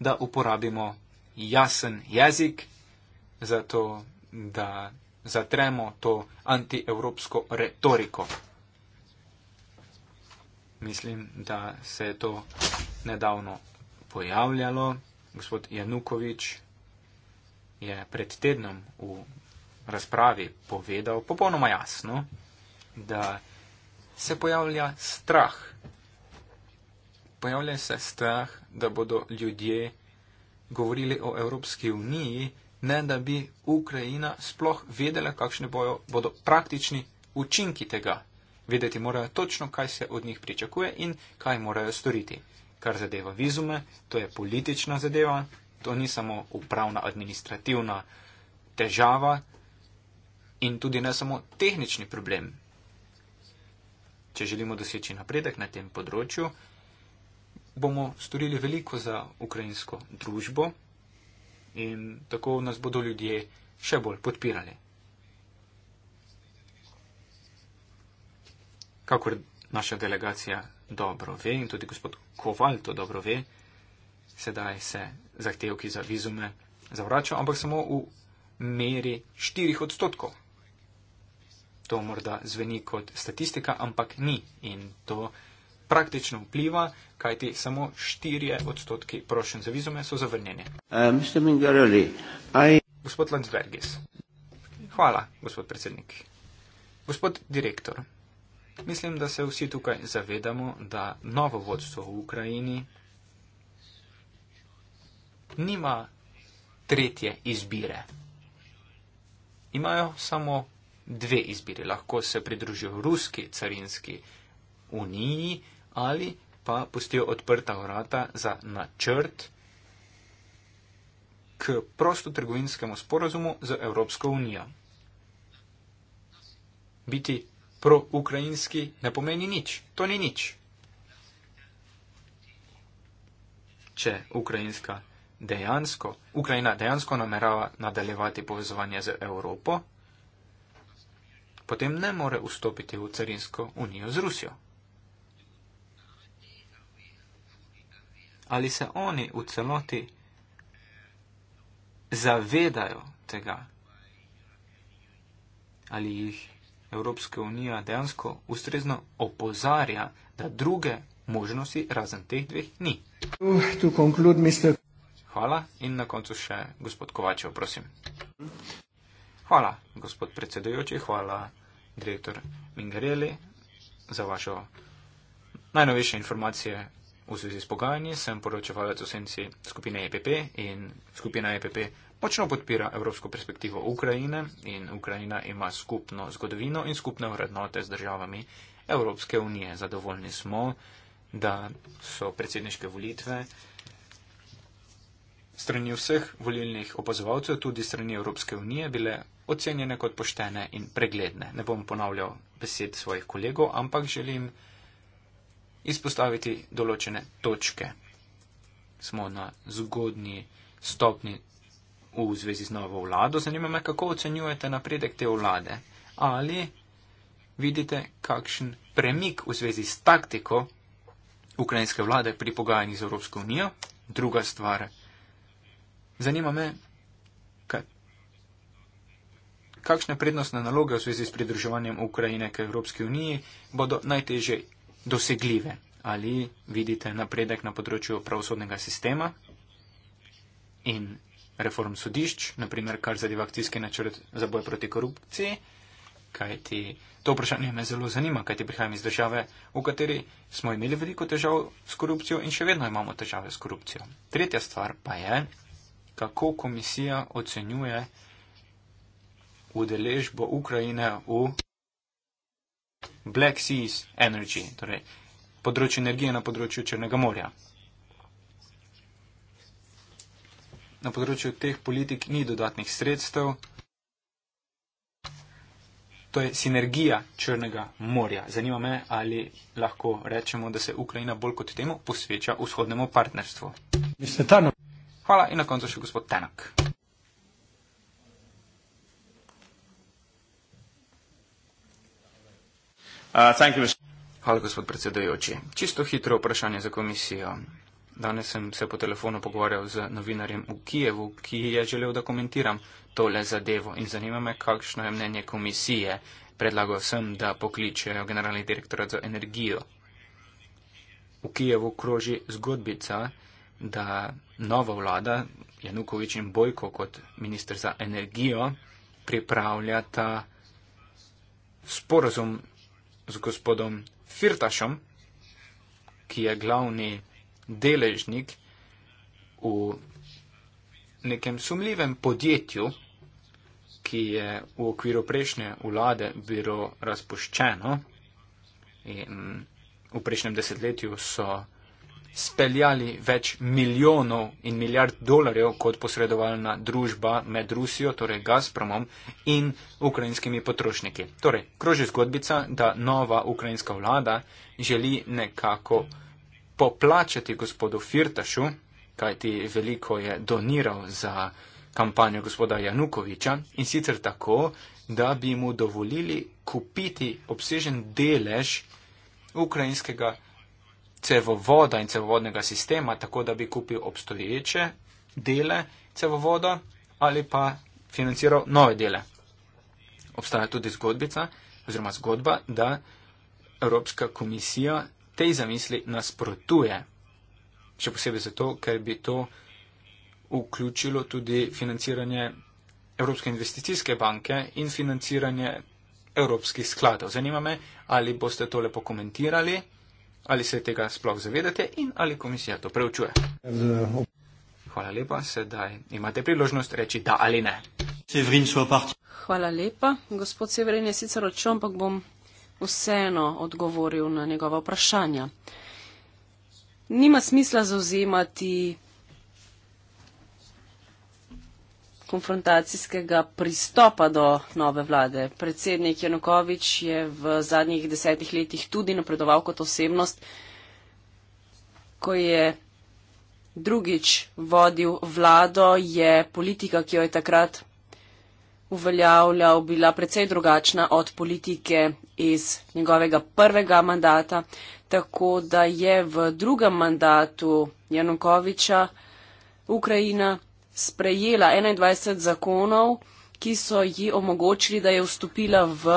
da uporabimo jasen jezik, zato da zatremo to antievropsko retoriko mislim, da se je to nedavno pojavljalo. Gospod Janukovič je pred tednom v razpravi povedal popolnoma jasno, da se pojavlja strah. Pojavlja se strah, da bodo ljudje govorili o Evropski uniji, ne da bi Ukrajina sploh vedela, kakšne bojo, bodo praktični učinki tega Vedeti morajo točno, kaj se od njih pričakuje in kaj morajo storiti. Kar zadeva vizume, to je politična zadeva, to ni samo upravna administrativna težava in tudi ne samo tehnični problem. Če želimo doseči napredek na tem področju, bomo storili veliko za ukrajinsko družbo in tako nas bodo ljudje še bolj podpirali. kakor naša delegacija dobro ve in tudi gospod Koval to dobro ve, sedaj se zahtevki za vizume zavračajo, ampak samo v meri 4 odstotkov. To morda zveni kot statistika, ampak ni in to praktično vpliva, kajti samo 4 odstotki prošen za vizume so zavrnjeni. Um, I... Gospod Landsbergis. Hvala, gospod predsednik. Gospod direktor. Mislim, da se vsi tukaj zavedamo, da novo vodstvo v Ukrajini nima tretje izbire. Imajo samo dve izbire. Lahko se pridružijo ruski carinski uniji ali pa pustijo odprta vrata za načrt k prostotrgovinskemu sporazumu z Evropsko unijo. Biti pro-ukrajinski ne pomeni nič. To ni nič. Če Ukrajinska dejansko, Ukrajina dejansko namerava nadaljevati povezovanje z Evropo, potem ne more vstopiti v carinsko unijo z Rusijo. Ali se oni v celoti zavedajo tega? Ali jih Evropska unija dejansko ustrezno opozarja, da druge možnosti razen teh dveh ni. Conclude, Hvala in na koncu še gospod Kovačev, prosim. Hvala, gospod predsedujoči. Hvala, direktor Mingareli, za vašo najnovejše informacije v zvezi s pogajanji. Sem poročevalec v senci skupine EPP in skupina EPP. Močno podpira evropsko perspektivo Ukrajine in Ukrajina ima skupno zgodovino in skupne vrednote z državami Evropske unije. Zadovoljni smo, da so predsedniške volitve strani vseh volilnih opazovalcev, tudi strani Evropske unije, bile ocenjene kot poštene in pregledne. Ne bom ponavljal besed svojih kolegov, ampak želim izpostaviti določene točke. Smo na zgodni stopni v zvezi z novo vlado. Zanima me, kako ocenjujete napredek te vlade. Ali vidite kakšen premik v zvezi s taktiko ukrajinske vlade pri pogajanji z Evropsko unijo? Druga stvar. Zanima me, kakšne prednostne naloge v zvezi s pridruževanjem Ukrajine k Evropski uniji bodo najtežje dosegljive. Ali vidite napredek na področju pravosodnega sistema? In reform sodišč, naprimer kar zadeva akcijski načrt za boj proti korupciji, kajti to vprašanje me zelo zanima, kajti prihajam iz države, v kateri smo imeli veliko težav s korupcijo in še vedno imamo težave s korupcijo. Tretja stvar pa je, kako komisija ocenjuje udeležbo Ukrajine v Black Seas Energy, torej področju energije na področju Črnega morja. na področju teh politik ni dodatnih sredstev. To je sinergija Črnega morja. Zanima me, ali lahko rečemo, da se Ukrajina bolj kot temu posveča vzhodnemu partnerstvu. Hvala in na koncu še gospod Tenak. Uh, Hvala, gospod predsedujoči. Čisto hitro vprašanje za komisijo. Danes sem se po telefonu pogovarjal z novinarjem v Kijevu, ki je želel, da komentiram tole zadevo in zanima me, kakšno je mnenje komisije. Predlagal sem, da pokličejo generalni direktor za energijo. V Kijevu kroži zgodbica, da nova vlada Janukovič in Bojko kot minister za energijo pripravljata sporozum z gospodom Firtašom, ki je glavni deležnik v nekem sumljivem podjetju, ki je v okviru prejšnje vlade bilo razpoščeno in v prejšnjem desetletju so speljali več milijonov in milijard dolarjev kot posredovalna družba med Rusijo, torej Gazpromom in ukrajinskimi potrošniki. Torej, kroži zgodbica, da nova ukrajinska vlada želi nekako poplačati gospodu Firtašu, kajti veliko je doniral za kampanjo gospoda Janukoviča in sicer tako, da bi mu dovolili kupiti obsežen delež ukrajinskega cevovoda in cevovodnega sistema, tako da bi kupil obstoječe dele cevovoda ali pa financiral nove dele. Obstaja tudi zgodbica oziroma zgodba, da Evropska komisija tej zamisli nasprotuje. Še posebej zato, ker bi to vključilo tudi financiranje Evropske investicijske banke in financiranje evropskih skladov. Zanima me, ali boste tole pokomentirali, ali se tega sploh zavedate in ali komisija to preučuje. Hvala lepa, sedaj imate priložnost reči da ali ne. Hvala lepa, gospod Severin je sicer odšel, ampak bom vseeno odgovoril na njegova vprašanja. Nima smisla zauzemati konfrontacijskega pristopa do nove vlade. Predsednik Janukovič je v zadnjih desetih letih tudi napredoval kot osebnost, ko je drugič vodil vlado, je politika, ki jo je takrat uveljavljal, bila precej drugačna od politike iz njegovega prvega mandata, tako da je v drugem mandatu Janukoviča Ukrajina sprejela 21 zakonov, ki so ji omogočili, da je vstopila v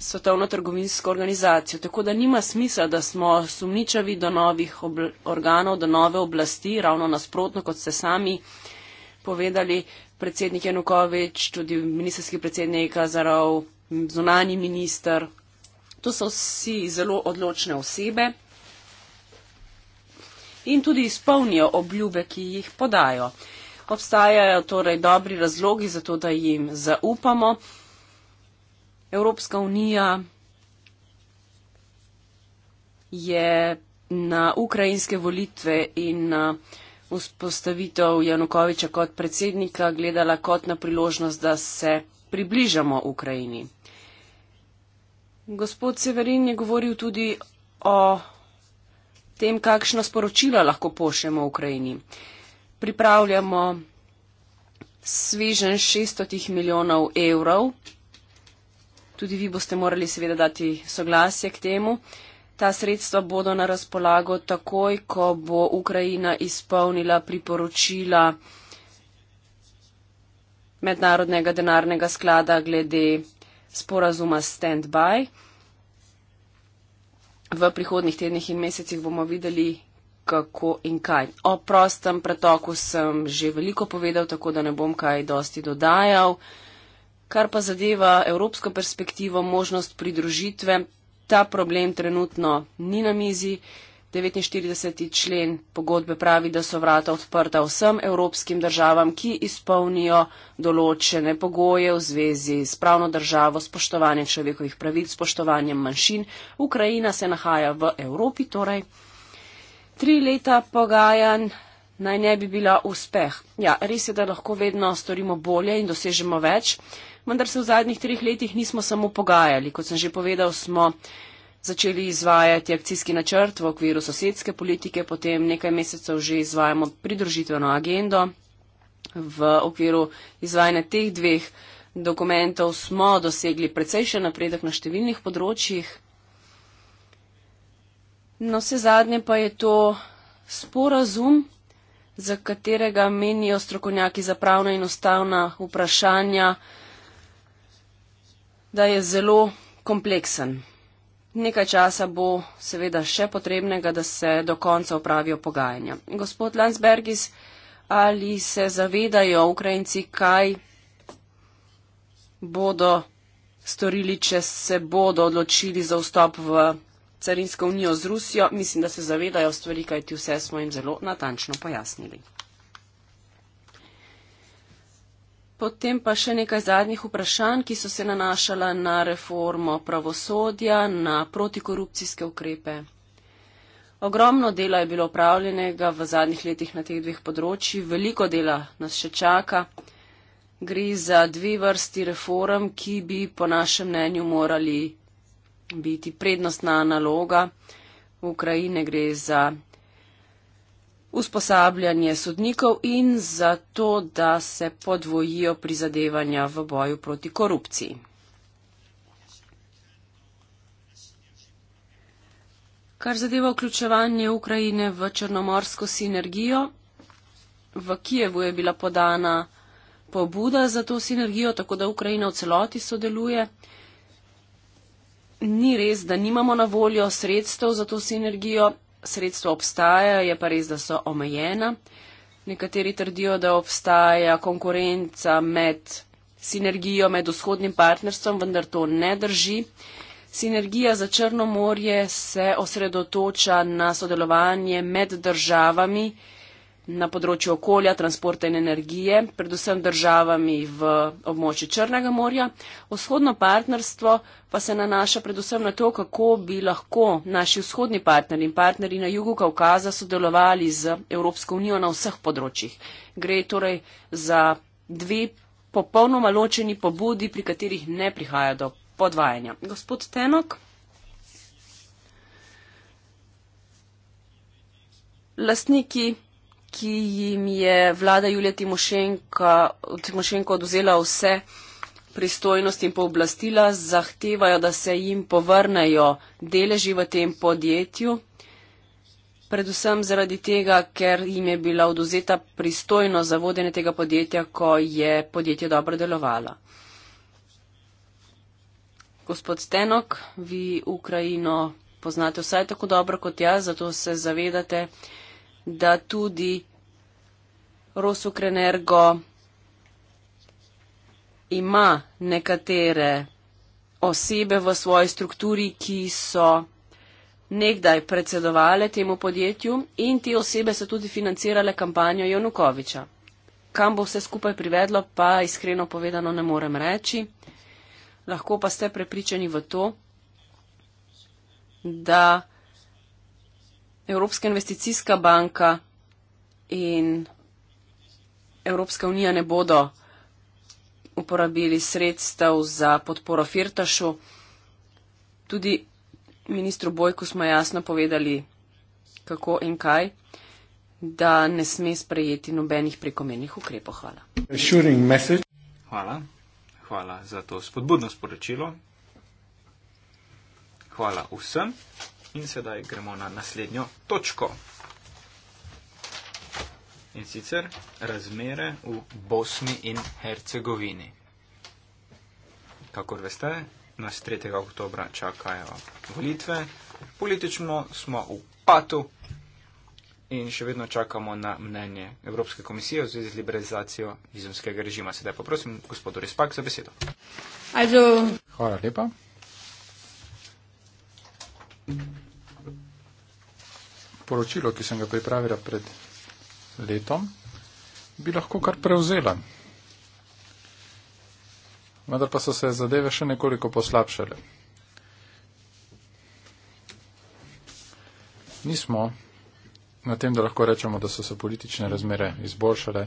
svetovno trgovinsko organizacijo. Tako da nima smisla, da smo sumničavi do novih organov, do nove oblasti, ravno nasprotno, kot ste sami povedali, predsednik Janukovič, tudi ministerski predsednik Azarov, zunani minister. To so vsi zelo odločne osebe in tudi izpolnijo obljube, ki jih podajo. Obstajajo torej dobri razlogi za to, da jim zaupamo. Evropska unija je na ukrajinske volitve in na uh, vzpostavitev Janukoviča kot predsednika gledala kot na priložnost, da se približamo Ukrajini. Gospod Severin je govoril tudi o tem, kakšno sporočilo lahko pošljemo Ukrajini. Pripravljamo svežen 600 milijonov evrov. Tudi vi boste morali seveda dati soglasje k temu. Uh, Ta sredstva bodo na razpolago takoj, ko bo Ukrajina izpolnila priporočila Mednarodnega denarnega sklada glede sporazuma stand-by. V prihodnih tednih in mesecih bomo videli, kako in kaj. O prostem pretoku sem že veliko povedal, tako da ne bom kaj dosti dodajal. Kar pa zadeva evropsko perspektivo, možnost pridružitve, ta problem trenutno ni na mizi. 49. člen pogodbe pravi, da so vrata odprta vsem evropskim državam, ki izpolnijo določene pogoje v zvezi s pravno državo, spoštovanjem človekovih pravic, spoštovanjem manjšin. Ukrajina se nahaja v Evropi, torej. Tri leta pogajanj naj ne bi bila uspeh. Ja, res je, da lahko vedno storimo bolje in dosežemo več vendar se v zadnjih treh letih nismo samo pogajali. Kot sem že povedal, smo začeli izvajati akcijski načrt v okviru sosedske politike, potem nekaj mesecev že izvajamo pridružitveno agendo. V okviru izvajanja teh dveh dokumentov smo dosegli precejšen napredek na številnih področjih. No, vse zadnje pa je to sporazum, za katerega menijo strokovnjaki za pravna in ustavna vprašanja, da je zelo kompleksen. Nekaj časa bo seveda še potrebnega, da se do konca upravijo pogajanja. Gospod Landsbergis, ali se zavedajo Ukrajinci, kaj bodo storili, če se bodo odločili za vstop v carinsko unijo z Rusijo? Mislim, da se zavedajo stvari, kajti vse smo jim zelo natančno pojasnili. Potem pa še nekaj zadnjih vprašanj, ki so se nanašala na reformo pravosodja, na protikorupcijske ukrepe. Ogromno dela je bilo upravljenega v zadnjih letih na teh dveh področji, veliko dela nas še čaka. Gre za dve vrsti reform, ki bi po našem mnenju morali biti prednostna naloga. V Ukrajine gre za usposabljanje sodnikov in za to, da se podvojijo prizadevanja v boju proti korupciji. Kar zadeva vključevanje Ukrajine v črnomorsko sinergijo, v Kijevu je bila podana pobuda za to sinergijo, tako da Ukrajina v celoti sodeluje. Ni res, da nimamo na voljo sredstev za to sinergijo, sredstva obstajajo, je pa res, da so omejena. Nekateri trdijo, da obstaja konkurenca med sinergijo, med vzhodnim partnerstvom, vendar to ne drži. Sinergija za Črno morje se osredotoča na sodelovanje med državami, na področju okolja, transporta in energije, predvsem državami v območju Črnega morja. Vzhodno partnerstvo pa se nanaša predvsem na to, kako bi lahko naši vzhodni partneri in partneri na jugu Kaukaza sodelovali z Evropsko unijo na vseh področjih. Gre torej za dve popolnoma ločeni pobudi, pri katerih ne prihaja do podvajanja. Gospod Tenok. Lastniki ki jim je vlada Julija Timošenko oduzela vse pristojnosti in pooblastila, zahtevajo, da se jim povrnejo deleži v tem podjetju, predvsem zaradi tega, ker jim je bila oduzeta pristojnost za vodenje tega podjetja, ko je podjetje dobro delovalo. Gospod Stenok, vi Ukrajino poznate vsaj tako dobro kot jaz, zato se zavedate, da tudi Rosukrenergo ima nekatere osebe v svoji strukturi, ki so nekdaj predsedovale temu podjetju in te osebe so tudi financirale kampanjo Janukoviča. Kam bo vse skupaj privedlo, pa iskreno povedano ne morem reči. Lahko pa ste prepričani v to, da Evropska investicijska banka in Evropska unija ne bodo uporabili sredstev za podporo Firtašu. Tudi ministru Bojku smo jasno povedali, kako in kaj, da ne sme sprejeti nobenih prekomenih ukrepov. Hvala. Hvala. Hvala za to spodbudno sporočilo. Hvala vsem. In sedaj gremo na naslednjo točko. In sicer razmere v Bosni in Hercegovini. Kakor veste, nas 3. oktobra čakajo volitve. Politično smo v patu in še vedno čakamo na mnenje Evropske komisije v zvezi z liberalizacijo vizumskega režima. Sedaj pa prosim gospodu Respak za besedo. Also. Hvala lepa poročilo, ki sem ga pripravila pred letom, bi lahko kar prevzela. Vendar pa so se zadeve še nekoliko poslabšale. Nismo na tem, da lahko rečemo, da so se politične razmere izboljšale,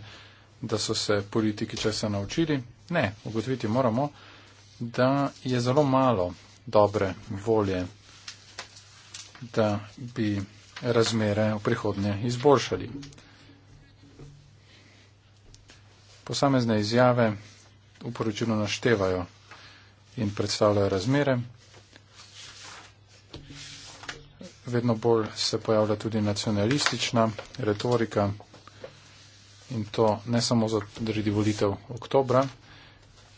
da so se politiki česa naučili. Ne, ugotoviti moramo, da je zelo malo dobre volje da bi razmere v prihodnje izboljšali. Posamezne izjave v poročilu naštevajo in predstavljajo razmere. Vedno bolj se pojavlja tudi nacionalistična retorika in to ne samo za dredi volitev oktobra,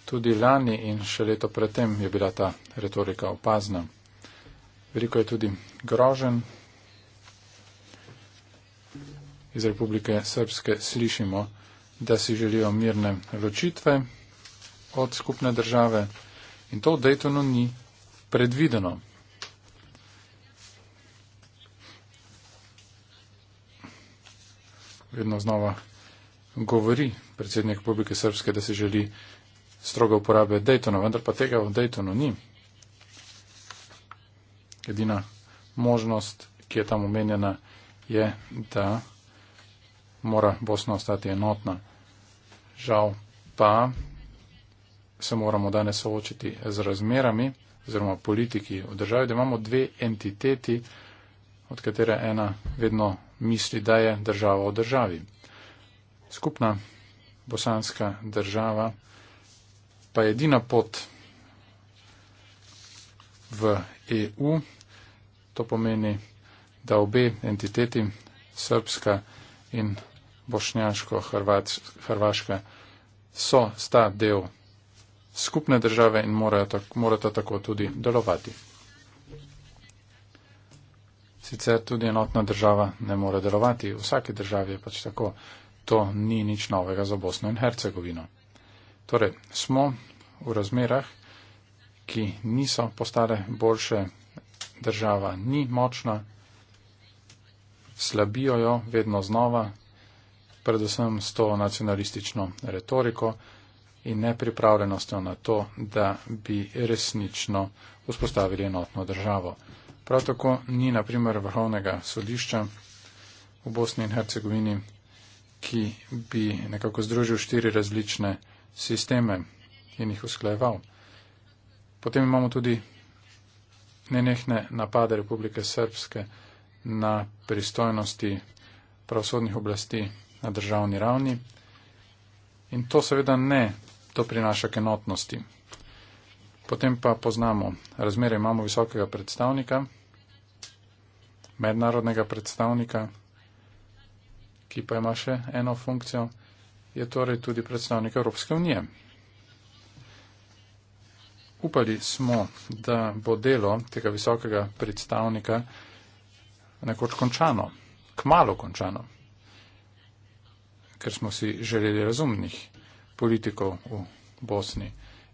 tudi lani in še leto predtem je bila ta retorika opazna veliko je tudi grožen. Iz Republike Srpske slišimo, da si želijo mirne ločitve od skupne države in to v Daytonu ni predvideno. Vedno znova govori predsednik Republike Srpske, da si želi strogo uporabe Daytona, vendar pa tega v Daytonu ni edina možnost, ki je tam omenjena, je, da mora Bosna ostati enotna. Žal pa se moramo danes soočiti z razmerami oziroma politiki v državi, da imamo dve entiteti, od katere ena vedno misli, da je država v državi. Skupna bosanska država pa je edina pot v EU. To pomeni, da obe entiteti, srpska in bošnjaško-hrvaška, so sta del skupne države in morajo tako, morata tako tudi delovati. Sicer tudi enotna država ne more delovati, v vsaki državi je pač tako. To ni nič novega za Bosno in Hercegovino. Torej, smo v razmerah, ki niso postale boljše država ni močna, slabijo jo vedno znova, predvsem s to nacionalistično retoriko in nepripravljenostjo na to, da bi resnično vzpostavili enotno državo. Prav tako ni naprimer vrhovnega sodišča v Bosni in Hercegovini, ki bi nekako združil štiri različne sisteme in jih usklajeval. Potem imamo tudi nenehne napade Republike Srpske na pristojnosti pravosodnih oblasti na državni ravni. In to seveda ne doprinaša k enotnosti. Potem pa poznamo razmere, imamo visokega predstavnika, mednarodnega predstavnika, ki pa ima še eno funkcijo, je torej tudi predstavnik Evropske unije upali smo, da bo delo tega visokega predstavnika nekoč končano, kmalo končano, ker smo si želeli razumnih politikov v Bosni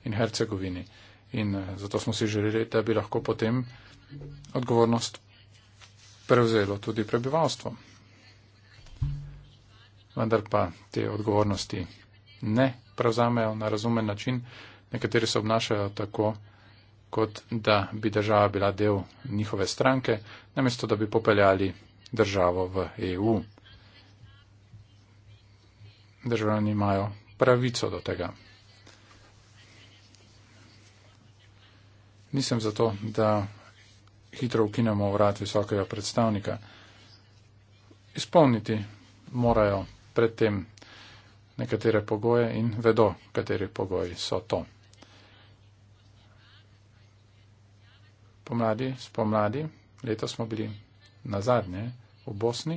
in Hercegovini. In eh, zato smo si želeli, da bi lahko potem odgovornost prevzelo tudi prebivalstvo. Vendar pa te odgovornosti ne prevzamejo na razumen način nekateri se obnašajo tako, kot da bi država bila del njihove stranke, namesto da bi popeljali državo v EU. Državljani imajo pravico do tega. Nisem zato, da hitro ukinemo vrat visokega predstavnika. Izpolniti morajo predtem nekatere pogoje in vedo, kateri pogoji so to. pomladi, spomladi, leto smo bili na zadnje v Bosni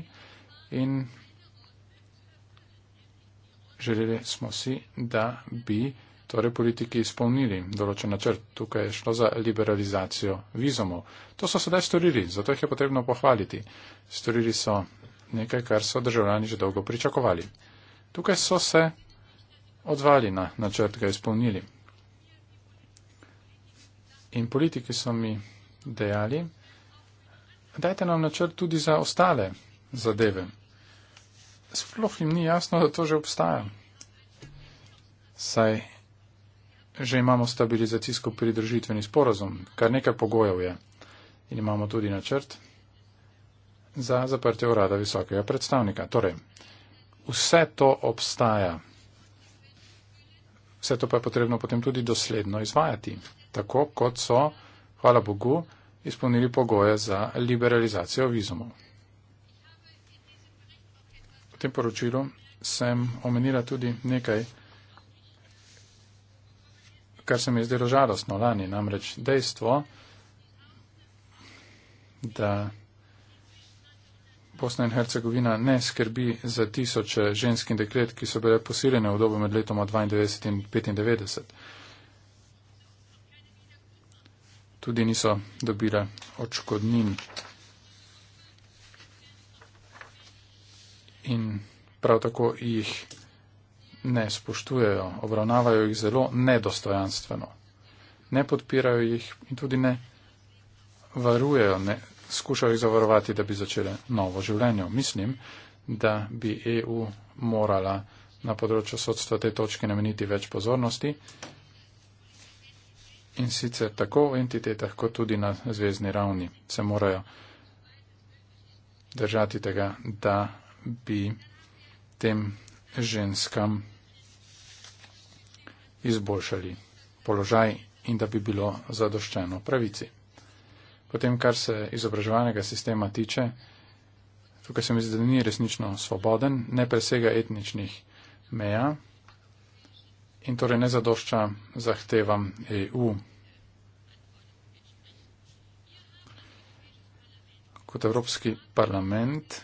in želeli smo si, da bi torej politiki izpolnili določen načrt. Tukaj je šlo za liberalizacijo vizomov. To so sedaj storili, zato jih je potrebno pohvaliti. Storili so nekaj, kar so državljani že dolgo pričakovali. Tukaj so se odvali na načrt, ga izpolnili. In politiki so mi dejali, dajte nam načrt tudi za ostale zadeve. Sploh jim ni jasno, da to že obstaja. Saj že imamo stabilizacijsko pridržitveni sporozum, kar nekaj pogojev je. In imamo tudi načrt za zaprtje urada visokega predstavnika. Torej, vse to obstaja. Vse to pa je potrebno potem tudi dosledno izvajati, tako kot so hvala Bogu, izpolnili pogoje za liberalizacijo vizumov. V tem poročilu sem omenila tudi nekaj, kar se mi je zdelo žalostno lani, namreč dejstvo, da Bosna in Hercegovina ne skrbi za tisoče ženskih deklet, ki so bile posiljene v dobu med letoma 92 in 95 tudi niso dobile očkodnin. In prav tako jih ne spoštujejo, obravnavajo jih zelo nedostojanstveno. Ne podpirajo jih in tudi ne varujejo, ne skušajo jih zavarovati, da bi začele novo življenje. Mislim, da bi EU morala na področju sodstva te točke nameniti več pozornosti in sicer tako v entitetah, kot tudi na zvezdni ravni se morajo držati tega, da bi tem ženskam izboljšali položaj in da bi bilo zadoščeno pravici. Potem, kar se izobraževalnega sistema tiče, tukaj se mi zdi, da ni resnično svoboden, ne presega etničnih meja, in torej ne zadošča zahtevam EU. Kot Evropski parlament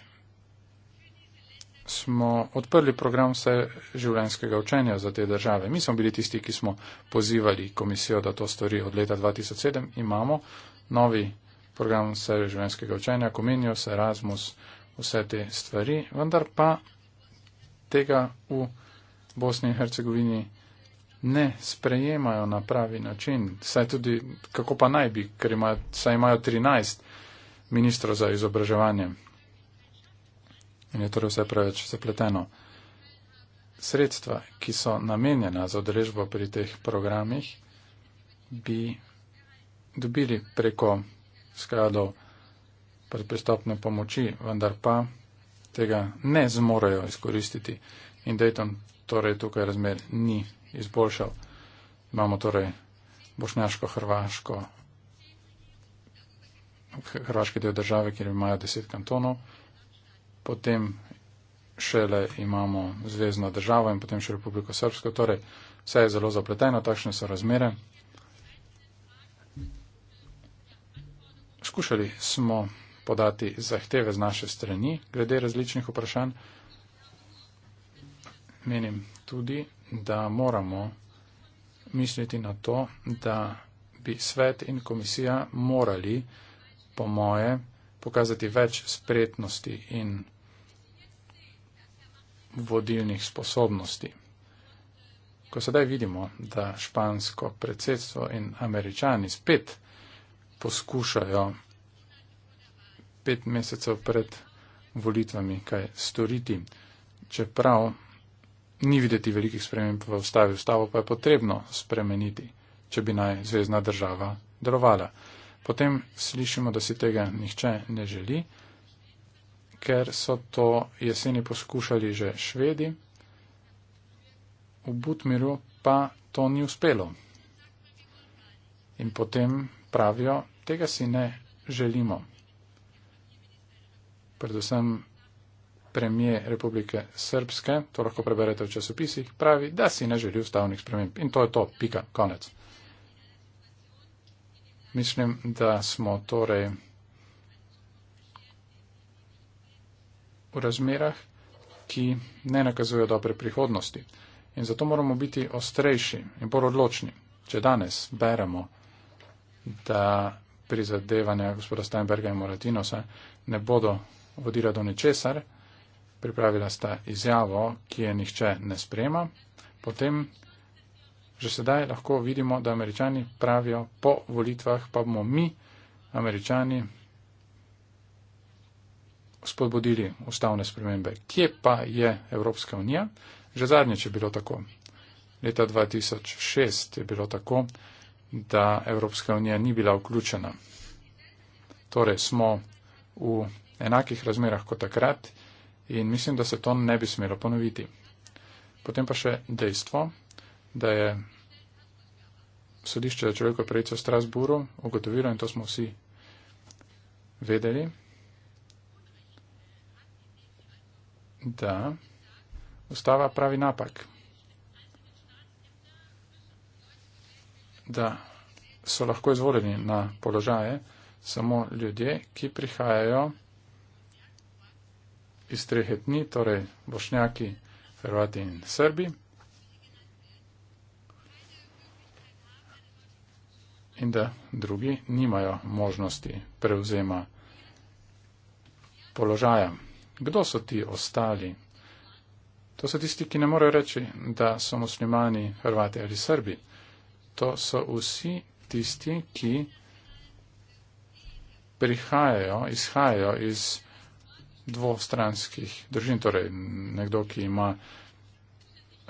smo odprli program vse življenjskega učenja za te države. Mi smo bili tisti, ki smo pozivali komisijo, da to stori od leta 2007. Imamo novi program vse življenjskega učenja, komenijo se Erasmus, vse te stvari, vendar pa tega v Bosni in Hercegovini ne sprejemajo na pravi način. Saj tudi, kako pa naj bi, ker ima, saj imajo 13 ministrov za izobraževanje. In je torej vse preveč zapleteno. Sredstva, ki so namenjena za odrežbo pri teh programih, bi dobili preko skladov predpristopne pomoči, vendar pa tega ne zmorejo izkoristiti. In Dayton torej tukaj razmer ni izboljšal. Imamo torej bošnjaško-hrvaško, hrvaški del države, kjer imajo deset kantonov, potem šele imamo zvezdno državo in potem še Republiko Srpsko. Torej, vse je zelo zapleteno, takšne so razmere. Skušali smo podati zahteve z naše strani glede različnih vprašanj. Menim tudi, da moramo misliti na to, da bi svet in komisija morali, po moje, pokazati več spretnosti in vodilnih sposobnosti. Ko sedaj vidimo, da špansko predsedstvo in američani spet poskušajo pet mesecev pred volitvami kaj storiti, čeprav ni videti velikih sprememb v ustavi, ustavo pa je potrebno spremeniti, če bi naj zvezdna država delovala. Potem slišimo, da si tega nihče ne želi, ker so to jeseni poskušali že švedi, v Butmiru pa to ni uspelo. In potem pravijo, tega si ne želimo. Predvsem premije Republike Srpske, to lahko preberete v časopisih, pravi, da si ne želi ustavnih sprememb. In to je to, pika, konec. Mislim, da smo torej v razmerah, ki ne nakazujejo dobre prihodnosti. In zato moramo biti ostrejši in bolj odločni. Če danes beremo, da prizadevanja gospoda Steinberga in Moratinosa ne bodo vodila do ničesar, pripravila sta izjavo, ki je nihče ne sprema. Potem že sedaj lahko vidimo, da američani pravijo po volitvah, pa bomo mi, američani, spodbudili ustavne spremembe. Kje pa je Evropska unija? Že zadnje, če je bilo tako. Leta 2006 je bilo tako, da Evropska unija ni bila vključena. Torej smo v enakih razmerah kot takrat in mislim, da se to ne bi smelo ponoviti. Potem pa še dejstvo, da je sodišče za človekove pravice v Strasburu ugotovilo, in to smo vsi vedeli, da ustava pravi napak. Da so lahko izvoljeni na položaje samo ljudje, ki prihajajo iz treh etni, torej bošnjaki, hrvati in srbi. In da drugi nimajo možnosti prevzema položaja. Kdo so ti ostali? To so tisti, ki ne morejo reči, da so muslimani, hrvati ali srbi. To so vsi tisti, ki prihajajo, izhajajo iz dvostranskih držin, torej nekdo, ki ima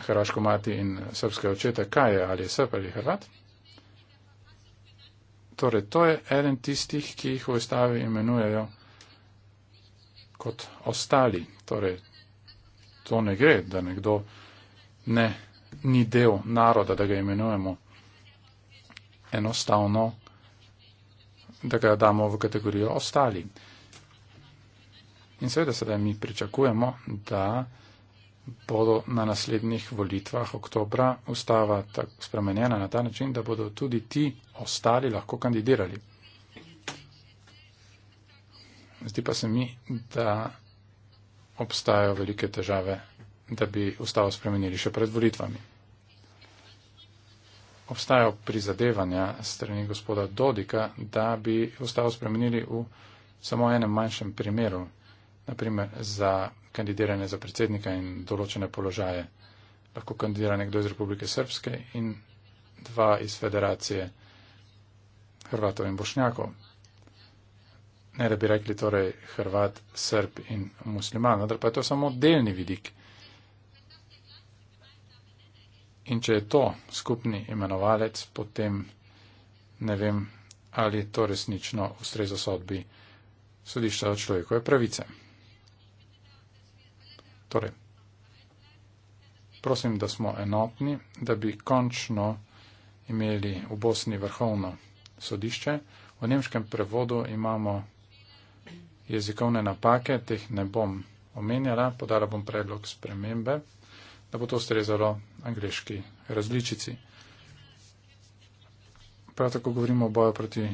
hrvaško mati in srpske očete, kaj je, ali je srp ali hrvat. Torej, to je eden tistih, ki jih v ustavi imenujejo kot ostali. Torej, to ne gre, da nekdo ne, ni del naroda, da ga imenujemo enostavno, da ga damo v kategorijo ostali. In seveda sedaj mi pričakujemo, da bodo na naslednjih volitvah oktobra ustava tak spremenjena na ta način, da bodo tudi ti ostali lahko kandidirali. Zdi pa se mi, da obstajajo velike težave, da bi ustavo spremenili še pred volitvami. Obstajajo prizadevanja strani gospoda Dodika, da bi ustavo spremenili v samo enem manjšem primeru, naprimer za kandidiranje za predsednika in določene položaje. Lahko kandidira nekdo iz Republike Srpske in dva iz federacije Hrvatov in Bošnjakov. Ne da bi rekli torej Hrvat, Srb in musliman, vendar pa je to samo delni vidik. In če je to skupni imenovalec, potem ne vem, ali to resnično ustreza sodbi sodišča o človekove pravice. Torej, prosim, da smo enotni, da bi končno imeli v Bosni vrhovno sodišče. V nemškem prevodu imamo jezikovne napake, teh ne bom omenjala, podala bom predlog spremembe, da bo to ustrezalo angliški različici. Prav tako govorimo o boju proti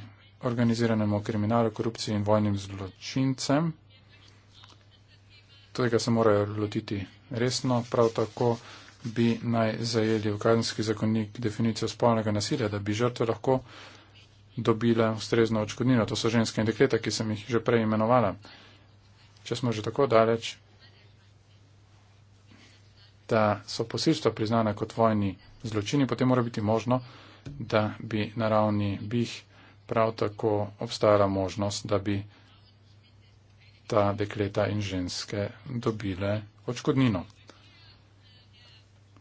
organiziranemu kriminalu, korupciji in vojnim zločincem tega se morajo lotiti resno, prav tako bi naj zajeli v kazenski zakonnik definicijo spolnega nasilja, da bi žrtve lahko dobile ustrezno očkodnino. To so ženske in dekleta, ki sem jih že prej imenovala. Če smo že tako daleč, da so posilstva priznane kot vojni zločini, potem mora biti možno, da bi na ravni bih prav tako obstajala možnost, da bi ta dekleta in ženske dobile očkodnino.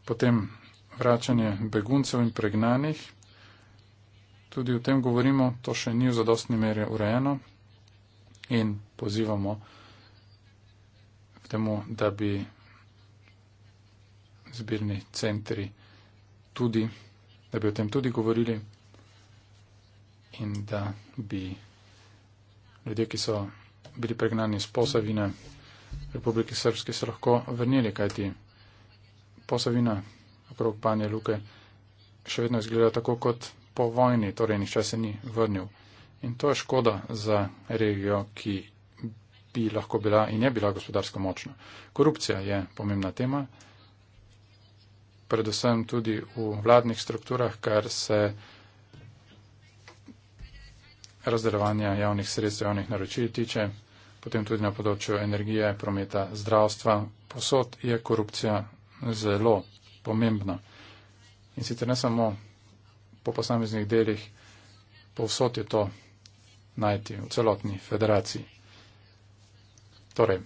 Potem vračanje beguncev in pregnanih. Tudi o tem govorimo, to še ni v zadostni meri urejeno in pozivamo k temu, da bi zbirni centri tudi, da bi o tem tudi govorili in da bi ljudje, ki so bili pregnani iz Posavine Republike Srpske, se lahko vrnili, kajti Posavina okrog Banja Luke še vedno izgleda tako kot po vojni, torej nihče se ni vrnil. In to je škoda za regijo, ki bi lahko bila in je bila gospodarsko močna. Korupcija je pomembna tema, predvsem tudi v vladnih strukturah, kar se razdelovanja javnih sredstev, javnih naročil tiče potem tudi na področju energije, prometa, zdravstva. Posod je korupcija zelo pomembna. In sicer ne samo po posameznih delih, povsod je to najti v celotni federaciji. Torej,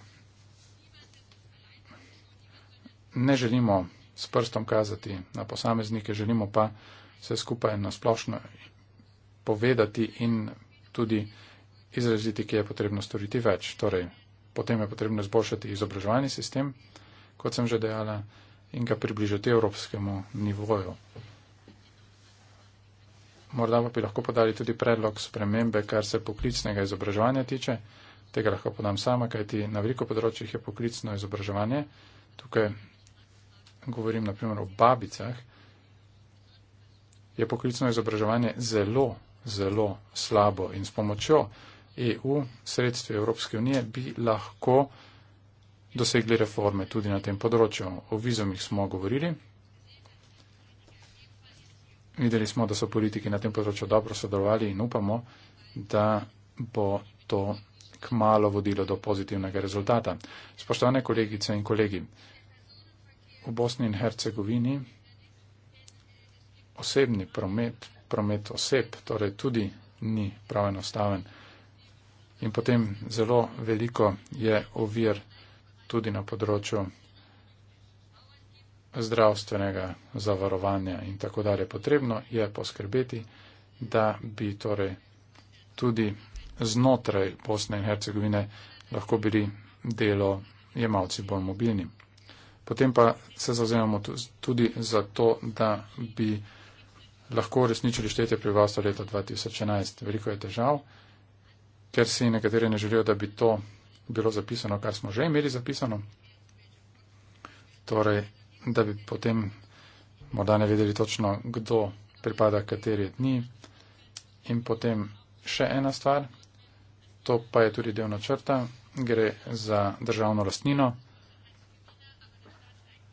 ne želimo s prstom kazati na posameznike, želimo pa vse skupaj na splošno povedati in tudi uh, izraziti, ki je potrebno storiti več. Torej, potem je potrebno izboljšati izobraževalni sistem, kot sem že dejala, in ga približati evropskemu nivoju. Morda pa bi lahko podali tudi predlog spremembe, kar se poklicnega izobraževanja tiče. Tega lahko podam sama, kajti na veliko področjih je poklicno izobraževanje. Tukaj govorim naprimer o babicah. Je poklicno izobraževanje zelo, zelo slabo in s pomočjo EU, sredstvi Evropske unije, bi lahko dosegli reforme tudi na tem področju. O vizumih smo govorili. Videli smo, da so politiki na tem področju dobro sodelovali in upamo, da bo to kmalo vodilo do pozitivnega rezultata. Spoštovane kolegice in kolegi, v Bosni in Hercegovini osebni promet, promet oseb, torej tudi ni prav enostaven. In potem zelo veliko je ovir tudi na področju zdravstvenega zavarovanja in tako dalje. Potrebno je poskrbeti, da bi torej tudi znotraj Bosne in Hercegovine lahko bili delo jemalci bolj mobilni. Potem pa se zauzemamo tudi za to, da bi lahko uresničili štetje prebivalstva leta 2011. Veliko je težav ker si nekateri ne želijo, da bi to bilo zapisano, kar smo že imeli zapisano. Torej, da bi potem morda ne vedeli točno, kdo pripada kateri dni. In potem še ena stvar, to pa je tudi del načrta, gre za državno lastnino,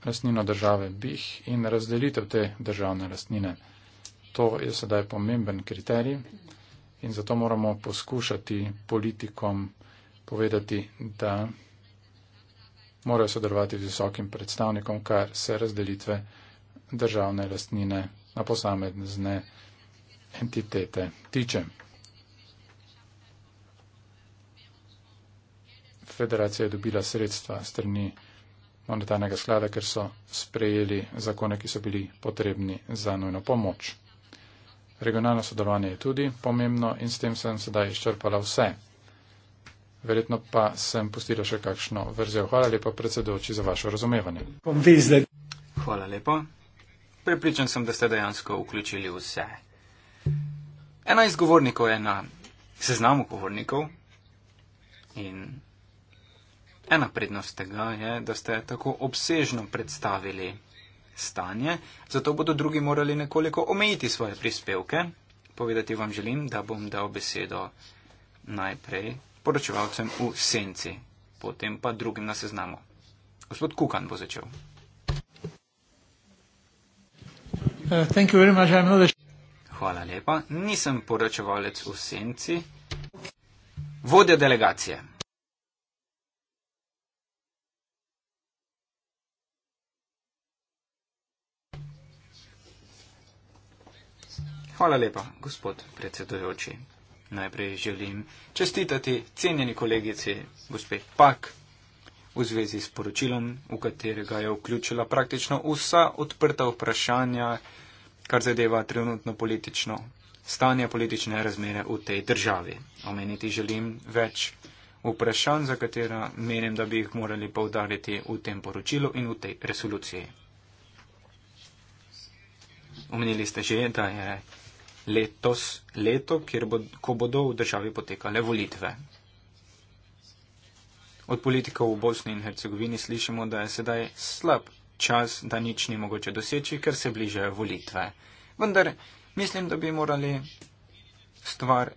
lastnino države BIH in razdelitev te državne lastnine. To je sedaj pomemben kriterij. In zato moramo poskušati politikom povedati, da morajo sodelovati z visokim predstavnikom, kar se razdelitve državne lastnine na posamezne entitete tiče. Federacija je dobila sredstva strani monetarnega sklada, ker so sprejeli zakone, ki so bili potrebni za nujno pomoč. Regionalno sodelovanje je tudi pomembno in s tem sem sedaj izčrpala vse. Verjetno pa sem pustila še kakšno vrzel. Hvala lepa, predsedujoči, za vaše razumevanje. Hvala lepa. Pripričan sem, da ste dejansko vključili vse. Ena iz govornikov je na seznamu govornikov in ena prednost tega je, da ste tako obsežno predstavili stanje, zato bodo drugi morali nekoliko omejiti svoje prispevke. Povedati vam želim, da bom dal besedo najprej poročevalcem v senci, potem pa drugim na seznamu. Gospod Kukan bo začel. Uh, Hvala lepa. Nisem poročevalec v senci. Vodja delegacije. Hvala lepa, gospod predsedujoči. Najprej želim čestitati cenjeni kolegici, gospe Pak, v zvezi s poročilom, v katerega je vključila praktično vsa odprta vprašanja, kar zadeva trenutno politično stanje, politične razmere v tej državi. Omeniti želim več vprašanj, za katera menim, da bi jih morali povdariti v tem poročilu in v tej resoluciji. Omenili ste že, da je letos leto, bo, ko bodo v državi potekale volitve. Od politikov v Bosni in Hercegovini slišimo, da je sedaj slab čas, da nič ni mogoče doseči, ker se bližajo volitve. Vendar mislim, da bi morali stvar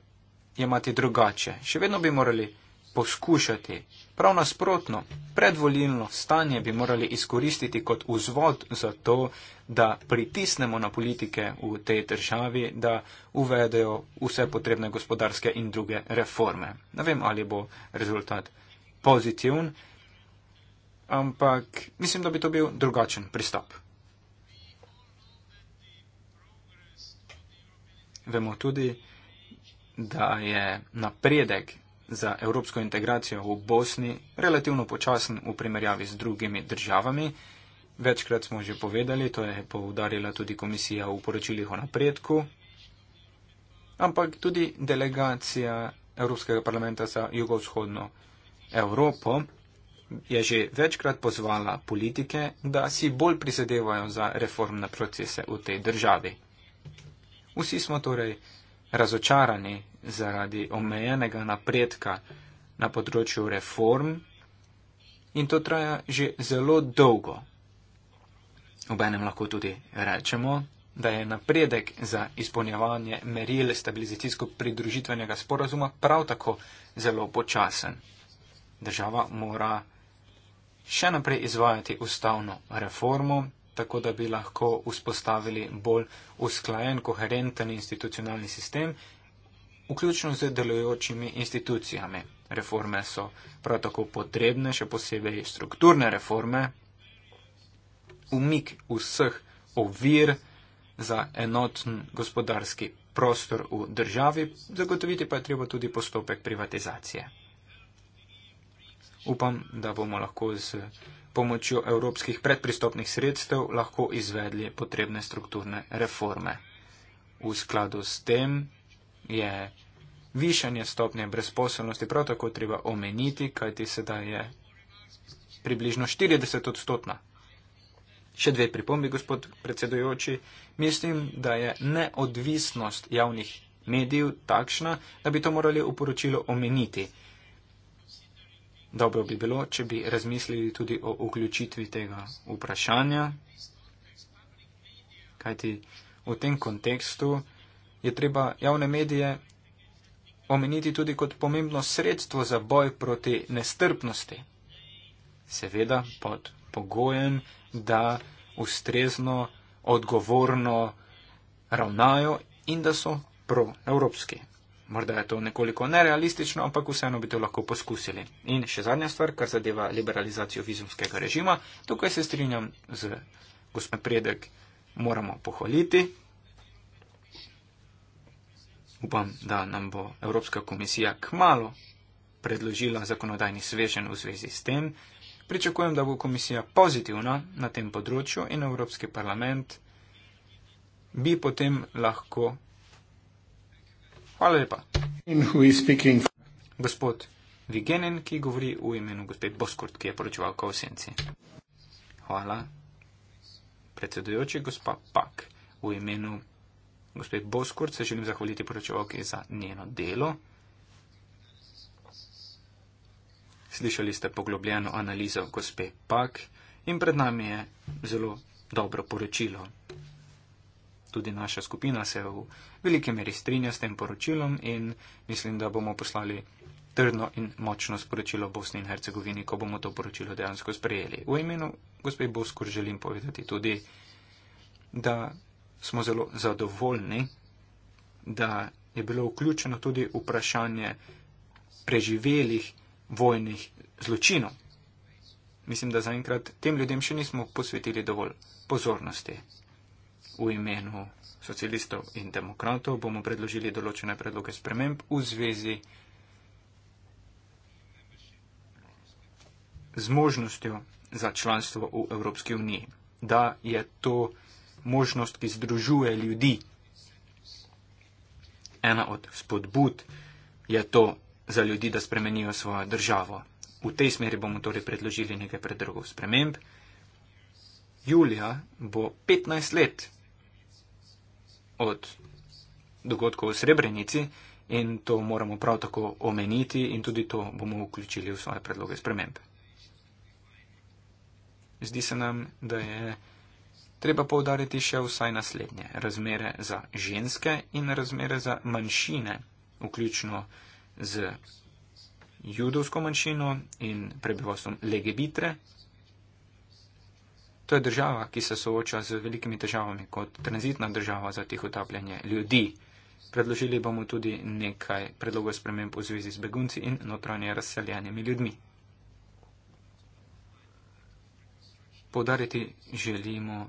jemati drugače. Še vedno bi morali poskušati Prav nasprotno, predvolilno stanje bi morali izkoristiti kot vzvod za to, da pritisnemo na politike v tej državi, da uvedejo vse potrebne gospodarske in druge reforme. Ne vem, ali bo rezultat pozitiven, ampak mislim, da bi to bil drugačen pristop. Vemo tudi, da je napredek za evropsko integracijo v Bosni relativno počasen v primerjavi z drugimi državami. Večkrat smo že povedali, to je poudarila tudi komisija v poročilih o napredku, ampak tudi delegacija Evropskega parlamenta za jugovzhodno Evropo je že večkrat pozvala politike, da si bolj prizadevajo za reformne procese v tej državi. Vsi smo torej razočarani zaradi omejenega napredka na področju reform in to traja že zelo dolgo. Obenem lahko tudi rečemo, da je napredek za izpolnjevanje meril stabilizacijsko-pridružitvenega sporazuma prav tako zelo počasen. Država mora še naprej izvajati ustavno reformo, tako da bi lahko vzpostavili bolj usklajen, koherenten institucionalni sistem, vključno z delujočimi institucijami. Reforme so prav tako potrebne, še posebej strukturne reforme, umik vseh ovir za enoten gospodarski prostor v državi, zagotoviti pa je treba tudi postopek privatizacije. Upam, da bomo lahko z pomočjo evropskih predpristopnih sredstev lahko izvedli potrebne strukturne reforme. V skladu s tem je višanje stopnje brezposobnosti prav tako treba omeniti, kajti sedaj je približno 40 odstotna. Še dve pripombi, gospod predsedujoči. Mislim, da je neodvisnost javnih medijev takšna, da bi to morali v poročilu omeniti. Dobro bi bilo, če bi razmislili tudi o vključitvi tega vprašanja, kajti v tem kontekstu je treba javne medije omeniti tudi kot pomembno sredstvo za boj proti nestrpnosti. Seveda pod pogojem, da ustrezno, odgovorno ravnajo in da so proevropski. Morda je to nekoliko nerealistično, ampak vseeno bi to lahko poskusili. In še zadnja stvar, kar zadeva liberalizacijo vizumskega režima, tukaj se strinjam z gospodom Predek, moramo pohvaliti. Upam, da nam bo Evropska komisija kmalo predložila zakonodajni svežen v zvezi s tem. Pričakujem, da bo komisija pozitivna na tem področju in Evropski parlament bi potem lahko Hvala lepa. Gospod Vigenen, ki govori v imenu gospe Boskurt, ki je poročevalka v senci. Hvala. Predsedujoči gospa Pak, v imenu gospe Boskurt se želim zahvaliti poročevalki za njeno delo. Slišali ste poglobljeno analizo gospe Pak in pred nami je zelo dobro poročilo. Tudi naša skupina se v veliki meri strinja s tem poročilom in mislim, da bomo poslali trdno in močno sporočilo Bosni in Hercegovini, ko bomo to poročilo dejansko sprejeli. V imenu gospe Boskur želim povedati tudi, da smo zelo zadovoljni, da je bilo vključeno tudi vprašanje preživelih vojnih zločinov. Mislim, da zaenkrat tem ljudem še nismo posvetili dovolj pozornosti. V imenu socialistov in demokratov bomo predložili določene predloge sprememb v zvezi z možnostjo za članstvo v Evropski uniji. Da je to možnost, ki združuje ljudi. Ena od spodbud je to za ljudi, da spremenijo svojo državo. V tej smeri bomo torej predložili nekaj predlogov sprememb. Julija bo 15 let od dogodkov v Srebrenici in to moramo prav tako omeniti in tudi to bomo vključili v svoje predloge spremembe. Zdi se nam, da je treba povdariti še vsaj naslednje razmere za ženske in razmere za manjšine, vključno z judovsko manjšino in prebivalstvom Legebitre To je država, ki se sooča z velikimi težavami kot tranzitna država za tih utapljanje ljudi. Predložili bomo tudi nekaj predlogov sprememb v zvezi z begunci in notranje razseljenimi ljudmi. Povdariti želimo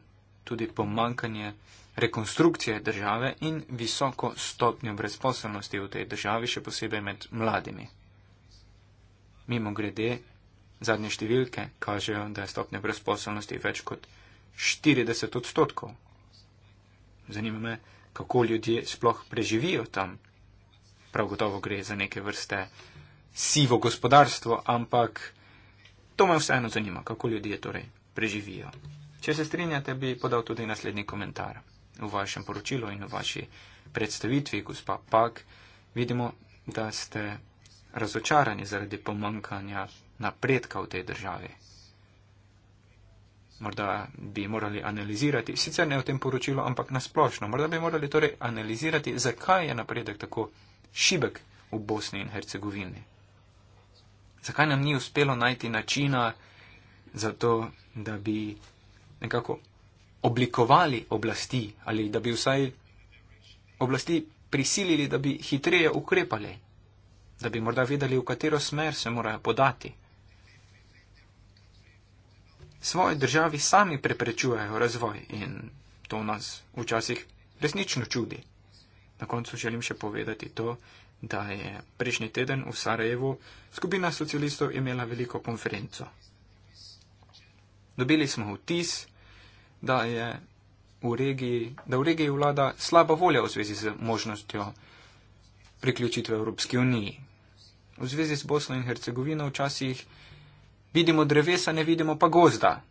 tudi pomankanje rekonstrukcije države in visoko stopnjo brezposobnosti v tej državi, še posebej med mladimi. Mimo grede, Zadnje številke kažejo, da je stopnja brezposobnosti več kot 40 odstotkov. Zanima me, kako ljudje sploh preživijo tam. Prav gotovo gre za neke vrste sivo gospodarstvo, ampak to me vseeno zanima, kako ljudje torej preživijo. Če se strinjate, bi podal tudi naslednji komentar. V vašem poročilu in v vaši predstavitvi, gospa Pak, vidimo, da ste razočarani zaradi pomankanja napredka v tej državi. Morda bi morali analizirati, sicer ne v tem poročilu, ampak nasplošno, morda bi morali torej analizirati, zakaj je napredek tako šibek v Bosni in Hercegovini. Zakaj nam ni uspelo najti načina za to, da bi nekako oblikovali oblasti ali da bi vsaj oblasti prisilili, da bi hitreje ukrepali, da bi morda vedeli, v katero smer se morajo podati svoji državi sami preprečujejo razvoj in to nas včasih resnično čudi. Na koncu želim še povedati to, da je prejšnji teden v Sarajevu skupina socialistov imela veliko konferenco. Dobili smo vtis, da je v regiji, da v regiji vlada slaba volja v zvezi z možnostjo priključitve Evropski uniji. V zvezi s Bosno in Hercegovino včasih vidimo drevesa, ne vidimo pa gozda.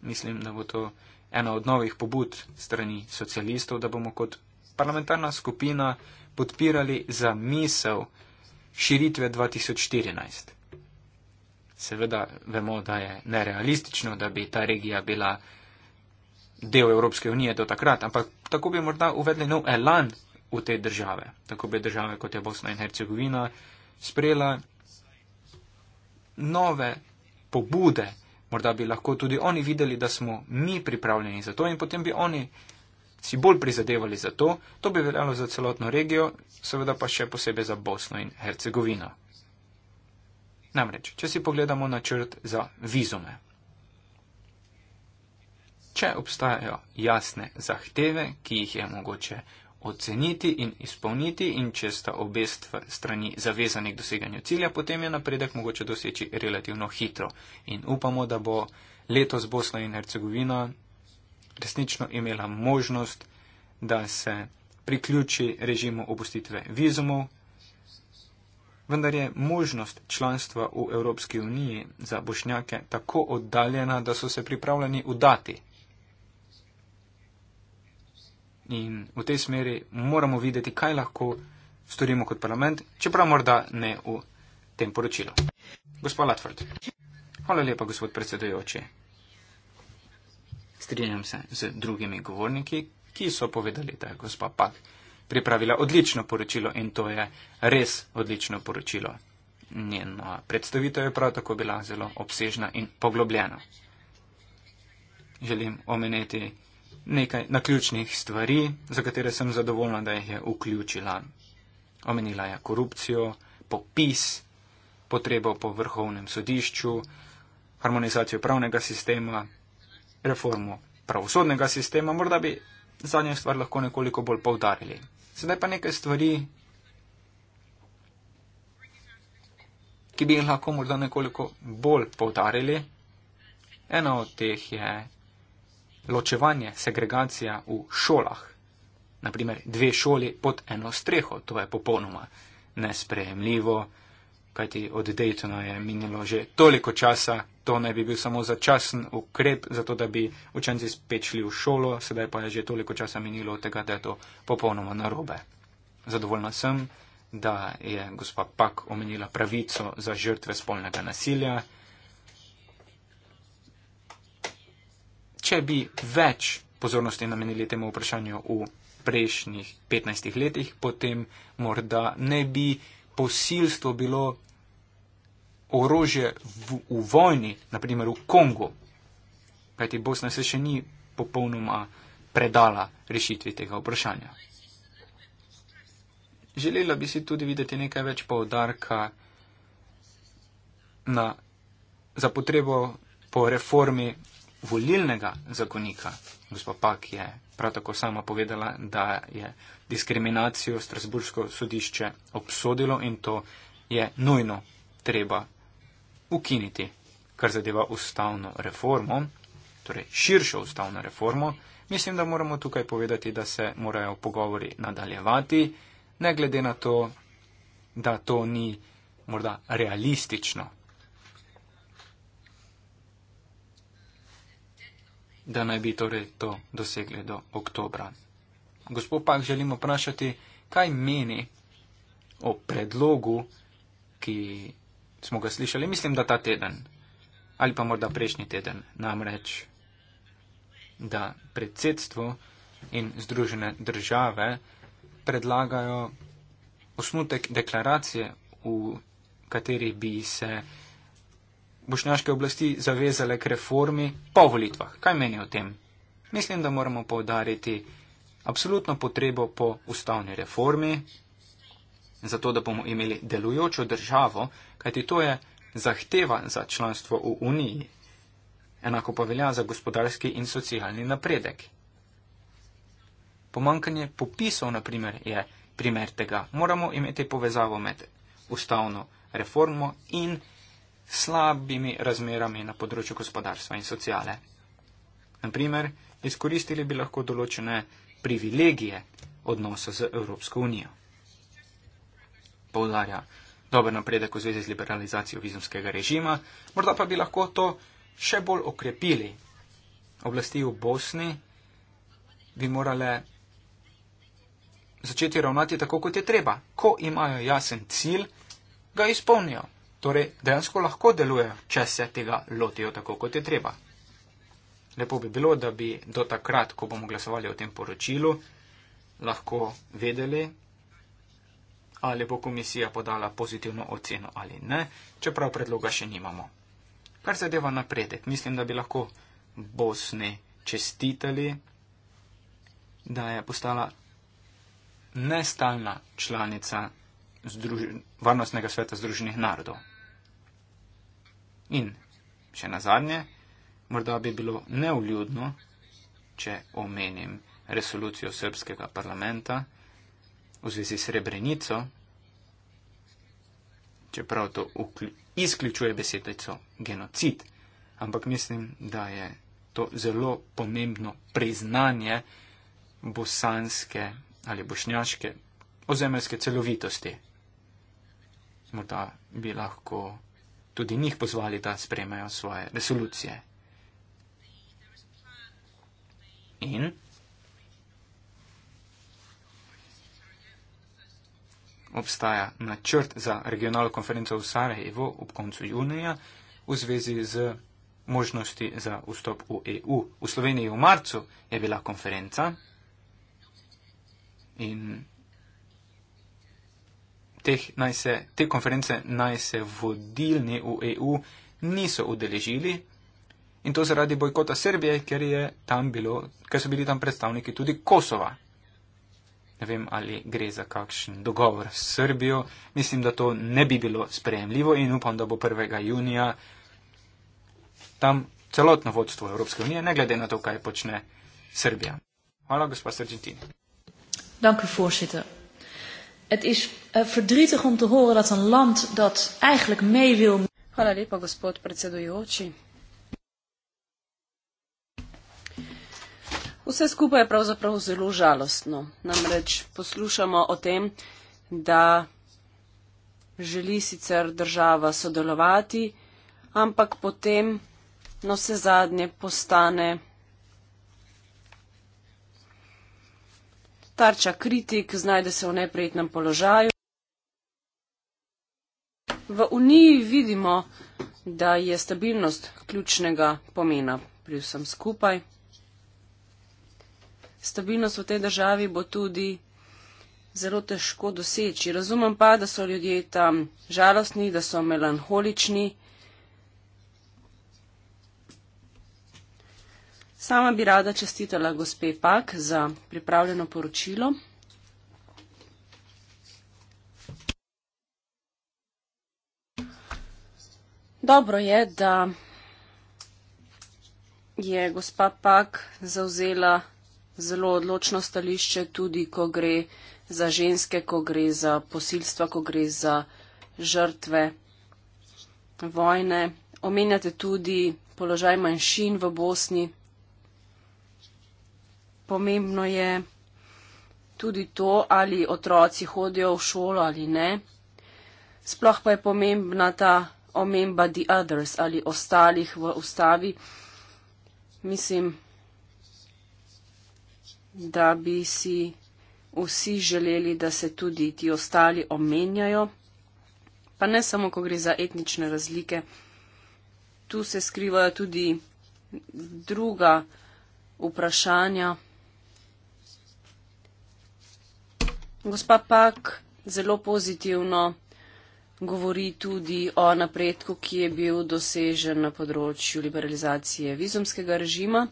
Mislim, da bo to ena od novih pobud strani socialistov, da bomo kot parlamentarna skupina podpirali za misel širitve 2014. Seveda vemo, da je nerealistično, da bi ta regija bila del Evropske unije do takrat, ampak tako bi morda uvedli nov elan v te države. Tako bi države, kot je Bosna in Hercegovina, sprejela nove pobude. Morda bi lahko tudi oni videli, da smo mi pripravljeni za to in potem bi oni si bolj prizadevali za to. To bi veljalo za celotno regijo, seveda pa še posebej za Bosno in Hercegovino. Namreč, če si pogledamo načrt za vizume. Če obstajajo jasne zahteve, ki jih je mogoče oceniti in izpolniti in če sta obe strani zavezani k doseganju cilja, potem je napredek mogoče doseči relativno hitro. In upamo, da bo letos Bosna in Hercegovina resnično imela možnost, da se priključi režimu opustitve vizumov, vendar je možnost članstva v Evropski uniji za bošnjake tako oddaljena, da so se pripravljeni udati in v tej smeri moramo videti, kaj lahko storimo kot parlament, čeprav morda ne v tem poročilu. Gospod Latford. Hvala lepa, gospod predsedujoči. Strinjam se z drugimi govorniki, ki so povedali, da je gospa Pak pripravila odlično poročilo in to je res odlično poročilo. Njeno predstavitev je prav tako bila zelo obsežna in poglobljena. Želim omeniti, nekaj naključnih stvari, za katere sem zadovoljna, da jih je vključila. Omenila je korupcijo, popis, potrebo po vrhovnem sodišču, harmonizacijo pravnega sistema, reformo pravosodnega sistema, morda bi zadnjo stvar lahko nekoliko bolj povdarili. Sedaj pa nekaj stvari, ki bi jih lahko morda nekoliko bolj povdarili. Ena od teh je ločevanje, segregacija v šolah. Naprimer, dve šoli pod eno streho, to je popolnoma nesprejemljivo, kajti od Daytona je minilo že toliko časa, to naj bi bil samo začasen ukrep, zato da bi učenci spečli v šolo, sedaj pa je že toliko časa minilo od tega, da je to popolnoma narobe. Zadovoljna sem, da je gospa Pak omenila pravico za žrtve spolnega nasilja. če bi več pozornosti namenili temu vprašanju v prejšnjih 15 letih, potem morda ne bi posilstvo bilo orožje v, v vojni, naprimer v Kongu. Kajti Bosna se še ni popolnoma predala rešitvi tega vprašanja. Želela bi si tudi videti nekaj več povdarka na, za potrebo po reformi volilnega zakonika. Gospod Pak je prav tako sama povedala, da je diskriminacijo Strasburško sodišče obsodilo in to je nujno treba ukiniti, kar zadeva ustavno reformo, torej širšo ustavno reformo. Mislim, da moramo tukaj povedati, da se morajo pogovori nadaljevati, ne glede na to, da to ni morda realistično da naj bi torej to dosegli do oktobra. Gospod pa želimo vprašati, kaj meni o predlogu, ki smo ga slišali, mislim, da ta teden ali pa morda prejšnji teden, namreč, da predsedstvo in združene države predlagajo osnutek deklaracije, v kateri bi se bošnjaške oblasti zavezale k reformi po volitvah. Kaj meni o tem? Mislim, da moramo povdariti absolutno potrebo po ustavni reformi, zato da bomo imeli delujočo državo, kajti to je zahteva za članstvo v Uniji. Enako pa velja za gospodarski in socialni napredek. Pomankanje popisov, na primer, je primer tega. Moramo imeti povezavo med ustavno reformo in slabimi razmerami na področju gospodarstva in sociale. Naprimer, izkoristili bi lahko določene privilegije odnosa z Evropsko unijo. Povdarja dober napredek v zvezi z liberalizacijo vizumskega režima, morda pa bi lahko to še bolj okrepili. Oblasti v Bosni bi morale začeti ravnati tako, kot je treba. Ko imajo jasen cilj, ga izpolnijo. Torej, dejansko lahko delujejo, če se tega lotijo tako, kot je treba. Lepo bi bilo, da bi do takrat, ko bomo glasovali o tem poročilu, lahko vedeli, ali bo komisija podala pozitivno oceno ali ne, čeprav predloga še nimamo. Kar zadeva napredek, mislim, da bi lahko Bosni čestitali, da je postala nestalna članica Združen, varnostnega sveta Združenih narodov. In še na zadnje, morda bi bilo neuljudno, če omenim resolucijo srpskega parlamenta v zvezi s Srebrenico, čeprav to izključuje besedico genocid, ampak mislim, da je to zelo pomembno priznanje bosanske ali bošnjaške ozemeljske celovitosti morda bi lahko tudi njih pozvali, da sprejmejo svoje resolucije. In obstaja načrt za regionalno konferenco v Sarajevo ob koncu junija v zvezi z možnosti za vstop v EU. V Sloveniji v marcu je bila konferenca in teh, naj se, te konference naj se vodilni v EU niso udeležili in to zaradi bojkota Srbije, ker, bilo, ker so bili tam predstavniki tudi Kosova. Ne vem, ali gre za kakšen dogovor s Srbijo. Mislim, da to ne bi bilo sprejemljivo in upam, da bo 1. junija tam celotno vodstvo Evropske unije, ne glede na to, kaj počne Srbija. Hvala, gospod Srčetin. Danke, Vorsitter. Het is eh, verdrietig om te horen dat een land dat eigenlijk mee wil. Hvala lepa, gospod predsedujoči. Vse skupaj je pravzaprav zelo žalostno. Namreč poslušamo o tem, da želi sicer država sodelovati, ampak potem na vse zadnje postane. tarča kritik, znajde se v neprijetnem položaju. V Uniji vidimo, da je stabilnost ključnega pomena pri vsem skupaj. Stabilnost v tej državi bo tudi zelo težko doseči. Razumem pa, da so ljudje tam žalostni, da so melanholični. Sama bi rada čestitala gospe Pak za pripravljeno poročilo. Dobro je, da je gospa Pak zauzela zelo odločno stališče tudi, ko gre za ženske, ko gre za posilstva, ko gre za žrtve vojne. Omenjate tudi položaj manjšin v Bosni, pomembno je tudi to, ali otroci hodijo v šolo ali ne. Sploh pa je pomembna ta omemba the others ali ostalih v ustavi. Mislim, da bi si vsi želeli, da se tudi ti ostali omenjajo, pa ne samo, ko gre za etnične razlike. Tu se skrivajo tudi druga vprašanja. Gospa Pak zelo pozitivno govori tudi o napredku, ki je bil dosežen na področju liberalizacije vizumskega režima.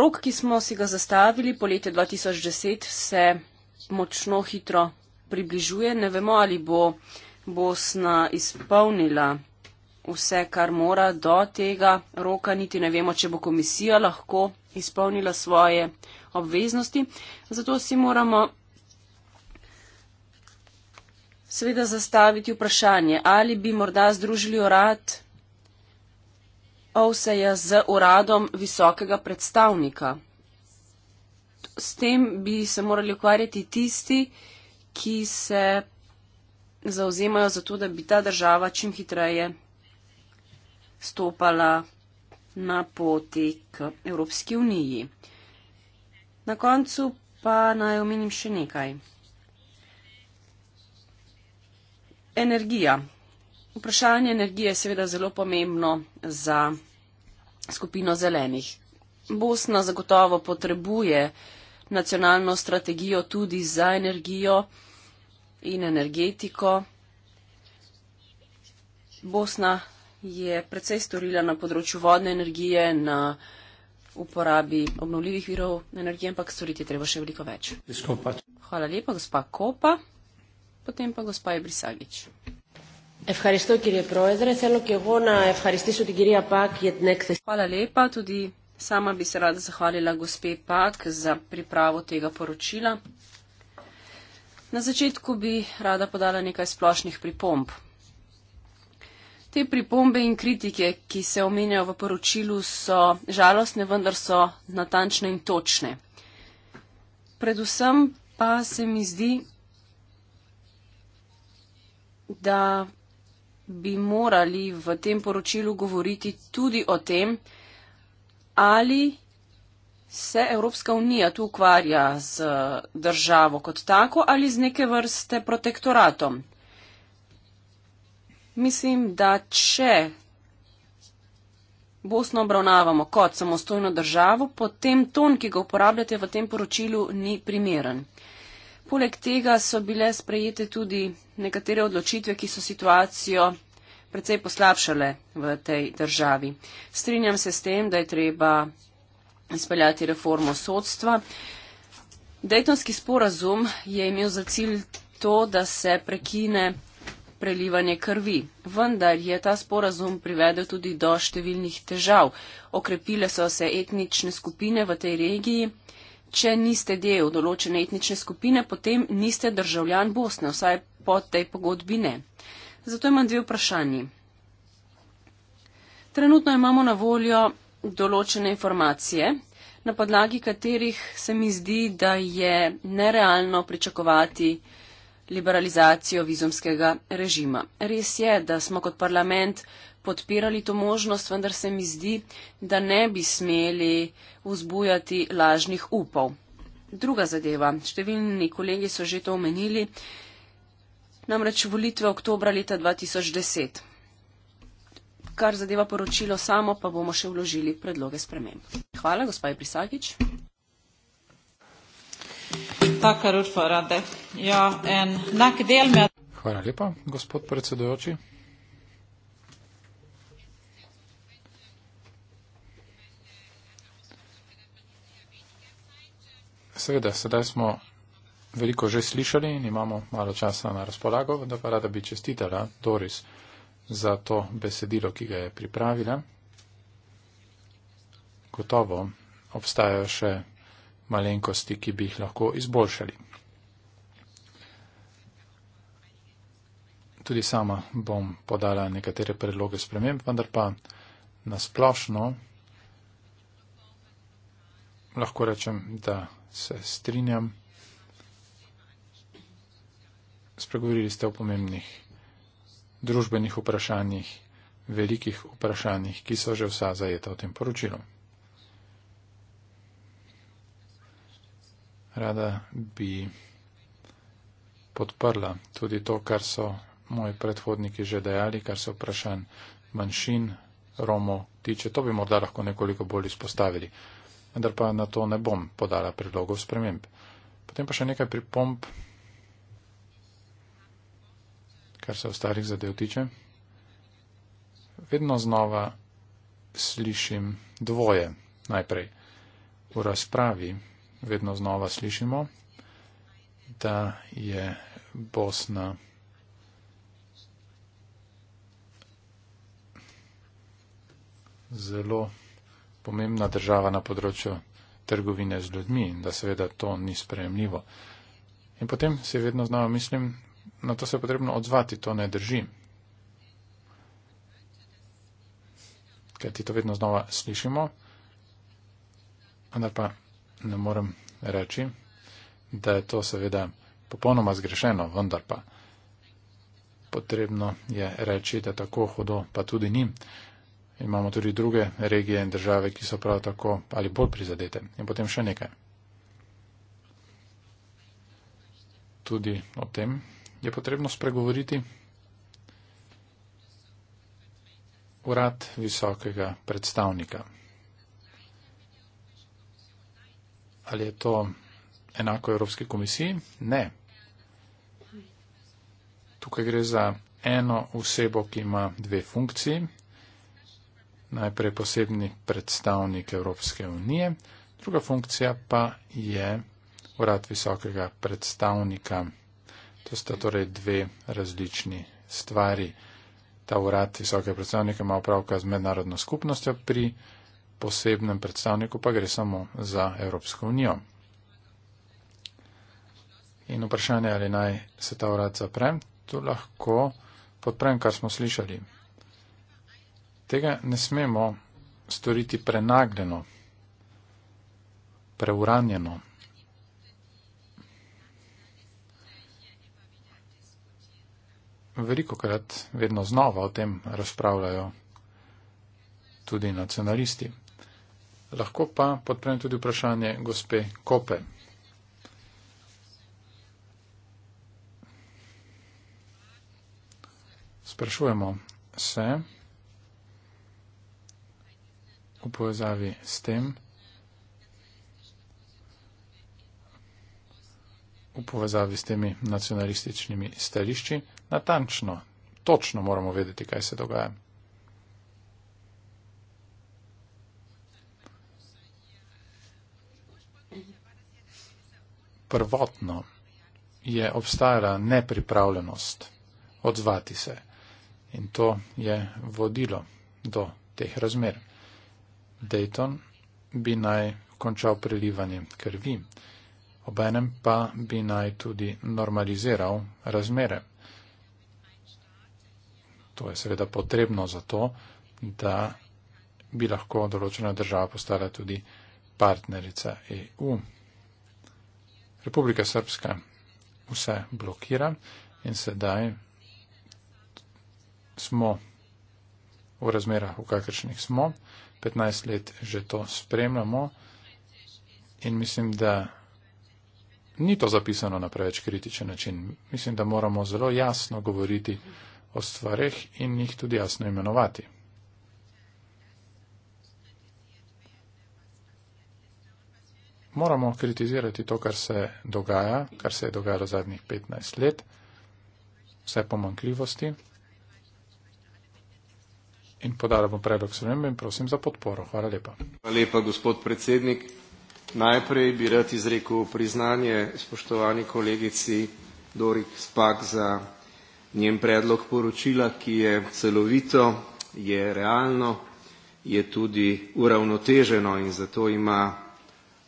Rok, ki smo si ga zastavili po letu 2010, se močno hitro približuje. Ne vemo, ali bo Bosna izpolnila vse, kar mora do tega roka, niti ne vemo, če bo komisija lahko izpolnila svoje obveznosti. Zato si moramo seveda zastaviti vprašanje, ali bi morda združili urad OVSE-ja z uradom visokega predstavnika. S tem bi se morali ukvarjati tisti, ki se zauzemajo za to, da bi ta država čim hitreje stopala na poti k Evropski uniji. Na koncu pa naj omenim še nekaj. Energija. Vprašanje energije je seveda zelo pomembno za skupino zelenih. Bosna zagotovo potrebuje nacionalno strategijo tudi za energijo in energetiko. Bosna je predvsej storila na področju vodne energije, na področju uporabi obnovljivih virov energije, ampak storiti je treba še veliko več. Hvala lepa, gospa Kopa. Potem pa gospa Ibrisagič. Hvala lepa, tudi sama bi se rada zahvalila gospe Pak za pripravo tega poročila. Na začetku bi rada podala nekaj splošnih pripomb. Te pripombe in kritike, ki se omenjajo v poročilu, so žalostne, vendar so natančne in točne. Predvsem pa se mi zdi, da bi morali v tem poročilu govoriti tudi o tem, ali se Evropska unija tu ukvarja z državo kot tako ali z neke vrste protektoratom. Mislim, da če Bosno obravnavamo kot samostojno državo, potem ton, ki ga uporabljate v tem poročilu, ni primeren. Poleg tega so bile sprejete tudi nekatere odločitve, ki so situacijo precej poslabšale v tej državi. Strinjam se s tem, da je treba speljati reformo sodstva. Dejtonski sporazum je imel za cilj to, da se prekine prelivanje krvi. Vendar je ta sporazum privedel tudi do številnih težav. Okrepile so se etnične skupine v tej regiji. Če niste del določene etnične skupine, potem niste državljan Bosne, vsaj po tej pogodbi ne. Zato imam dve vprašanji. Trenutno imamo na voljo določene informacije, na podlagi katerih se mi zdi, da je nerealno pričakovati, liberalizacijo vizumskega režima. Res je, da smo kot parlament podpirali to možnost, vendar se mi zdi, da ne bi smeli vzbujati lažnih upov. Druga zadeva. Številni kolegi so že to omenili. Namreč volitve oktobra leta 2010. Kar zadeva poročilo samo, pa bomo še vložili predloge sprememb. Hvala, gospod Prisakič tackar ordförande. Ja, en nackdel med... Hvala lepa, gospod predsedujoči. Seveda, sedaj smo veliko že slišali in imamo malo časa na razpolago, da pa rada bi čestitala Doris za to besedilo, ki ga je pripravila. Gotovo obstajajo še malenkosti, ki bi jih lahko izboljšali. Tudi sama bom podala nekatere predloge sprememb, vendar pa nasplošno lahko rečem, da se strinjam. Spregovorili ste o pomembnih družbenih vprašanjih, velikih vprašanjih, ki so že vsa zajeta v tem poročilu. rada bi podprla tudi to, kar so moji predhodniki že dejali, kar so vprašanj manjšin Romo tiče. To bi morda lahko nekoliko bolj izpostavili, vendar pa na to ne bom podala predlogov sprememb. Potem pa še nekaj pripomp, kar se ostalih zadev tiče. Vedno znova slišim dvoje najprej v razpravi vedno znova slišimo, da je Bosna zelo pomembna država na področju trgovine z ljudmi in da seveda to ni sprejemljivo. In potem se vedno znova mislim, na to se je potrebno odzvati, to ne drži. Ker ti to vedno znova slišimo, vendar pa ne morem reči, da je to seveda popolnoma zgrešeno, vendar pa potrebno je reči, da tako hudo pa tudi ni. Imamo tudi druge regije in države, ki so prav tako ali bolj prizadete. In potem še nekaj. Tudi o tem je potrebno spregovoriti. Urad visokega predstavnika. ali je to enako Evropski komisiji? Ne. Tukaj gre za eno osebo, ki ima dve funkciji. Najprej posebni predstavnik Evropske unije, druga funkcija pa je urad visokega predstavnika. To sta torej dve različni stvari. Ta urad visokega predstavnika ima opravka z mednarodno skupnostjo pri posebnem predstavniku, pa gre samo za Evropsko unijo. In vprašanje, ali naj se ta urad zaprem, tu lahko podprem, kar smo slišali. Tega ne smemo storiti prenagljeno, preuranjeno. Veliko krat, vedno znova o tem razpravljajo tudi nacionalisti. Lahko pa podprem tudi vprašanje gospe Kope. Sprašujemo se v povezavi s tem, v povezavi s temi nacionalističnimi stališči, natančno, točno moramo vedeti, kaj se dogaja. prvotno je obstajala nepripravljenost odzvati se. In to je vodilo do teh razmer. Dayton bi naj končal prelivanje krvi, obenem pa bi naj tudi normaliziral razmere. To je seveda potrebno zato, da bi lahko določena država postala tudi partnerica EU. Republika Srpska vse blokira in sedaj smo v razmerah, v kakršnih smo. 15 let že to spremljamo in mislim, da ni to zapisano na preveč kritičen način. Mislim, da moramo zelo jasno govoriti o stvarih in jih tudi jasno imenovati. moramo kritizirati to, kar se dogaja, kar se je dogajalo zadnjih 15 let, vse pomankljivosti. In podala bom predlog spremembe in prosim za podporo. Hvala lepa. Hvala lepa, gospod predsednik. Najprej bi rad izrekel priznanje spoštovani kolegici Dorik Spak za njen predlog poročila, ki je celovito, je realno, je tudi uravnoteženo in zato ima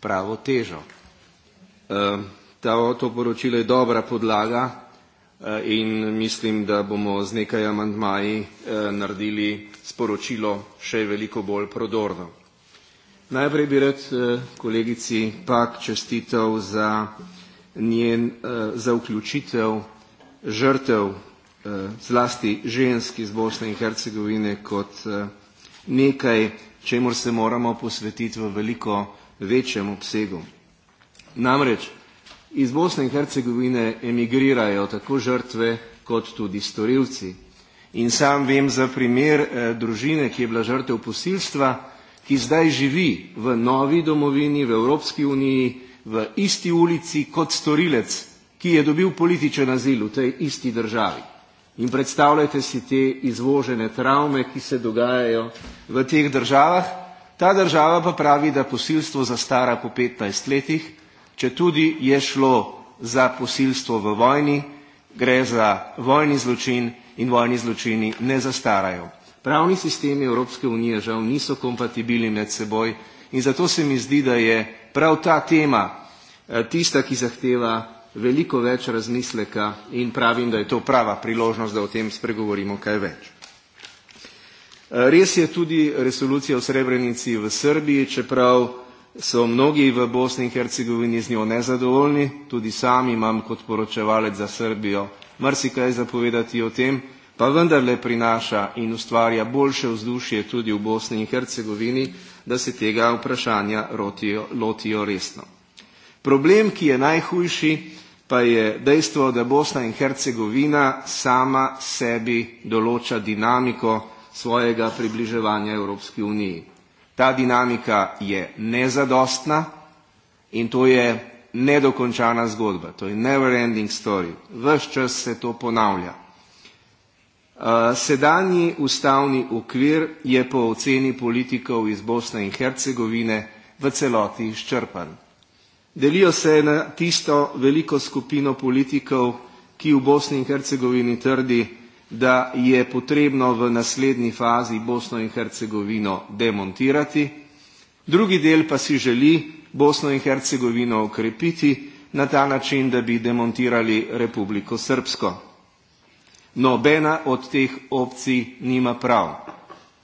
pravo težo. Ehm, ta, to poročilo je dobra podlaga eh, in mislim, da bomo z nekaj amantmaji eh, naredili sporočilo še veliko bolj prodorno. Najprej bi rad eh, kolegici Pak čestitev za, njen, za vključitev žrtev zlasti ženski iz Bosne in Hercegovine kot nekaj, čemu se moramo posvetiti v veliko večjem obsegu. Namreč iz Bosne in Hercegovine emigrirajo tako žrtve kot tudi storilci. In sam vem za primer eh, družine, ki je bila žrtev posilstva, ki zdaj živi v novi domovini, v Evropski uniji, v isti ulici kot storilec, ki je dobil političen azil v tej isti državi. In predstavljajte si te izvožene travme, ki se dogajajo v teh državah, Ta država pa pravi, da posilstvo zastara po 15 letih, če tudi je šlo za posilstvo v vojni, gre za vojni zločin in vojni zločini ne zastarajo. Pravni sistemi Evropske unije žal niso kompatibilni med seboj in zato se mi zdi, da je prav ta tema eh, tista, ki zahteva veliko več razmisleka in pravim, da je to prava priložnost, da o tem spregovorimo kaj več. Eh, res je tudi resolucija o Srebrenici v Srbiji, čeprav so mnogi v Bosni in Hercegovini z njo nezadovoljni, tudi sam imam kot poročevalec za Srbijo marsikaj zapovedati o tem, pa vendarle prinaša in ustvarja boljše vzdušje tudi v Bosni in Hercegovini, da se tega vprašanja rotijo, lotijo resno. Problem, ki je najhujši, pa je dejstvo, da Bosna in Hercegovina sama sebi določa dinamiko svojega približevanja Evropski uniji. Ta dinamika je nezadostna in to je nedokončana zgodba, to je never ending story. Ves čas se to ponavlja. Eh, sedanji ustavni okvir je po oceni politikov iz Bosne in Hercegovine v celoti izčrpan. Delijo se na tisto veliko skupino politikov, ki v Bosni in Hercegovini trdi, da je potrebno v naslednji fazi Bosno in Hercegovino demontirati. Drugi del pa si želi Bosno in Hercegovino okrepiti na ta način, da bi demontirali Republiko Srpsko. Nobena od teh opcij nima prav.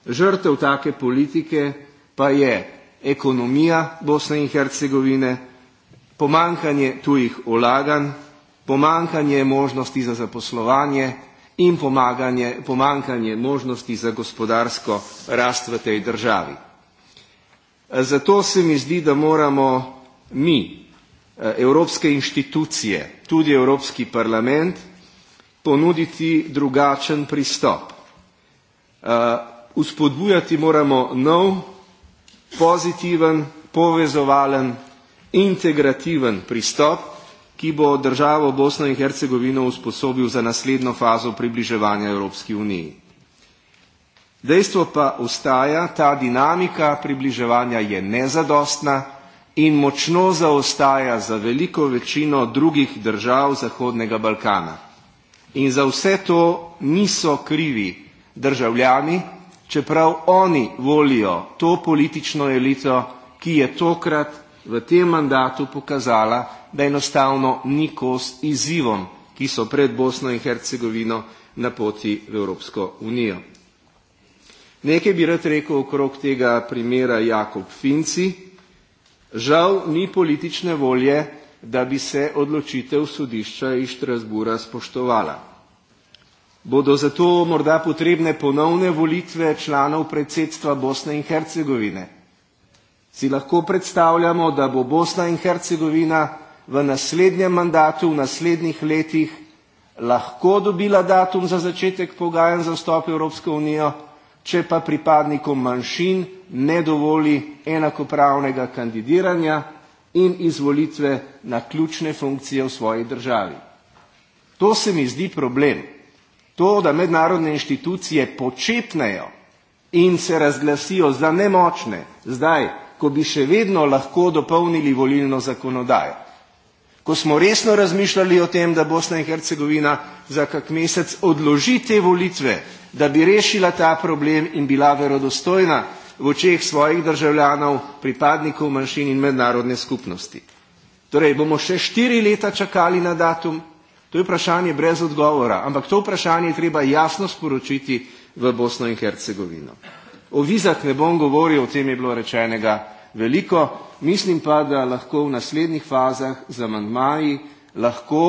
Žrtev take politike pa je ekonomija Bosne in Hercegovine, pomankanje tujih ulaganj, pomankanje možnosti za zaposlovanje, in pomankanje možnosti za gospodarsko rast v tej državi. Zato se mi zdi, da moramo mi, evropske inštitucije, tudi Evropski parlament, ponuditi drugačen pristop. Uspodbujati moramo nov, pozitiven, povezovalen, integrativen pristop, ki bo državo Bosno in Hercegovino usposobil za naslednjo fazo približevanja Evropski uniji. Dejstvo pa ostaja, ta dinamika približevanja je nezadostna in močno zaostaja za veliko večino drugih držav Zahodnega Balkana. In za vse to niso krivi državljani, čeprav oni volijo to politično elito, ki je tokrat v tem mandatu pokazala, da enostavno ni kos izzivom, ki so pred Bosno in Hercegovino na poti v Evropsko unijo. Nekaj bi rad rekel okrog tega primera Jakob Finci. Žal ni politične volje, da bi se odločitev sodišča iz Štrasbura spoštovala. Bodo zato morda potrebne ponovne volitve članov predsedstva Bosne in Hercegovine? si lahko predstavljamo, da bo Bosna in Hercegovina v naslednjem mandatu, v naslednjih letih lahko dobila datum za začetek pogajanj za vstop Evropske unije, če pa pripadnikom manjšin ne dovoli enakopravnega kandidiranja in izvolitve na ključne funkcije v svoji državi. To se mi zdi problem. To, da mednarodne inštitucije počepnejo in se razglasijo za nemočne zdaj, ko bi še vedno lahko dopolnili volilno zakonodajo. Ko smo resno razmišljali o tem, da Bosna in Hercegovina za kak mesec odloži te volitve, da bi rešila ta problem in bila verodostojna v očeh svojih državljanov, pripadnikov manjšin in mednarodne skupnosti. Torej, bomo še štiri leta čakali na datum? To je vprašanje brez odgovora, ampak to vprašanje treba jasno sporočiti v Bosno in Hercegovino. O vizah ne bom govoril, o tem je bilo rečenega veliko, mislim pa, da lahko v naslednjih fazah z amandmaji lahko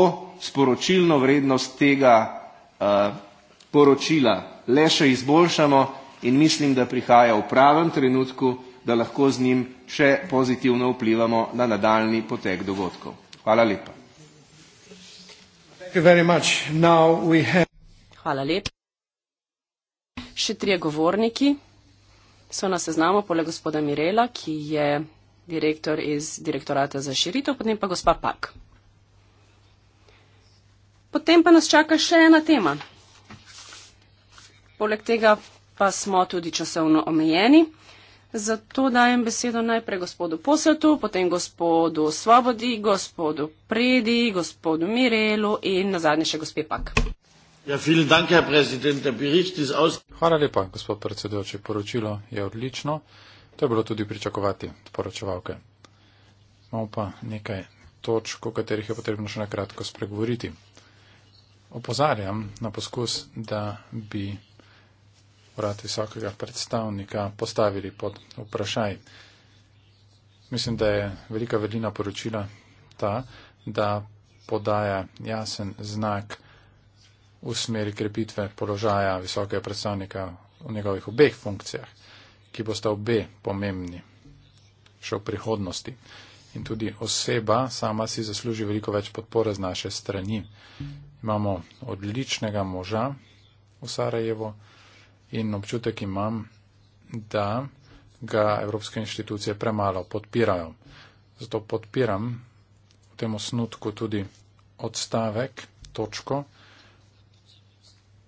sporočilno vrednost tega eh, poročila le še izboljšamo in mislim, da prihaja v pravem trenutku, da lahko z njim še pozitivno vplivamo na nadaljni potek dogodkov. Hvala lepa. Hvala lepa. Še trije govorniki so na seznamu poleg gospoda Mirela, ki je direktor iz direktorata za širitev, potem pa gospa Pak. Potem pa nas čaka še ena tema. Poleg tega pa smo tudi časovno omejeni. Zato dajem besedo najprej gospodu Posetu, potem gospodu Svobodi, gospodu Predi, gospodu Mirelu in na zadnje še gospe Pak. Ja, dank, Hvala lepa, gospod predsedujoči. Poročilo je odlično. To je bilo tudi pričakovati od poročevalke. Imamo pa nekaj točk, o katerih je potrebno še nakratko spregovoriti. Opozarjam na poskus, da bi urad visokega predstavnika postavili pod vprašaj. Mislim, da je velika velina poročila ta, da podaja jasen znak v smeri krepitve položaja visokega predstavnika v njegovih obeh funkcijah, ki bosta obe pomembni še v prihodnosti. In tudi oseba sama si zasluži veliko več podpore z naše strani. Imamo odličnega moža v Sarajevo in občutek imam, da ga evropske inštitucije premalo podpirajo. Zato podpiram v tem osnutku tudi odstavek, točko,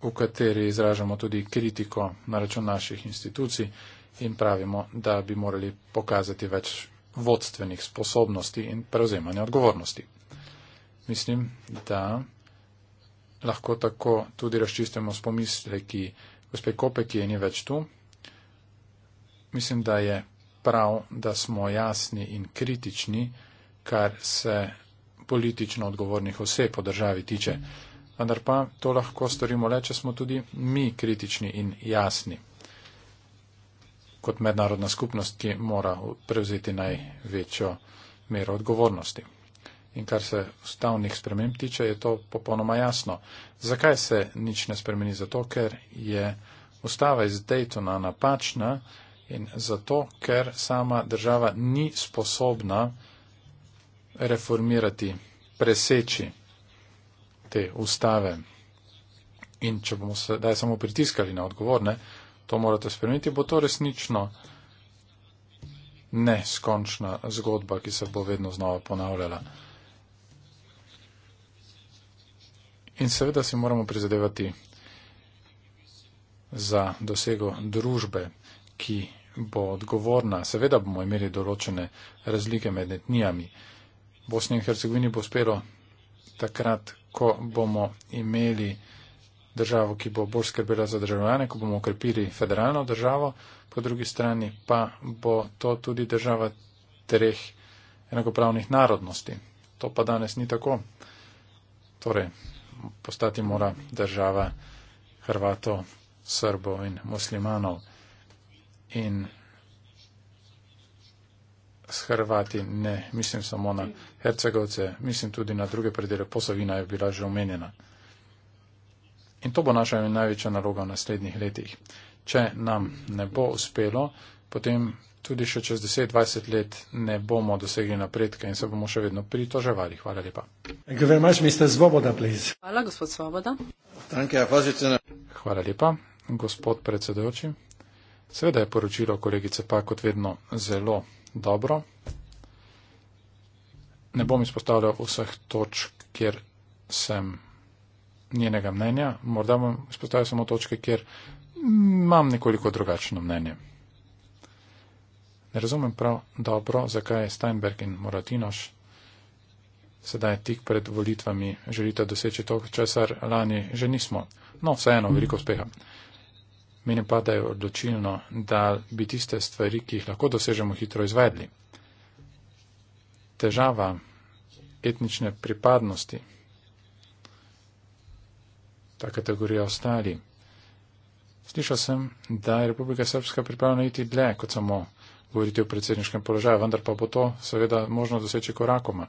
v kateri izražamo tudi kritiko na račun naših institucij in pravimo, da bi morali pokazati več vodstvenih sposobnosti in prevzemanja odgovornosti. Mislim, da lahko tako tudi razčistimo s pomisleki gospe Kope, ki je ni več tu. Mislim, da je prav, da smo jasni in kritični, kar se politično odgovornih oseb po državi tiče. Mm vendar pa to lahko storimo le, če smo tudi mi kritični in jasni kot mednarodna skupnost, ki mora prevzeti največjo mero odgovornosti. In kar se ustavnih sprememb tiče, je to popolnoma jasno. Zakaj se nič ne spremeni? Zato, ker je ustava iz Daytona napačna in zato, ker sama država ni sposobna reformirati, preseči te ustave. In če bomo sedaj samo pritiskali na odgovorne, to morate spremeniti, bo to resnično neskončna zgodba, ki se bo vedno znova ponavljala. In seveda si moramo prizadevati za dosego družbe, ki bo odgovorna. Seveda bomo imeli določene razlike med etnijami. Bosni in Hercegovini bo uspelo takrat, ko bomo imeli državo, ki bo bolj skrbela za državljane, ko bomo okrepili federalno državo, po drugi strani pa bo to tudi država treh enakopravnih narodnosti. To pa danes ni tako. Torej, postati mora država Hrvato, Srbo in Muslimanov. In s Hrvati, ne, mislim samo na Hercegovce, mislim tudi na druge predele, Posavina je bila že omenjena. In to bo naša največja naloga v naslednjih letih. Če nam ne bo uspelo, potem tudi še čez 10-20 let ne bomo dosegli napredka in se bomo še vedno pritoževali. Hvala lepa. Much, Svoboda, Hvala, gospod Svoboda. Hvala lepa, gospod predsedojoči. Seveda je poročilo kolegice pa kot vedno zelo dobro. Ne bom izpostavljal vseh točk, kjer sem njenega mnenja, morda bom izpostavljal samo točke, kjer imam nekoliko drugačno mnenje. Ne razumem prav dobro, zakaj Steinberg in Moratinoš sedaj tik pred volitvami želita doseči to, česar lani že nismo. No, vseeno, veliko uspeha meni pa, da je odločilno, da bi tiste stvari, ki jih lahko dosežemo, hitro izvedli. Težava etnične pripadnosti, ta kategorija ostali. Slišal sem, da je Republika Srpska pripravljena iti dlje, kot samo govoriti o predsedniškem položaju, vendar pa bo to seveda možno doseči korakoma.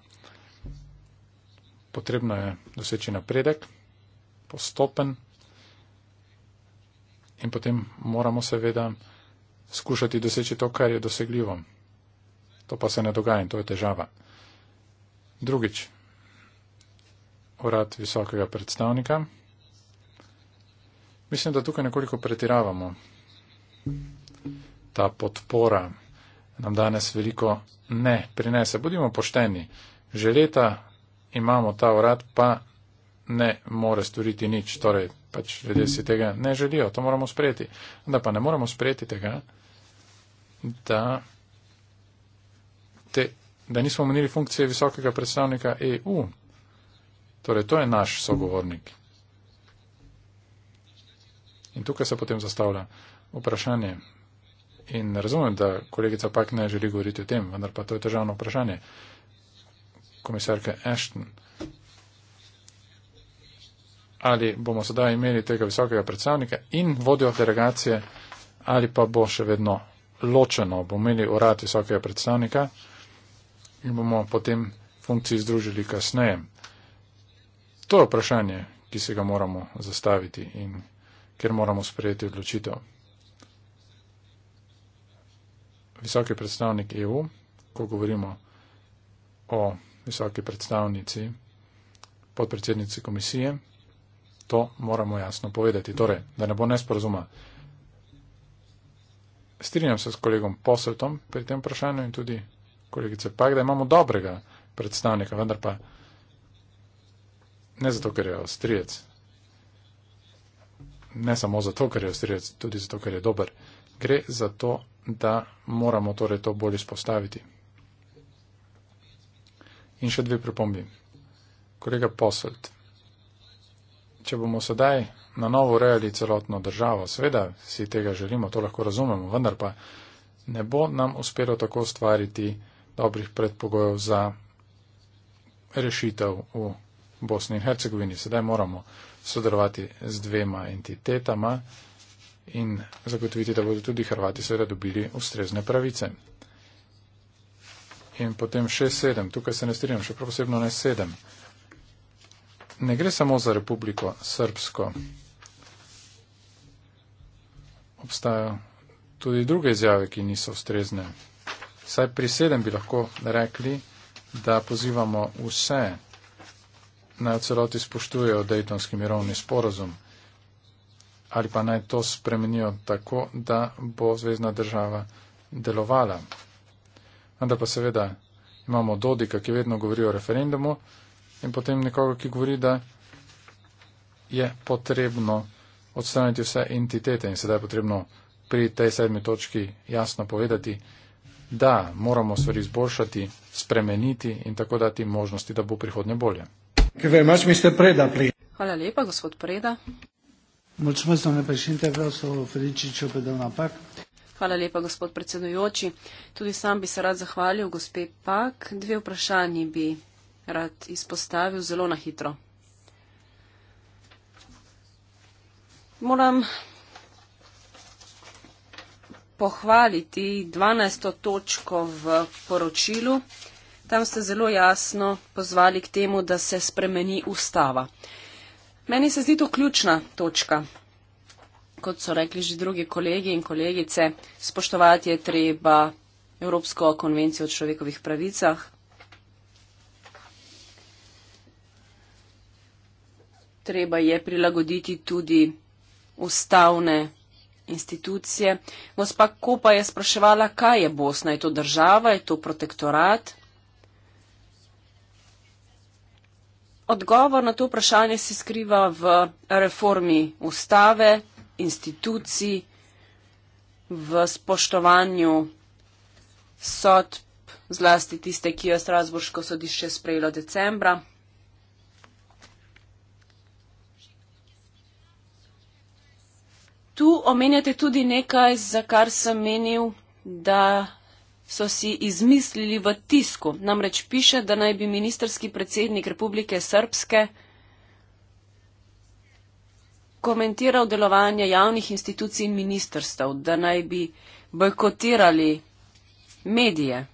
Potrebno je doseči napredek, postopen, in potem moramo seveda skušati doseči to, kar je dosegljivo. To pa se ne dogaja in to je težava. Drugič, urad visokega predstavnika. Mislim, da tukaj nekoliko pretiravamo. Ta podpora nam danes veliko ne prinese. Bodimo pošteni. Že leta imamo ta urad, pa ne more storiti nič. Torej, pač ljudje si tega ne želijo, to moramo sprejeti. Da pa ne moramo sprejeti tega, da, te, da nismo menili funkcije visokega predstavnika EU. Torej, to je naš sogovornik. In tukaj se potem zastavlja vprašanje. In razumem, da kolegica pak ne želi govoriti o tem, vendar pa to je težavno vprašanje. Komisarka Ashton ali bomo sedaj imeli tega visokega predstavnika in vodjo delegacije, ali pa bo še vedno ločeno, bomo imeli urad visokega predstavnika in bomo potem funkciji združili kasneje. To je vprašanje, ki se ga moramo zastaviti in ker moramo sprejeti odločitev. Visoki predstavnik EU, ko govorimo o visoki predstavnici, podpredsednici komisije, To moramo jasno povedati. Torej, da ne bo nesporazuma. Strinjam se s kolegom Poseltom pri tem vprašanju in tudi kolegice Pak, da imamo dobrega predstavnika, vendar pa ne zato, ker je ostrijec. Ne samo zato, ker je ostrijec, tudi zato, ker je dober. Gre za to, da moramo torej to bolj izpostaviti. In še dve pripombi. Kolega Poselt če bomo sedaj na novo urejali celotno državo, seveda si tega želimo, to lahko razumemo, vendar pa ne bo nam uspelo tako ustvariti dobrih predpogojev za rešitev v Bosni in Hercegovini. Sedaj moramo sodelovati z dvema entitetama in zagotoviti, da bodo tudi Hrvati seveda dobili ustrezne pravice. In potem še sedem, tukaj se ne strinjam, še prav posebno ne sedem ne gre samo za Republiko Srpsko. Obstajajo tudi druge izjave, ki niso ustrezne. Saj pri sedem bi lahko rekli, da pozivamo vse, naj v celoti spoštujejo Dejtonski mirovni sporozum ali pa naj to spremenijo tako, da bo zvezdna država delovala. Vendar pa seveda imamo Dodika, ki vedno govori o referendumu, in potem nekoga, ki govori, da je potrebno odstraniti vse entitete in sedaj je potrebno pri tej sedmi točki jasno povedati, da moramo stvari izboljšati, spremeniti in tako dati možnosti, da bo prihodnje bolje. Hvala lepa, gospod Preda. Hvala lepa, gospod predsedujoči. Tudi sam bi se rad zahvalil, gospe Pak. Dve vprašanji bi rad izpostavil zelo na hitro. Moram pohvaliti 12. točko v poročilu. Tam ste zelo jasno pozvali k temu, da se spremeni ustava. Meni se zdi to ključna točka. Kot so rekli že drugi kolegi in kolegice, spoštovati je treba Evropsko konvencijo o človekovih pravicah, treba je prilagoditi tudi ustavne institucije. Gospa Kopa je spraševala, kaj je Bosna, je to država, je to protektorat? Odgovor na to vprašanje se skriva v reformi ustave, institucij, v spoštovanju sodb, zlasti tiste, ki jo je Strasburško sodišče sprejelo decembra. Tu omenjate tudi nekaj, za kar sem menil, da so si izmislili v tisku. Namreč piše, da naj bi ministerski predsednik Republike Srpske komentiral delovanje javnih institucij in ministrstev, da naj bi bojkotirali medije.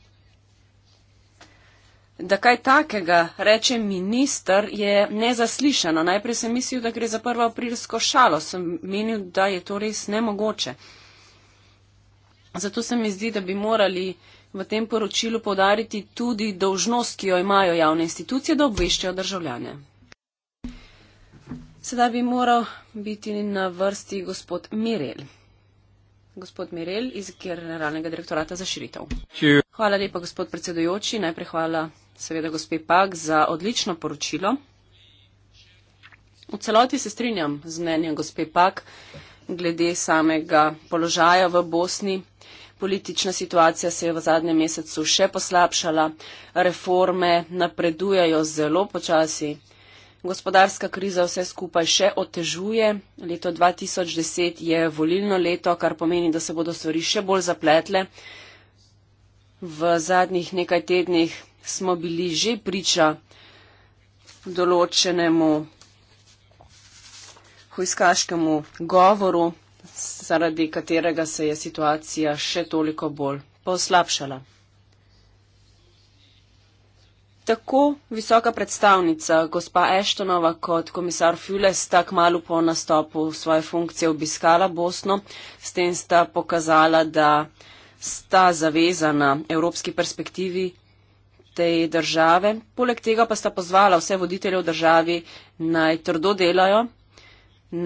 Da kaj takega reče minister, je nezaslišano. Najprej sem mislil, da gre za prvo aprilsko šalo, sem menil, da je to res nemogoče. Zato se mi zdi, da bi morali v tem poročilu podariti tudi dolžnost, ki jo imajo javne institucije, da obveščajo državljane. Sedaj bi moral biti na vrsti gospod Mirel. Gospod Mirel iz generalnega direktorata za širitev. Hvala lepa, gospod predsedujoči. Najprej hvala seveda gospe Pak za odlično poročilo. V celoti se strinjam z mnenjem gospe Pak glede samega položaja v Bosni. Politična situacija se je v zadnjem mesecu še poslabšala, reforme napredujejo zelo počasi, gospodarska kriza vse skupaj še otežuje. Leto 2010 je volilno leto, kar pomeni, da se bodo stvari še bolj zapletle. V zadnjih nekaj tednih smo bili že priča določenemu hojskaškemu govoru, zaradi katerega se je situacija še toliko bolj poslabšala. Tako visoka predstavnica, gospa Eštonova, kot komisar Füle sta kmalo po nastopu svoje funkcije obiskala Bosno, s tem sta pokazala, da sta zavezana evropski perspektivi te države. Poleg tega pa sta pozvala vse voditelje v državi naj trdo delajo,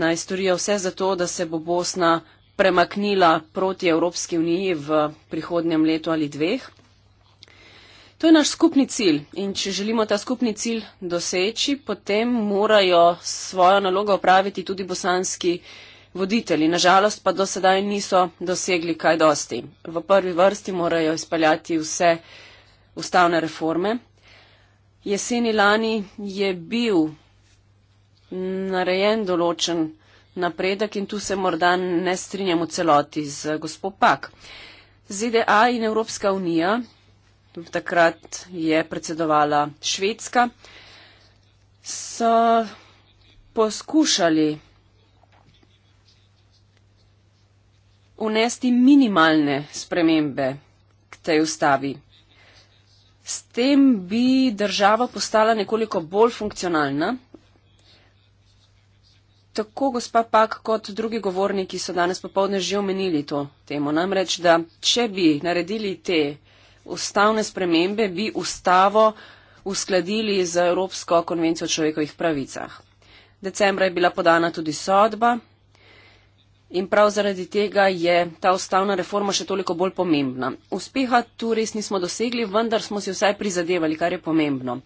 naj storijo vse za to, da se bo Bosna premaknila proti Evropski uniji v prihodnjem letu ali dveh. To je naš skupni cilj in če želimo ta skupni cilj doseči, potem morajo svojo nalogo opraviti tudi bosanski voditelji. Nažalost pa do sedaj niso dosegli kaj dosti. V prvi vrsti morajo izpeljati vse ustavne reforme. Jeseni lani je bil narejen določen napredek in tu se morda ne strinjamo celoti z gospod Pak. ZDA in Evropska unija, takrat je predsedovala Švedska, so poskušali unesti minimalne spremembe k tej ustavi. S tem bi država postala nekoliko bolj funkcionalna. Tako gospa Pak kot drugi govorniki so danes popovdne že omenili to temo. Namreč, da če bi naredili te ustavne spremembe, bi ustavo uskladili z Evropsko konvencijo o človekovih pravicah. Decembra je bila podana tudi sodba In prav zaradi tega je ta ustavna reforma še toliko bolj pomembna. Uspeha tu res nismo dosegli, vendar smo si vsaj prizadevali, kar je pomembno.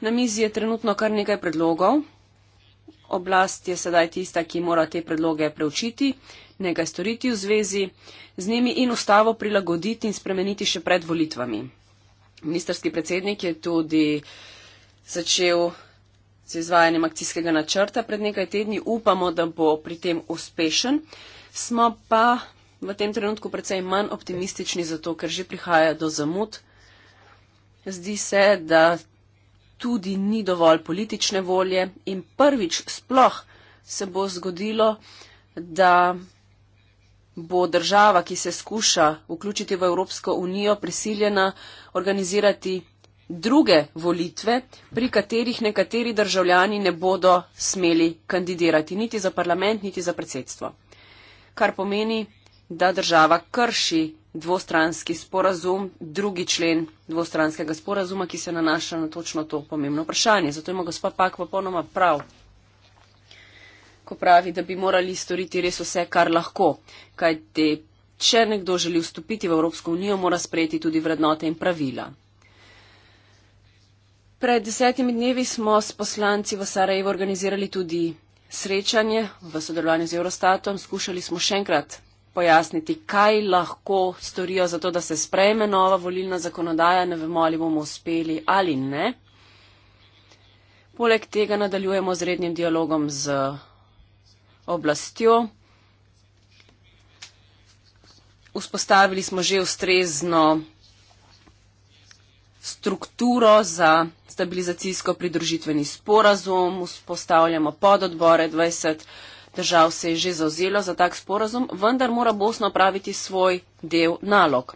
Na mizi je trenutno kar nekaj predlogov. Oblast je sedaj tista, ki mora te predloge preučiti, nekaj storiti v zvezi z njimi in ustavo prilagoditi in spremeniti še pred volitvami. Ministrski predsednik je tudi začel z izvajanjem akcijskega načrta pred nekaj tedni. Upamo, da bo pri tem uspešen. Smo pa v tem trenutku precej manj optimistični, zato ker že prihaja do zamud. Zdi se, da tudi ni dovolj politične volje in prvič sploh se bo zgodilo, da bo država, ki se skuša vključiti v Evropsko unijo, prisiljena organizirati druge volitve, pri katerih nekateri državljani ne bodo smeli kandidirati niti za parlament, niti za predsedstvo. Kar pomeni, da država krši dvostranski sporazum, drugi člen dvostranskega sporazuma, ki se nanaša na točno to pomembno vprašanje. Zato ima gospod Pak popolnoma prav, ko pravi, da bi morali storiti res vse, kar lahko. Kaj te, če nekdo želi vstopiti v Evropsko unijo, mora sprejeti tudi vrednote in pravila. Pred desetimi dnevi smo s poslanci v Sarajevo organizirali tudi srečanje v sodelovanju z Eurostatom. Skušali smo še enkrat pojasniti, kaj lahko storijo za to, da se sprejme nova volilna zakonodaja. Ne vemo, ali bomo uspeli ali ne. Poleg tega nadaljujemo z rednim dialogom z oblastjo. Vzpostavili smo že ustrezno strukturo za stabilizacijsko pridružitveni sporazum, vzpostavljamo pododbore, 20 držav se je že zauzelo za tak sporazum, vendar mora Bosna opraviti svoj del nalog.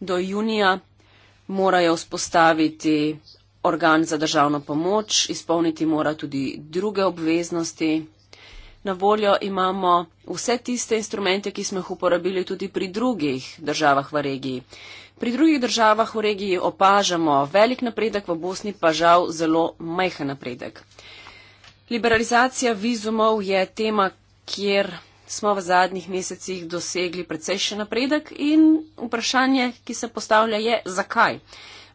Do junija morajo vzpostaviti organ za državno pomoč, izpolniti mora tudi druge obveznosti. Na voljo imamo vse tiste instrumente, ki smo jih uporabili tudi pri drugih državah v regiji. Pri drugih državah v regiji opažamo velik napredek, v Bosni pa žal zelo majhen napredek. Liberalizacija vizumov je tema, kjer smo v zadnjih mesecih dosegli precejšen napredek in vprašanje, ki se postavlja, je zakaj.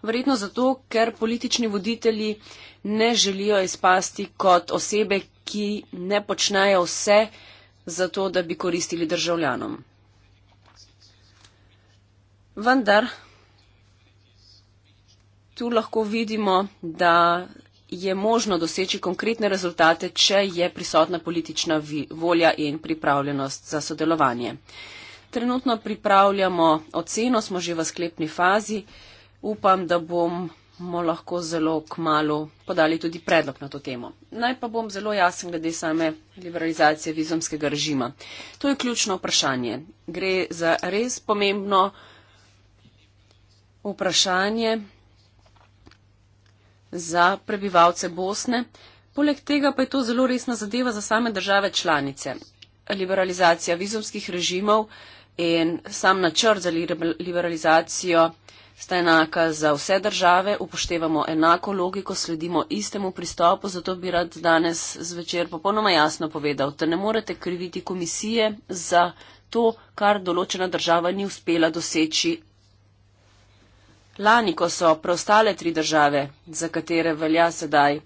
Verjetno zato, ker politični voditelji ne želijo izpasti kot osebe, ki ne počnejo vse za to, da bi koristili državljanom vendar tu lahko vidimo, da je možno doseči konkretne rezultate, če je prisotna politična volja in pripravljenost za sodelovanje. Trenutno pripravljamo oceno, smo že v sklepni fazi. Upam, da bomo lahko zelo kmalo podali tudi predlog na to temo. Naj pa bom zelo jasen glede same liberalizacije vizumskega režima. To je ključno vprašanje. Gre za res pomembno vprašanje vprašanje za prebivalce Bosne. Poleg tega pa je to zelo resna zadeva za same države članice. Liberalizacija vizumskih režimov in sam načrt za liberalizacijo sta enaka za vse države, upoštevamo enako logiko, sledimo istemu pristopu, zato bi rad danes zvečer popolnoma jasno povedal, da ne morete kriviti komisije za to, kar določena država ni uspela doseči Lani, ko so preostale tri države, za katere velja sedaj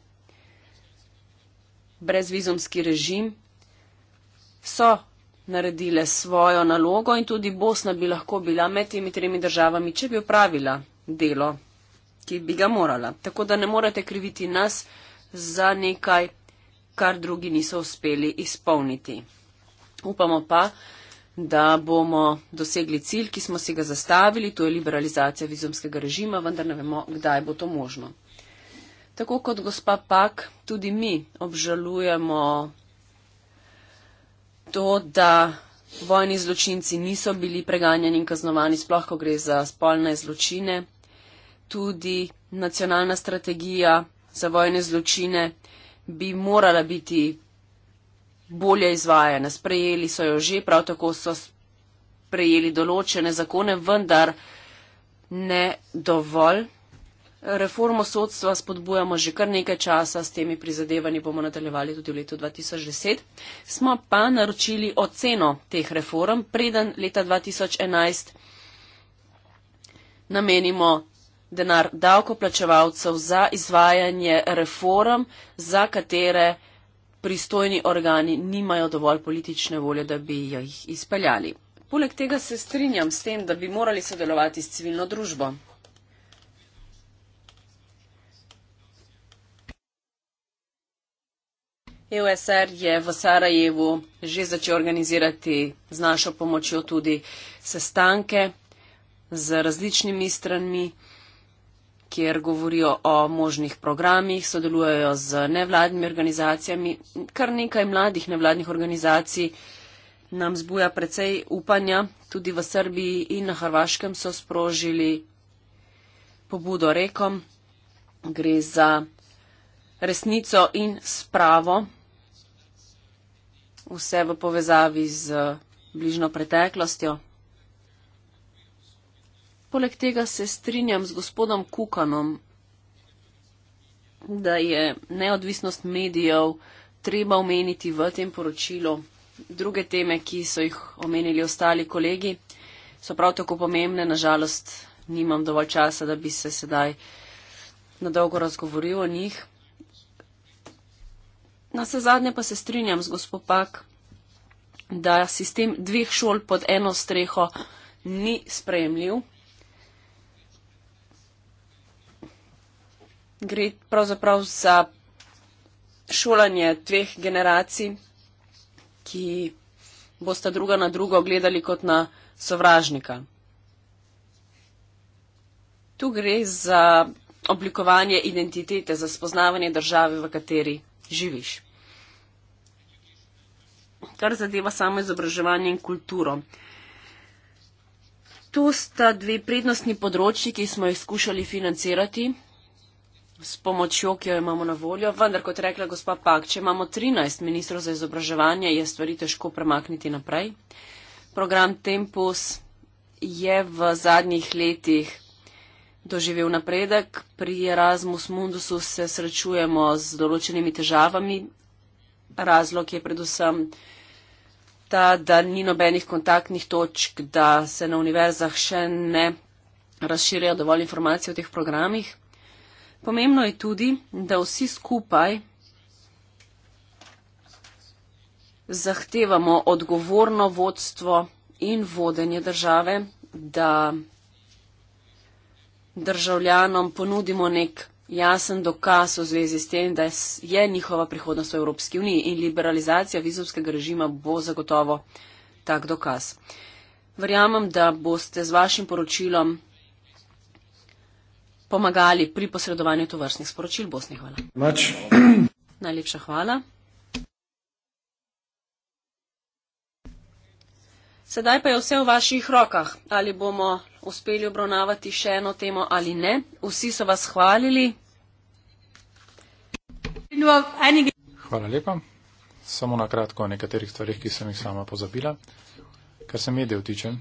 brezvizumski režim, so naredile svojo nalogo in tudi Bosna bi lahko bila med temi tremi državami, če bi opravila delo, ki bi ga morala. Tako da ne morete kriviti nas za nekaj, kar drugi niso uspeli izpolniti. Upamo pa, da bomo dosegli cilj, ki smo si ga zastavili, to je liberalizacija vizumskega režima, vendar ne vemo, kdaj bo to možno. Tako kot gospa Pak, tudi mi obžalujemo to, da vojni zločinci niso bili preganjani in kaznovani, sploh ko gre za spolne zločine. Tudi nacionalna strategija za vojne zločine bi morala biti bolje izvajane. Sprejeli so jo že, prav tako so sprejeli določene zakone, vendar ne dovolj. Reformo sodstva spodbujamo že kar nekaj časa, s temi prizadevanji bomo nadaljevali tudi v letu 2010. Smo pa naročili oceno teh reform, preden leta 2011 namenimo denar davkoplačevalcev za izvajanje reform, za katere pristojni organi nimajo dovolj politične volje, da bi jih izpeljali. Poleg tega se strinjam s tem, da bi morali sodelovati s civilno družbo. EUSR je v Sarajevu že začel organizirati z našo pomočjo tudi sestanke z različnimi stranmi kjer govorijo o možnih programih, sodelujejo z nevladnimi organizacijami. Kar nekaj mladih nevladnih organizacij nam zbuja precej upanja. Tudi v Srbiji in na Hrvaškem so sprožili pobudo rekom. Gre za resnico in spravo. Vse v povezavi z bližno preteklostjo. Poleg tega se strinjam z gospodom Kukanom, da je neodvisnost medijev treba omeniti v tem poročilu. Druge teme, ki so jih omenili ostali kolegi, so prav tako pomembne. Nažalost, nimam dovolj časa, da bi se sedaj nadolgo razgovoril o njih. Na se zadnje pa se strinjam z gospod Pak, da sistem dveh šol pod eno streho ni sprejemljiv. gre pravzaprav za šolanje dveh generacij, ki boste druga na drugo gledali kot na sovražnika. Tu gre za oblikovanje identitete, za spoznavanje države, v kateri živiš. Kar zadeva samo izobraževanje in kulturo. Tu sta dve prednostni področji, ki smo jih skušali financirati, s pomočjo, ki jo imamo na voljo. Vendar, kot rekla gospa Pak, če imamo 13 ministrov za izobraževanje, je stvari težko premakniti naprej. Program Tempus je v zadnjih letih doživel napredek. Pri Erasmus Mundusu se srečujemo z določenimi težavami. Razlog je predvsem ta, da ni nobenih kontaktnih točk, da se na univerzah še ne razširja dovolj informacij o teh programih. Pomembno je tudi, da vsi skupaj zahtevamo odgovorno vodstvo in vodenje države, da državljanom ponudimo nek jasen dokaz v zvezi s tem, da je njihova prihodnost v Evropski uniji in liberalizacija vizumskega režima bo zagotovo tak dokaz. Verjamem, da boste z vašim poročilom pomagali pri posredovanju tovrstnih sporočil. Bosni, hvala. Mač. Najlepša hvala. Sedaj pa je vse v vaših rokah. Ali bomo uspeli obravnavati še eno temo ali ne? Vsi so vas hvalili. Hvala lepa. Samo na kratko o nekaterih stvarih, ki sem jih sama pozabila, kar se medijev tiče.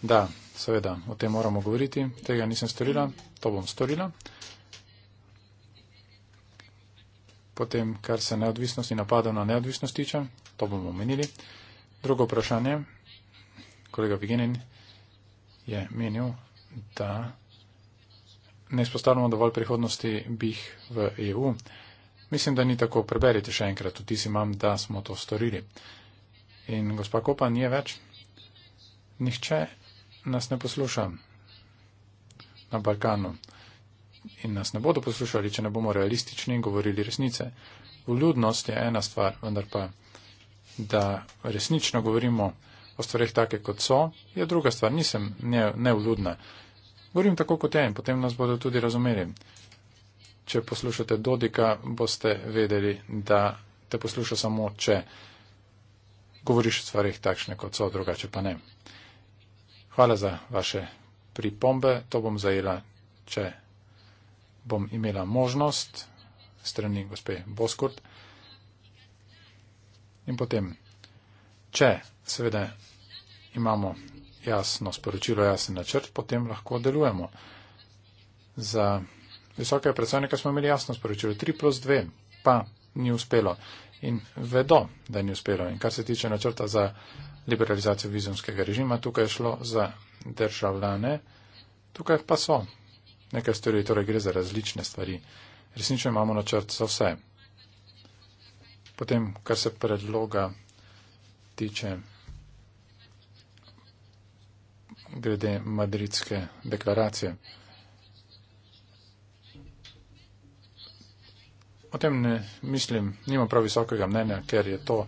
Da, Seveda, o tem moramo govoriti. Tega nisem storila, to bom storila. Potem, kar se neodvisnosti napadov na neodvisnost tiče, to bomo omenili. Drugo vprašanje, kolega Viginin je menil, da ne spostavljamo dovolj prihodnosti bih v EU. Mislim, da ni tako. Preberite še enkrat, tudi si imam, da smo to storili. In gospa Kopa, ni več. Nihče nas ne posluša na Balkanu in nas ne bodo poslušali, če ne bomo realistični in govorili resnice. Vljudnost je ena stvar, vendar pa, da resnično govorimo o stvarih take, kot so, je druga stvar. Nisem ne, ne vljudna. Govorim tako, kot je in potem nas bodo tudi razumeli. Če poslušate Dodika, boste vedeli, da te posluša samo, če govoriš o stvarih takšne, kot so, drugače pa ne. Hvala za vaše pripombe. To bom zajela, če bom imela možnost strani gospe Boskurt. In potem, če seveda imamo jasno sporočilo, jasen načrt, potem lahko delujemo. Za visoke predstavnike smo imeli jasno sporočilo. 3 plus 2 pa ni uspelo. In vedo, da ni uspelo. In kar se tiče načrta za liberalizacijo vizumskega režima, tukaj je šlo za državljane, tukaj pa so nekaj storili, torej gre za različne stvari. Resnično imamo načrt za vse. Potem, kar se predloga tiče glede madridske deklaracije. O tem ne mislim, nimam prav visokega mnenja, ker je to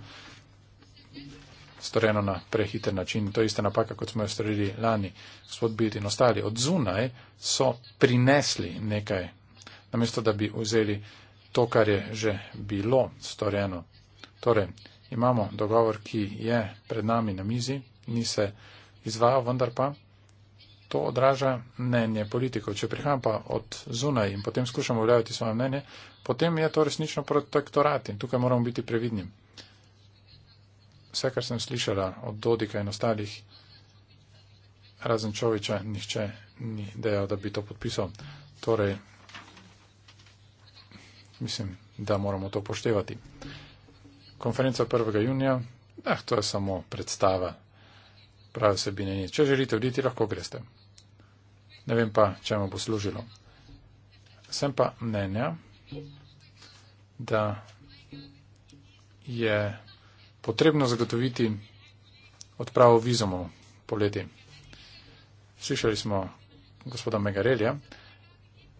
storjeno na prehiter način. To je ista napaka, kot smo jo storili lani. Gospod Bid in ostali od zunaj so prinesli nekaj, namesto da bi vzeli to, kar je že bilo storjeno. Torej, imamo dogovor, ki je pred nami na mizi, ni se izvajal, vendar pa. To odraža mnenje politikov. Če priham pa od zunaj in potem skušamo vljaviti svoje mnenje, potem je to resnično protektorat in tukaj moramo biti previdni vse, kar sem slišala od Dodika in ostalih, razen Čoviča, nihče ni dejal, da bi to podpisal. Torej, mislim, da moramo to poštevati. Konferenca 1. junija, eh, to je samo predstava, pravi se bi ne nič. Če želite oditi, lahko greste. Ne vem pa, čemu bo služilo. Sem pa mnenja, da je potrebno zagotoviti odpravo vizumov poleti. Slišali smo gospoda Megarelja,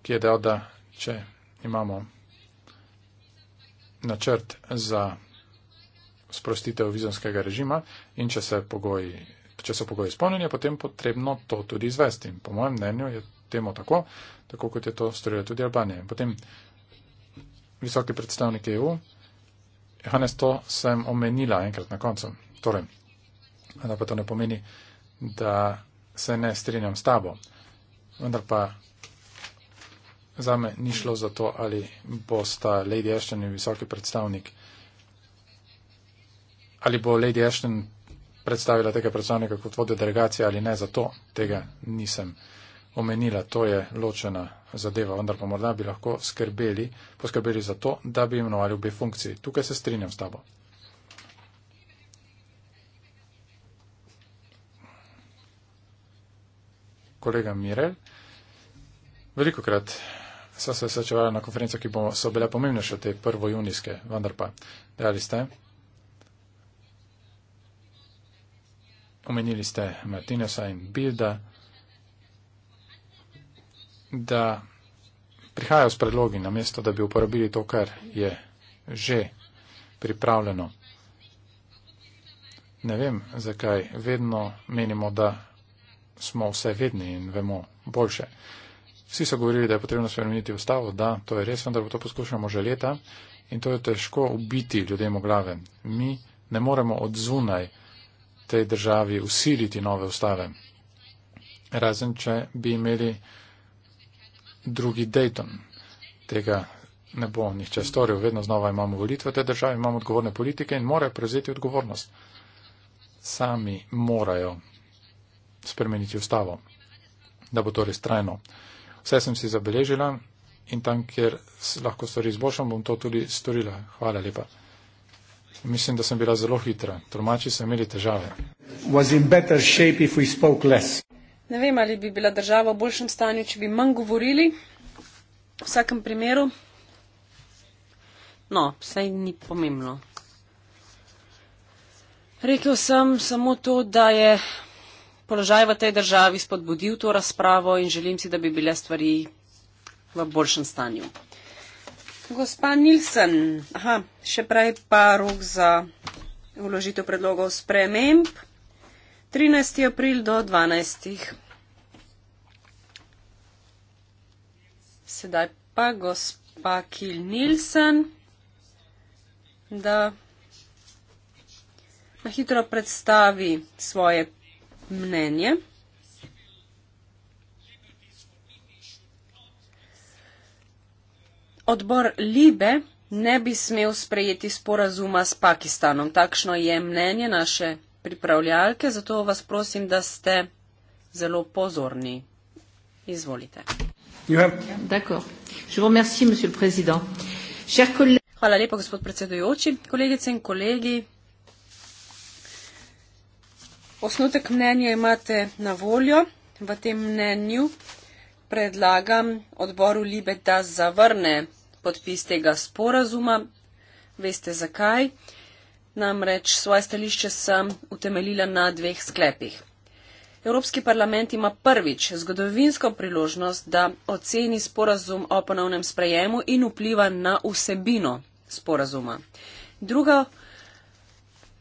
ki je dejal, da če imamo načrt za sprostitev vizumskega režima in če, se pogoji, če so pogoji izpolnjeni, je potem potrebno to tudi izvesti. Po mojem mnenju je temu tako, tako kot je to storila tudi Albanija. Potem visoki predstavnik EU Hanes, to sem omenila enkrat na koncu. Torej, da pa to ne pomeni, da se ne strinjam s tabo. Vendar pa za me ni šlo za to, ali bosta Lady Ashton in visoki predstavnik, ali bo Lady Ashton predstavila tega predstavnika kot vodja delegacije ali ne, zato tega nisem omenila. To je ločena zadeva, vendar pa morda bi lahko skrbeli, poskrbeli za to, da bi imenovali obe funkciji. Tukaj se strinjam s tabo. Kolega Mirel, veliko krat so se srečevali na konferencah, ki bomo, so bile pomembnejše od te prvo junijske, vendar pa, dejali ste, omenili ste Martinesa in Bilda, da prihajajo s predlogi, namesto da bi uporabili to, kar je že pripravljeno. Ne vem, zakaj vedno menimo, da smo vse vedni in vemo boljše. Vsi so govorili, da je potrebno spremeniti ustavo, da to je res, vendar to poskušamo že leta in to je težko ubiti ljudem v glave. Mi ne moremo od zunaj tej državi usiliti nove ustave, razen če bi imeli drugi Dayton. Tega ne bo nihče storil. Vedno znova imamo volitve v tej državi, imamo odgovorne politike in morajo prevzeti odgovornost. Sami morajo spremeniti ustavo, da bo torej strajno. Vse sem si zabeležila in tam, kjer lahko stvari izboljšam, bom to tudi storila. Hvala lepa. Mislim, da sem bila zelo hitra. Tromači so imeli težave. Ne vem, ali bi bila država v boljšem stanju, če bi manj govorili. V vsakem primeru. No, vsaj ni pomembno. Rekel sem samo to, da je položaj v tej državi spodbudil to razpravo in želim si, da bi bile stvari v boljšem stanju. Gospa Nilsen, aha, še prej pa rok za vložitev predlogov sprememb. 13. april do 12. Sedaj pa gospa Kil Nilsen, da na hitro predstavi svoje mnenje. Odbor Libe ne bi smel sprejeti sporazuma s Pakistanom. Takšno je mnenje naše pripravljalke, zato vas prosim, da ste zelo pozorni. Izvolite. Hvala lepa, gospod predsedujoči, kolegice in kolegi. Osnutek mnenja imate na voljo. V tem mnenju predlagam odboru Libe, da zavrne podpis tega sporazuma. Veste zakaj? namreč svoje stališče sem utemeljila na dveh sklepih. Evropski parlament ima prvič zgodovinsko priložnost, da oceni sporazum o ponovnem sprejemu in vpliva na vsebino sporazuma. Druga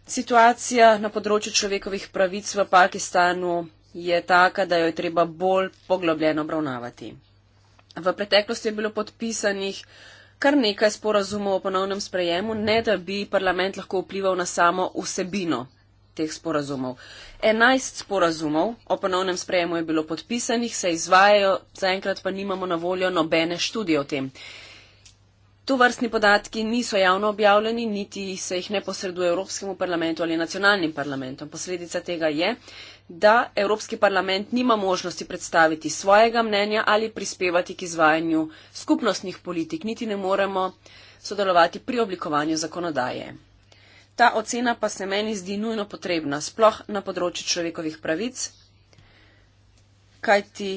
situacija na področju človekovih pravic v Pakistanu je taka, da jo je treba bolj poglobljeno obravnavati. V preteklosti je bilo podpisanih kar nekaj sporazumov o ponovnem sprejemu, ne da bi parlament lahko vplival na samo vsebino teh sporazumov. Enajst sporazumov o ponovnem sprejemu je bilo podpisanih, se izvajajo, zaenkrat pa nimamo na voljo nobene študije o tem. Tu vrstni podatki niso javno objavljeni, niti se jih ne posreduje Evropskemu parlamentu ali nacionalnim parlamentom. Posledica tega je, da Evropski parlament nima možnosti predstaviti svojega mnenja ali prispevati k izvajanju skupnostnih politik, niti ne moremo sodelovati pri oblikovanju zakonodaje. Ta ocena pa se meni zdi nujno potrebna, sploh na področju človekovih pravic, kajti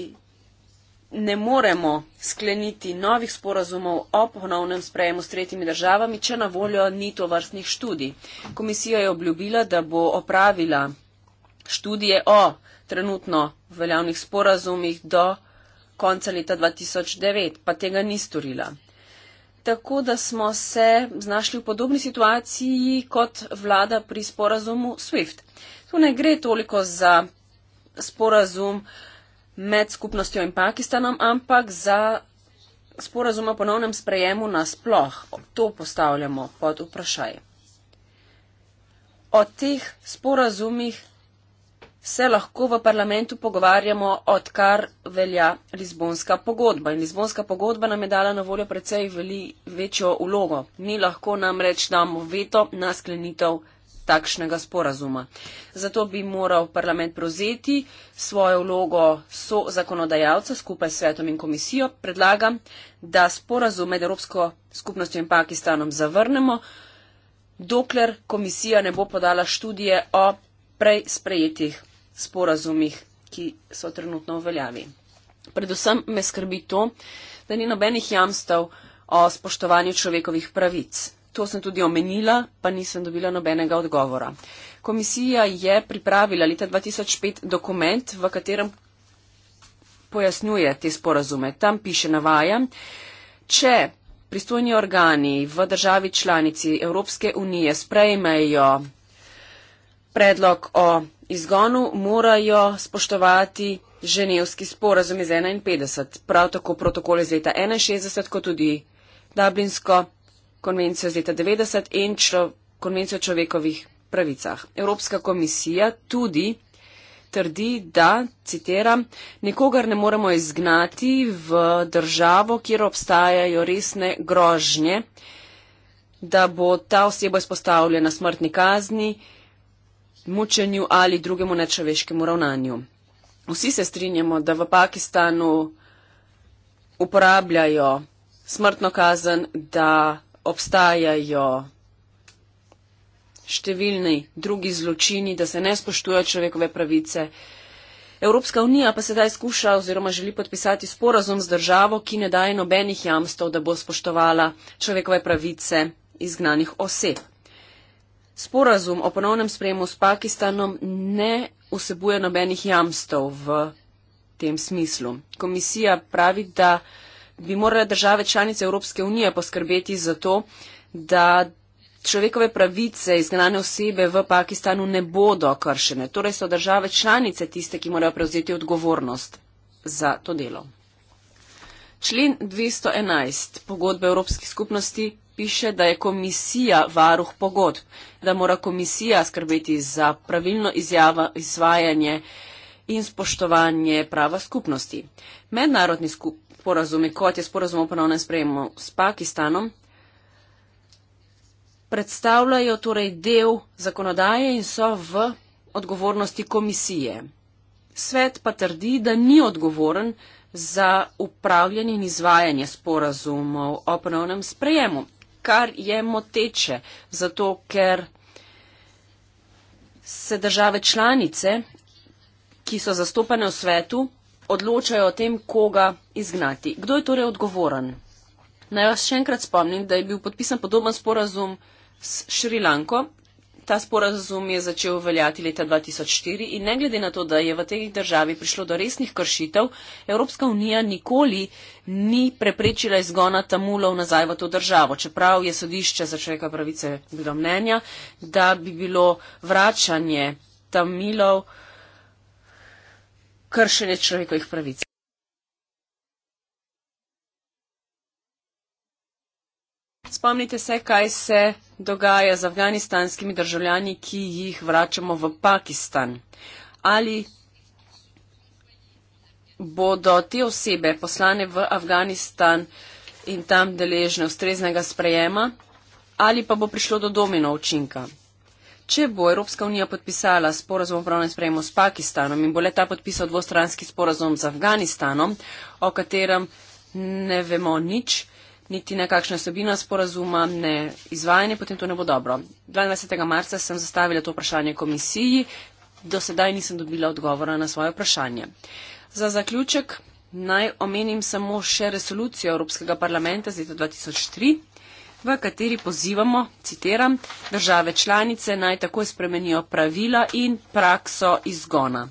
ne moremo skleniti novih sporazumov o ponovnem sprejemu s tretjimi državami, če na voljo ni to vrstnih študij. Komisija je obljubila, da bo opravila študije o trenutno veljavnih sporazumih do konca leta 2009, pa tega ni storila. Tako da smo se znašli v podobni situaciji kot vlada pri sporazumu SWIFT. Tu ne gre toliko za sporazum med skupnostjo in Pakistanom, ampak za sporazum o ponovnem sprejemu nasploh. To postavljamo pod vprašaj. O teh sporazumih se lahko v parlamentu pogovarjamo, odkar velja Lizbonska pogodba. In Lizbonska pogodba nam je dala na voljo precej veli, večjo ulogo. Mi lahko namreč damo veto na sklenitev takšnega sporazuma. Zato bi moral parlament prevzeti svojo vlogo so zakonodajalca skupaj s svetom in komisijo. Predlagam, da sporazum med Evropsko skupnostjo in Pakistanom zavrnemo, dokler komisija ne bo podala študije o prej sprejetih sporazumih, ki so trenutno v veljavi. Predvsem me skrbi to, da ni nobenih jamstev o spoštovanju človekovih pravic. To sem tudi omenila, pa nisem dobila nobenega odgovora. Komisija je pripravila leta 2005 dokument, v katerem pojasnjuje te sporazume. Tam piše navaja, če pristojni organi v državi članici Evropske unije sprejmejo predlog o izgonu morajo spoštovati ženevski sporazum iz 51, prav tako protokol iz leta 61, kot tudi Dublinsko konvencijo iz leta 90 in člo, konvencijo o človekovih pravicah. Evropska komisija tudi trdi, da, citiram, nikogar ne moremo izgnati v državo, kjer obstajajo resne grožnje, da bo ta oseba izpostavljena smrtni kazni, mučenju ali drugemu nečloveškemu ravnanju. Vsi se strinjamo, da v Pakistanu uporabljajo smrtno kazen, da obstajajo številni drugi zločini, da se ne spoštujejo človekove pravice. Evropska unija pa sedaj skuša oziroma želi podpisati sporazum z državo, ki ne daje nobenih jamstov, da bo spoštovala človekove pravice izgnanih oseb. Sporazum o ponovnem sprejemu s Pakistanom ne vsebuje nobenih jamstov v tem smislu. Komisija pravi, da bi morale države članice Evropske unije poskrbeti za to, da človekove pravice izgnane osebe v Pakistanu ne bodo kršene. Torej so države članice tiste, ki morajo prevzeti odgovornost za to delo. Člen 211 pogodbe Evropskih skupnosti piše, da je komisija varuh pogodb, da mora komisija skrbeti za pravilno izjava, izvajanje in spoštovanje prava skupnosti. Mednarodni sporazumi, kot je sporazum o ponovnem sprejemu s Pakistanom, predstavljajo torej del zakonodaje in so v odgovornosti komisije. Svet pa trdi, da ni odgovoren za upravljanje in izvajanje sporazumov o ponovnem sprejemu kar je moteče, zato ker se države članice, ki so zastopane v svetu, odločajo o tem, koga izgnati. Kdo je torej odgovoren? Naj vas še enkrat spomnim, da je bil podpisan podoben sporazum s Šrilanko ta sporazum je začel veljati leta 2004 in ne glede na to, da je v tej državi prišlo do resnih kršitev, Evropska unija nikoli ni preprečila izgona tamulov nazaj v to državo. Čeprav je sodišče za človeka pravice bilo mnenja, da bi bilo vračanje tamilov kršenje človekovih pravic. Spomnite se, kaj se dogaja z afganistanskimi državljani, ki jih vračamo v Pakistan. Ali bodo te osebe poslane v Afganistan in tam deležne ustreznega sprejema, ali pa bo prišlo do domino učinka. Če bo Evropska unija podpisala sporazum o pravnem sprejemu s Pakistanom in bo le ta podpisal dvostranski sporazum z Afganistanom, o katerem ne vemo nič, niti ne kakšna sobina sporazuma, ne izvajanje, potem to ne bo dobro. 22. marca sem zastavila to vprašanje komisiji, do sedaj nisem dobila odgovora na svoje vprašanje. Za zaključek naj omenim samo še resolucijo Evropskega parlamenta z leta 2003 v kateri pozivamo, citiram, države članice naj takoj spremenijo pravila in prakso izgona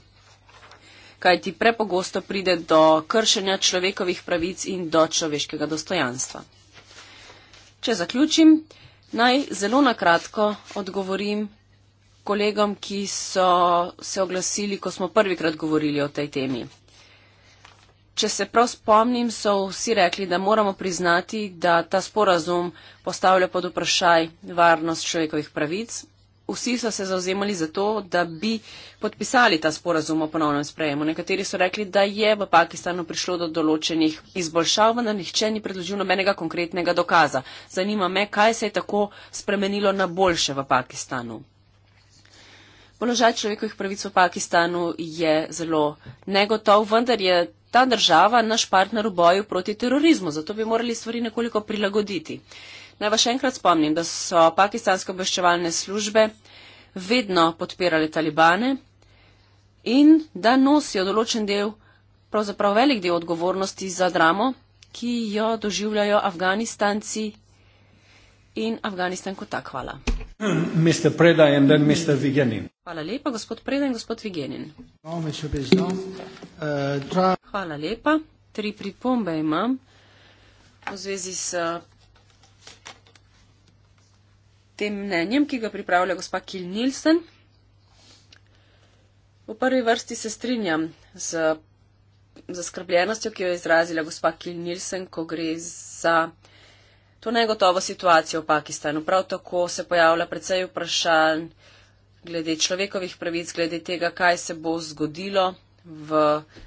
kajti prepogosto pride do kršenja človekovih pravic in do človeškega dostojanstva. Če zaključim, naj zelo nakratko odgovorim kolegom, ki so se oglasili, ko smo prvikrat govorili o tej temi. Če se prav spomnim, so vsi rekli, da moramo priznati, da ta sporazum postavlja pod vprašaj varnost človekovih pravic vsi so se zauzemali za to, da bi podpisali ta sporazum o ponovnem sprejemu. Nekateri so rekli, da je v Pakistanu prišlo do določenih izboljšav, vendar nihče ni predložil nobenega konkretnega dokaza. Zanima me, kaj se je tako spremenilo na boljše v Pakistanu. Položaj človekovih pravic v Pakistanu je zelo negotov, vendar je ta država naš partner v boju proti terorizmu, zato bi morali stvari nekoliko prilagoditi. Naj vas še enkrat spomnim, da so pakistanske obveščevalne službe vedno podpirale talibane in da nosijo določen del, pravzaprav velik del odgovornosti za dramo, ki jo doživljajo Afganistanci in Afganistan kot tak. Hvala. Hvala lepa, gospod Preda in gospod Vigenin. Hvala lepa. Tri pripombe imam v zvezi s tem mnenjem, ki ga pripravlja gospa Kil Nilsen. V prvi vrsti se strinjam z zaskrbljenostjo, ki jo je izrazila gospa Kil Nilsen, ko gre za to negotovo situacijo v Pakistanu. Prav tako se pojavlja predvsej vprašanj glede človekovih pravic, glede tega, kaj se bo zgodilo v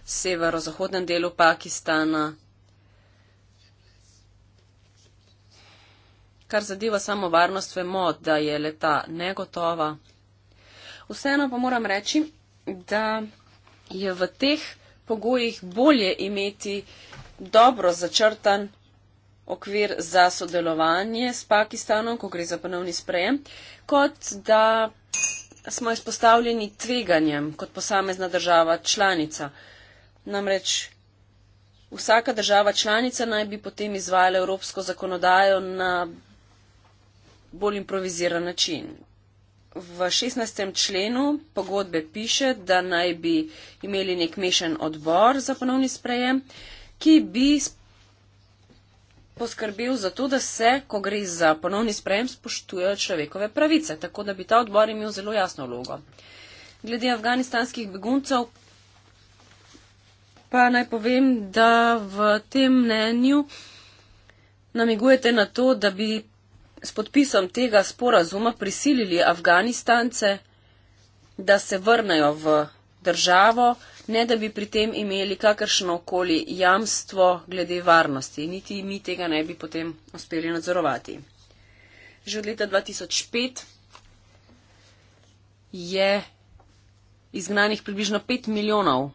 severo-zahodnem delu Pakistana. kar zadeva samo varnost, vemo, da je leta negotova. Vseeno pa moram reči, da je v teh pogojih bolje imeti dobro začrtan okvir za sodelovanje s Pakistanom, ko gre za ponovni sprejem, kot da smo izpostavljeni tveganjem kot posamezna država članica. Namreč vsaka država članica naj bi potem izvajala evropsko zakonodajo na bolj improviziran način. V 16. členu pogodbe piše, da naj bi imeli nek mešen odbor za ponovni sprejem, ki bi poskrbel za to, da se, ko gre za ponovni sprejem, spoštujejo človekove pravice, tako da bi ta odbor imel zelo jasno vlogo. Glede afganistanskih beguncev pa naj povem, da v tem mnenju namigujete na to, da bi s podpisom tega sporazuma prisilili Afganistance, da se vrnejo v državo, ne da bi pri tem imeli kakršno koli jamstvo glede varnosti. Niti mi tega ne bi potem uspeli nadzorovati. Že od leta 2005 je izgnanih približno 5 milijonov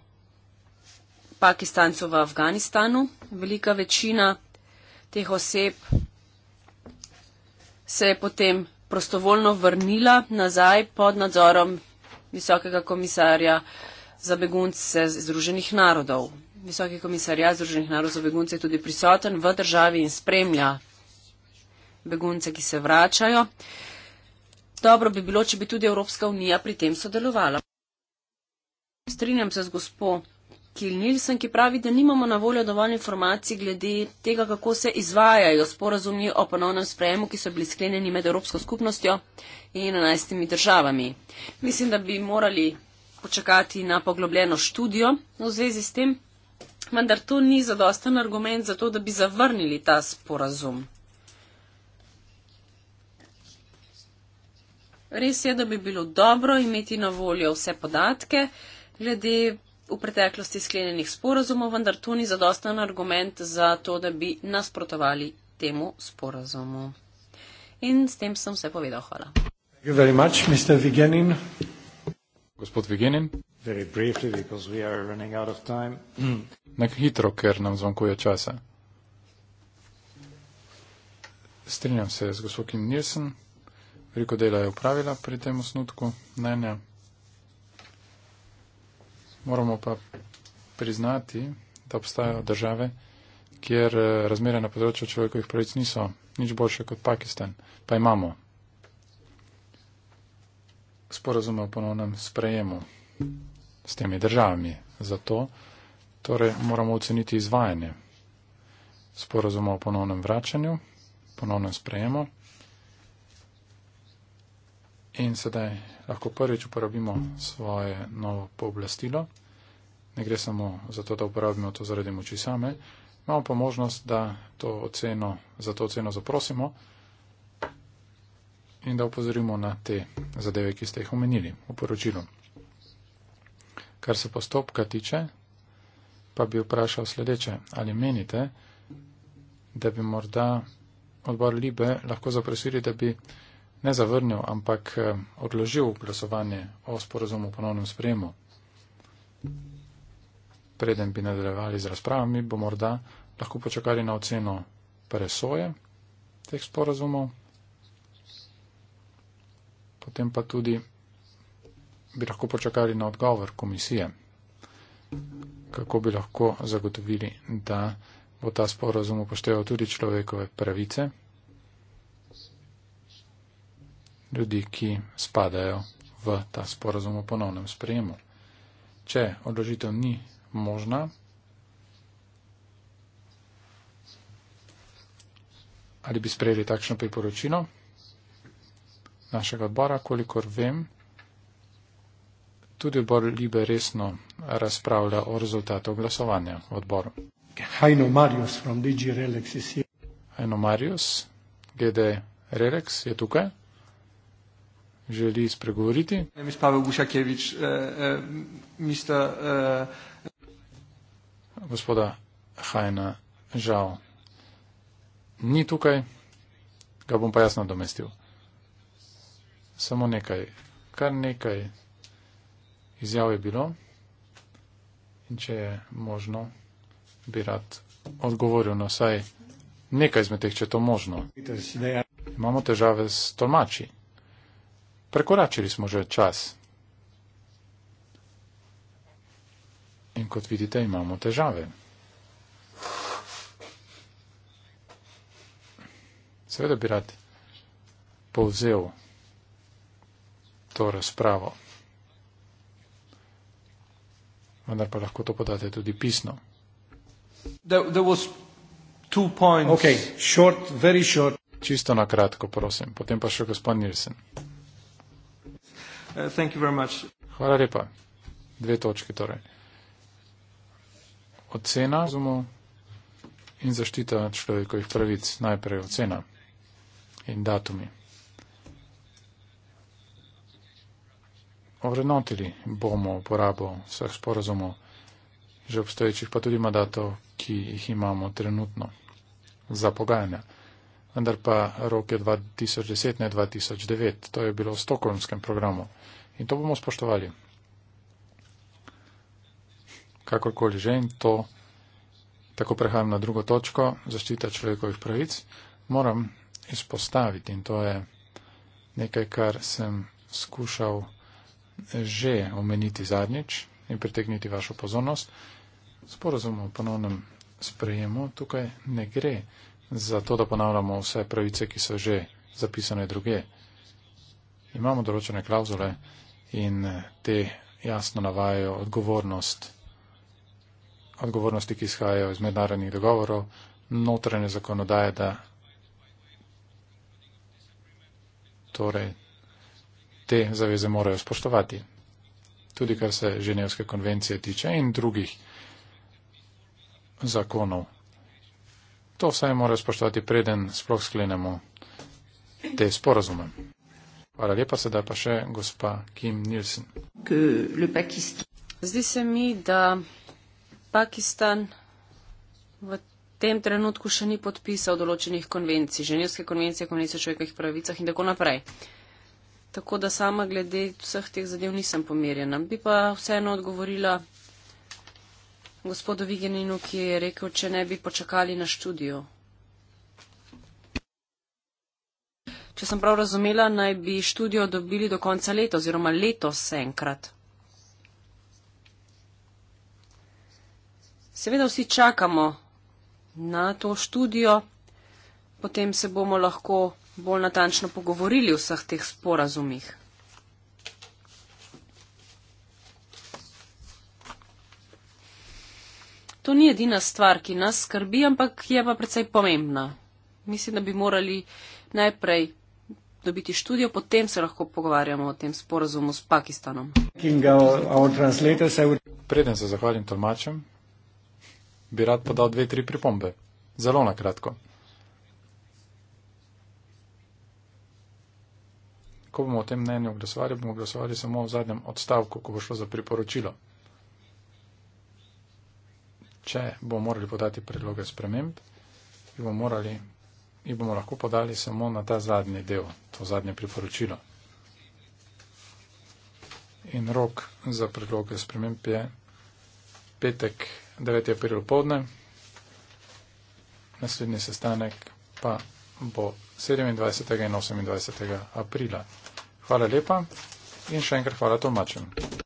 pakistancev v Afganistanu. Velika večina teh oseb se je potem prostovoljno vrnila nazaj pod nadzorom visokega komisarja za begunce Združenih narodov. Visoki komisarja Združenih narodov za begunce je tudi prisoten v državi in spremlja begunce, ki se vračajo. Dobro bi bilo, če bi tudi Evropska unija pri tem sodelovala. Strinjam se z gospod Kil Nilsen, ki pravi, da nimamo na voljo dovolj informacij glede tega, kako se izvajajo sporazumi o ponovnem sprejemu, ki so bili skleneni med Evropsko skupnostjo in enajstimi državami. Mislim, da bi morali počakati na poglobljeno študijo v zvezi s tem, vendar to ni zadosten argument za to, da bi zavrnili ta sporazum. Res je, da bi bilo dobro imeti na voljo vse podatke glede v preteklosti sklenjenih sporazumov, vendar to ni zadostan argument za to, da bi nasprotovali temu sporazumu. In s tem sem vse povedal. Hvala. Much, Vigenin. Gospod Vigenin. Briefly, mm. Nek hitro, ker nam zvonkuje časa. Strinjam se z gospodin Nielsen. Veliko dela je upravila pri tem osnutku. Najne. Moramo pa priznati, da obstajajo države, kjer eh, razmere na področju človekovih pravic niso nič boljše kot Pakistan. Pa imamo sporozume o ponovnem sprejemu s temi državami. Zato torej, moramo oceniti izvajanje sporozuma o ponovnem vračanju, ponovnem sprejemu. In sedaj lahko prvič uporabimo svoje novo pooblastilo. Ne gre samo za to, da uporabimo to zaradi moči same, imamo pa možnost, da to oceno, za to oceno zaprosimo in da upozorimo na te zadeve, ki ste jih omenili v poročilu. Kar se postopka tiče, pa bi vprašal sledeče, ali menite, da bi morda odbor Libe lahko zaprosili, da bi ne zavrnil, ampak eh, odložil glasovanje o sporozumu o ponovnem sprejemu. Preden bi nadaljevali z razpravami, bo morda lahko počakali na oceno presoje teh sporozumov, potem pa tudi bi lahko počakali na odgovor komisije, kako bi lahko zagotovili, da bo ta sporozum upošteval tudi človekove pravice ljudi, ki spadajo v ta sporazum o ponovnem sprejemu. Če odložitev ni možna, ali bi sprejeli takšno priporočilo našega odbora, kolikor vem, tudi odbor Libe resno razpravlja o rezultatu glasovanja v odboru. Hajno Marius from DG Relax is here. Hajno Marius, GD Relax je tukaj želi spregovoriti. Eh, eh, eh, Gospoda Hajna, žal, ni tukaj, ga bom pa jasno domestil. Samo nekaj, kar nekaj izjav je bilo in če je možno, bi rad odgovoril na vsaj nekaj izmed teh, če je to možno. Ja- Imamo težave s tolmači. Prekoračili smo že čas. In kot vidite, imamo težave. Seveda bi rad povzel to razpravo. Vendar pa lahko to podate tudi pisno. There, there okay, short, short. Čisto na kratko, prosim. Potem pa še gospod Nilsen. Uh, Hvala lepa. Dve točke torej. Ocena razumu in zaštita človekovih pravic. Najprej ocena in datumi. Ovrednotili bomo uporabo vseh sporazumov, že obstoječih pa tudi mandatov, ki jih imamo trenutno za pogajanja vendar pa rok je 2010, ne 2009. To je bilo v stokholmskem programu in to bomo spoštovali. Kakorkoli že in to, tako prehajam na drugo točko, zaščita človekovih pravic, moram izpostaviti in to je nekaj, kar sem skušal že omeniti zadnjič in pritegniti vašo pozornost. Sporozum o ponovnem sprejemu tukaj ne gre zato da ponavljamo vse pravice, ki so že zapisane druge. Imamo določene klauzule in te jasno navajajo odgovornost, odgovornosti, ki izhajajo iz mednarodnih dogovorov, notranje zakonodaje, da torej te zaveze morajo spoštovati. Tudi kar se Ženevske konvencije tiče in drugih zakonov. To vsaj mora spoštovati preden sploh sklenemo te sporazume. Hvala lepa, sedaj pa še gospa Kim Nilsen. Zdi se mi, da Pakistan v tem trenutku še ni podpisal določenih konvencij, ženevske konvencije, konvencije o človekovih pravicah in tako naprej. Tako da sama glede vseh teh zadev nisem pomirjena. Bi pa vseeno odgovorila gospodu Vigeninu, ki je rekel, če ne bi počakali na študijo. Če sem prav razumela, naj bi študijo dobili do konca leta oziroma letos enkrat. Seveda vsi čakamo na to študijo, potem se bomo lahko bolj natančno pogovorili o vseh teh sporazumih. to ni edina stvar, ki nas skrbi, ampak je pa predvsej pomembna. Mislim, da bi morali najprej dobiti študijo, potem se lahko pogovarjamo o tem sporazumu s Pakistanom. Preden se zahvalim tolmačem, bi rad podal dve, tri pripombe. Zelo na kratko. Ko bomo o tem mnenju glasovali, bomo glasovali samo v zadnjem odstavku, ko bo šlo za priporočilo če bomo morali podati predloge sprememb, jih bomo, morali, jih bomo lahko podali samo na ta zadnji del, to zadnje priporočilo. In rok za predloge sprememb je petek 9. april povdne, naslednji sestanek pa bo 27. in 28. aprila. Hvala lepa in še enkrat hvala tolmačem.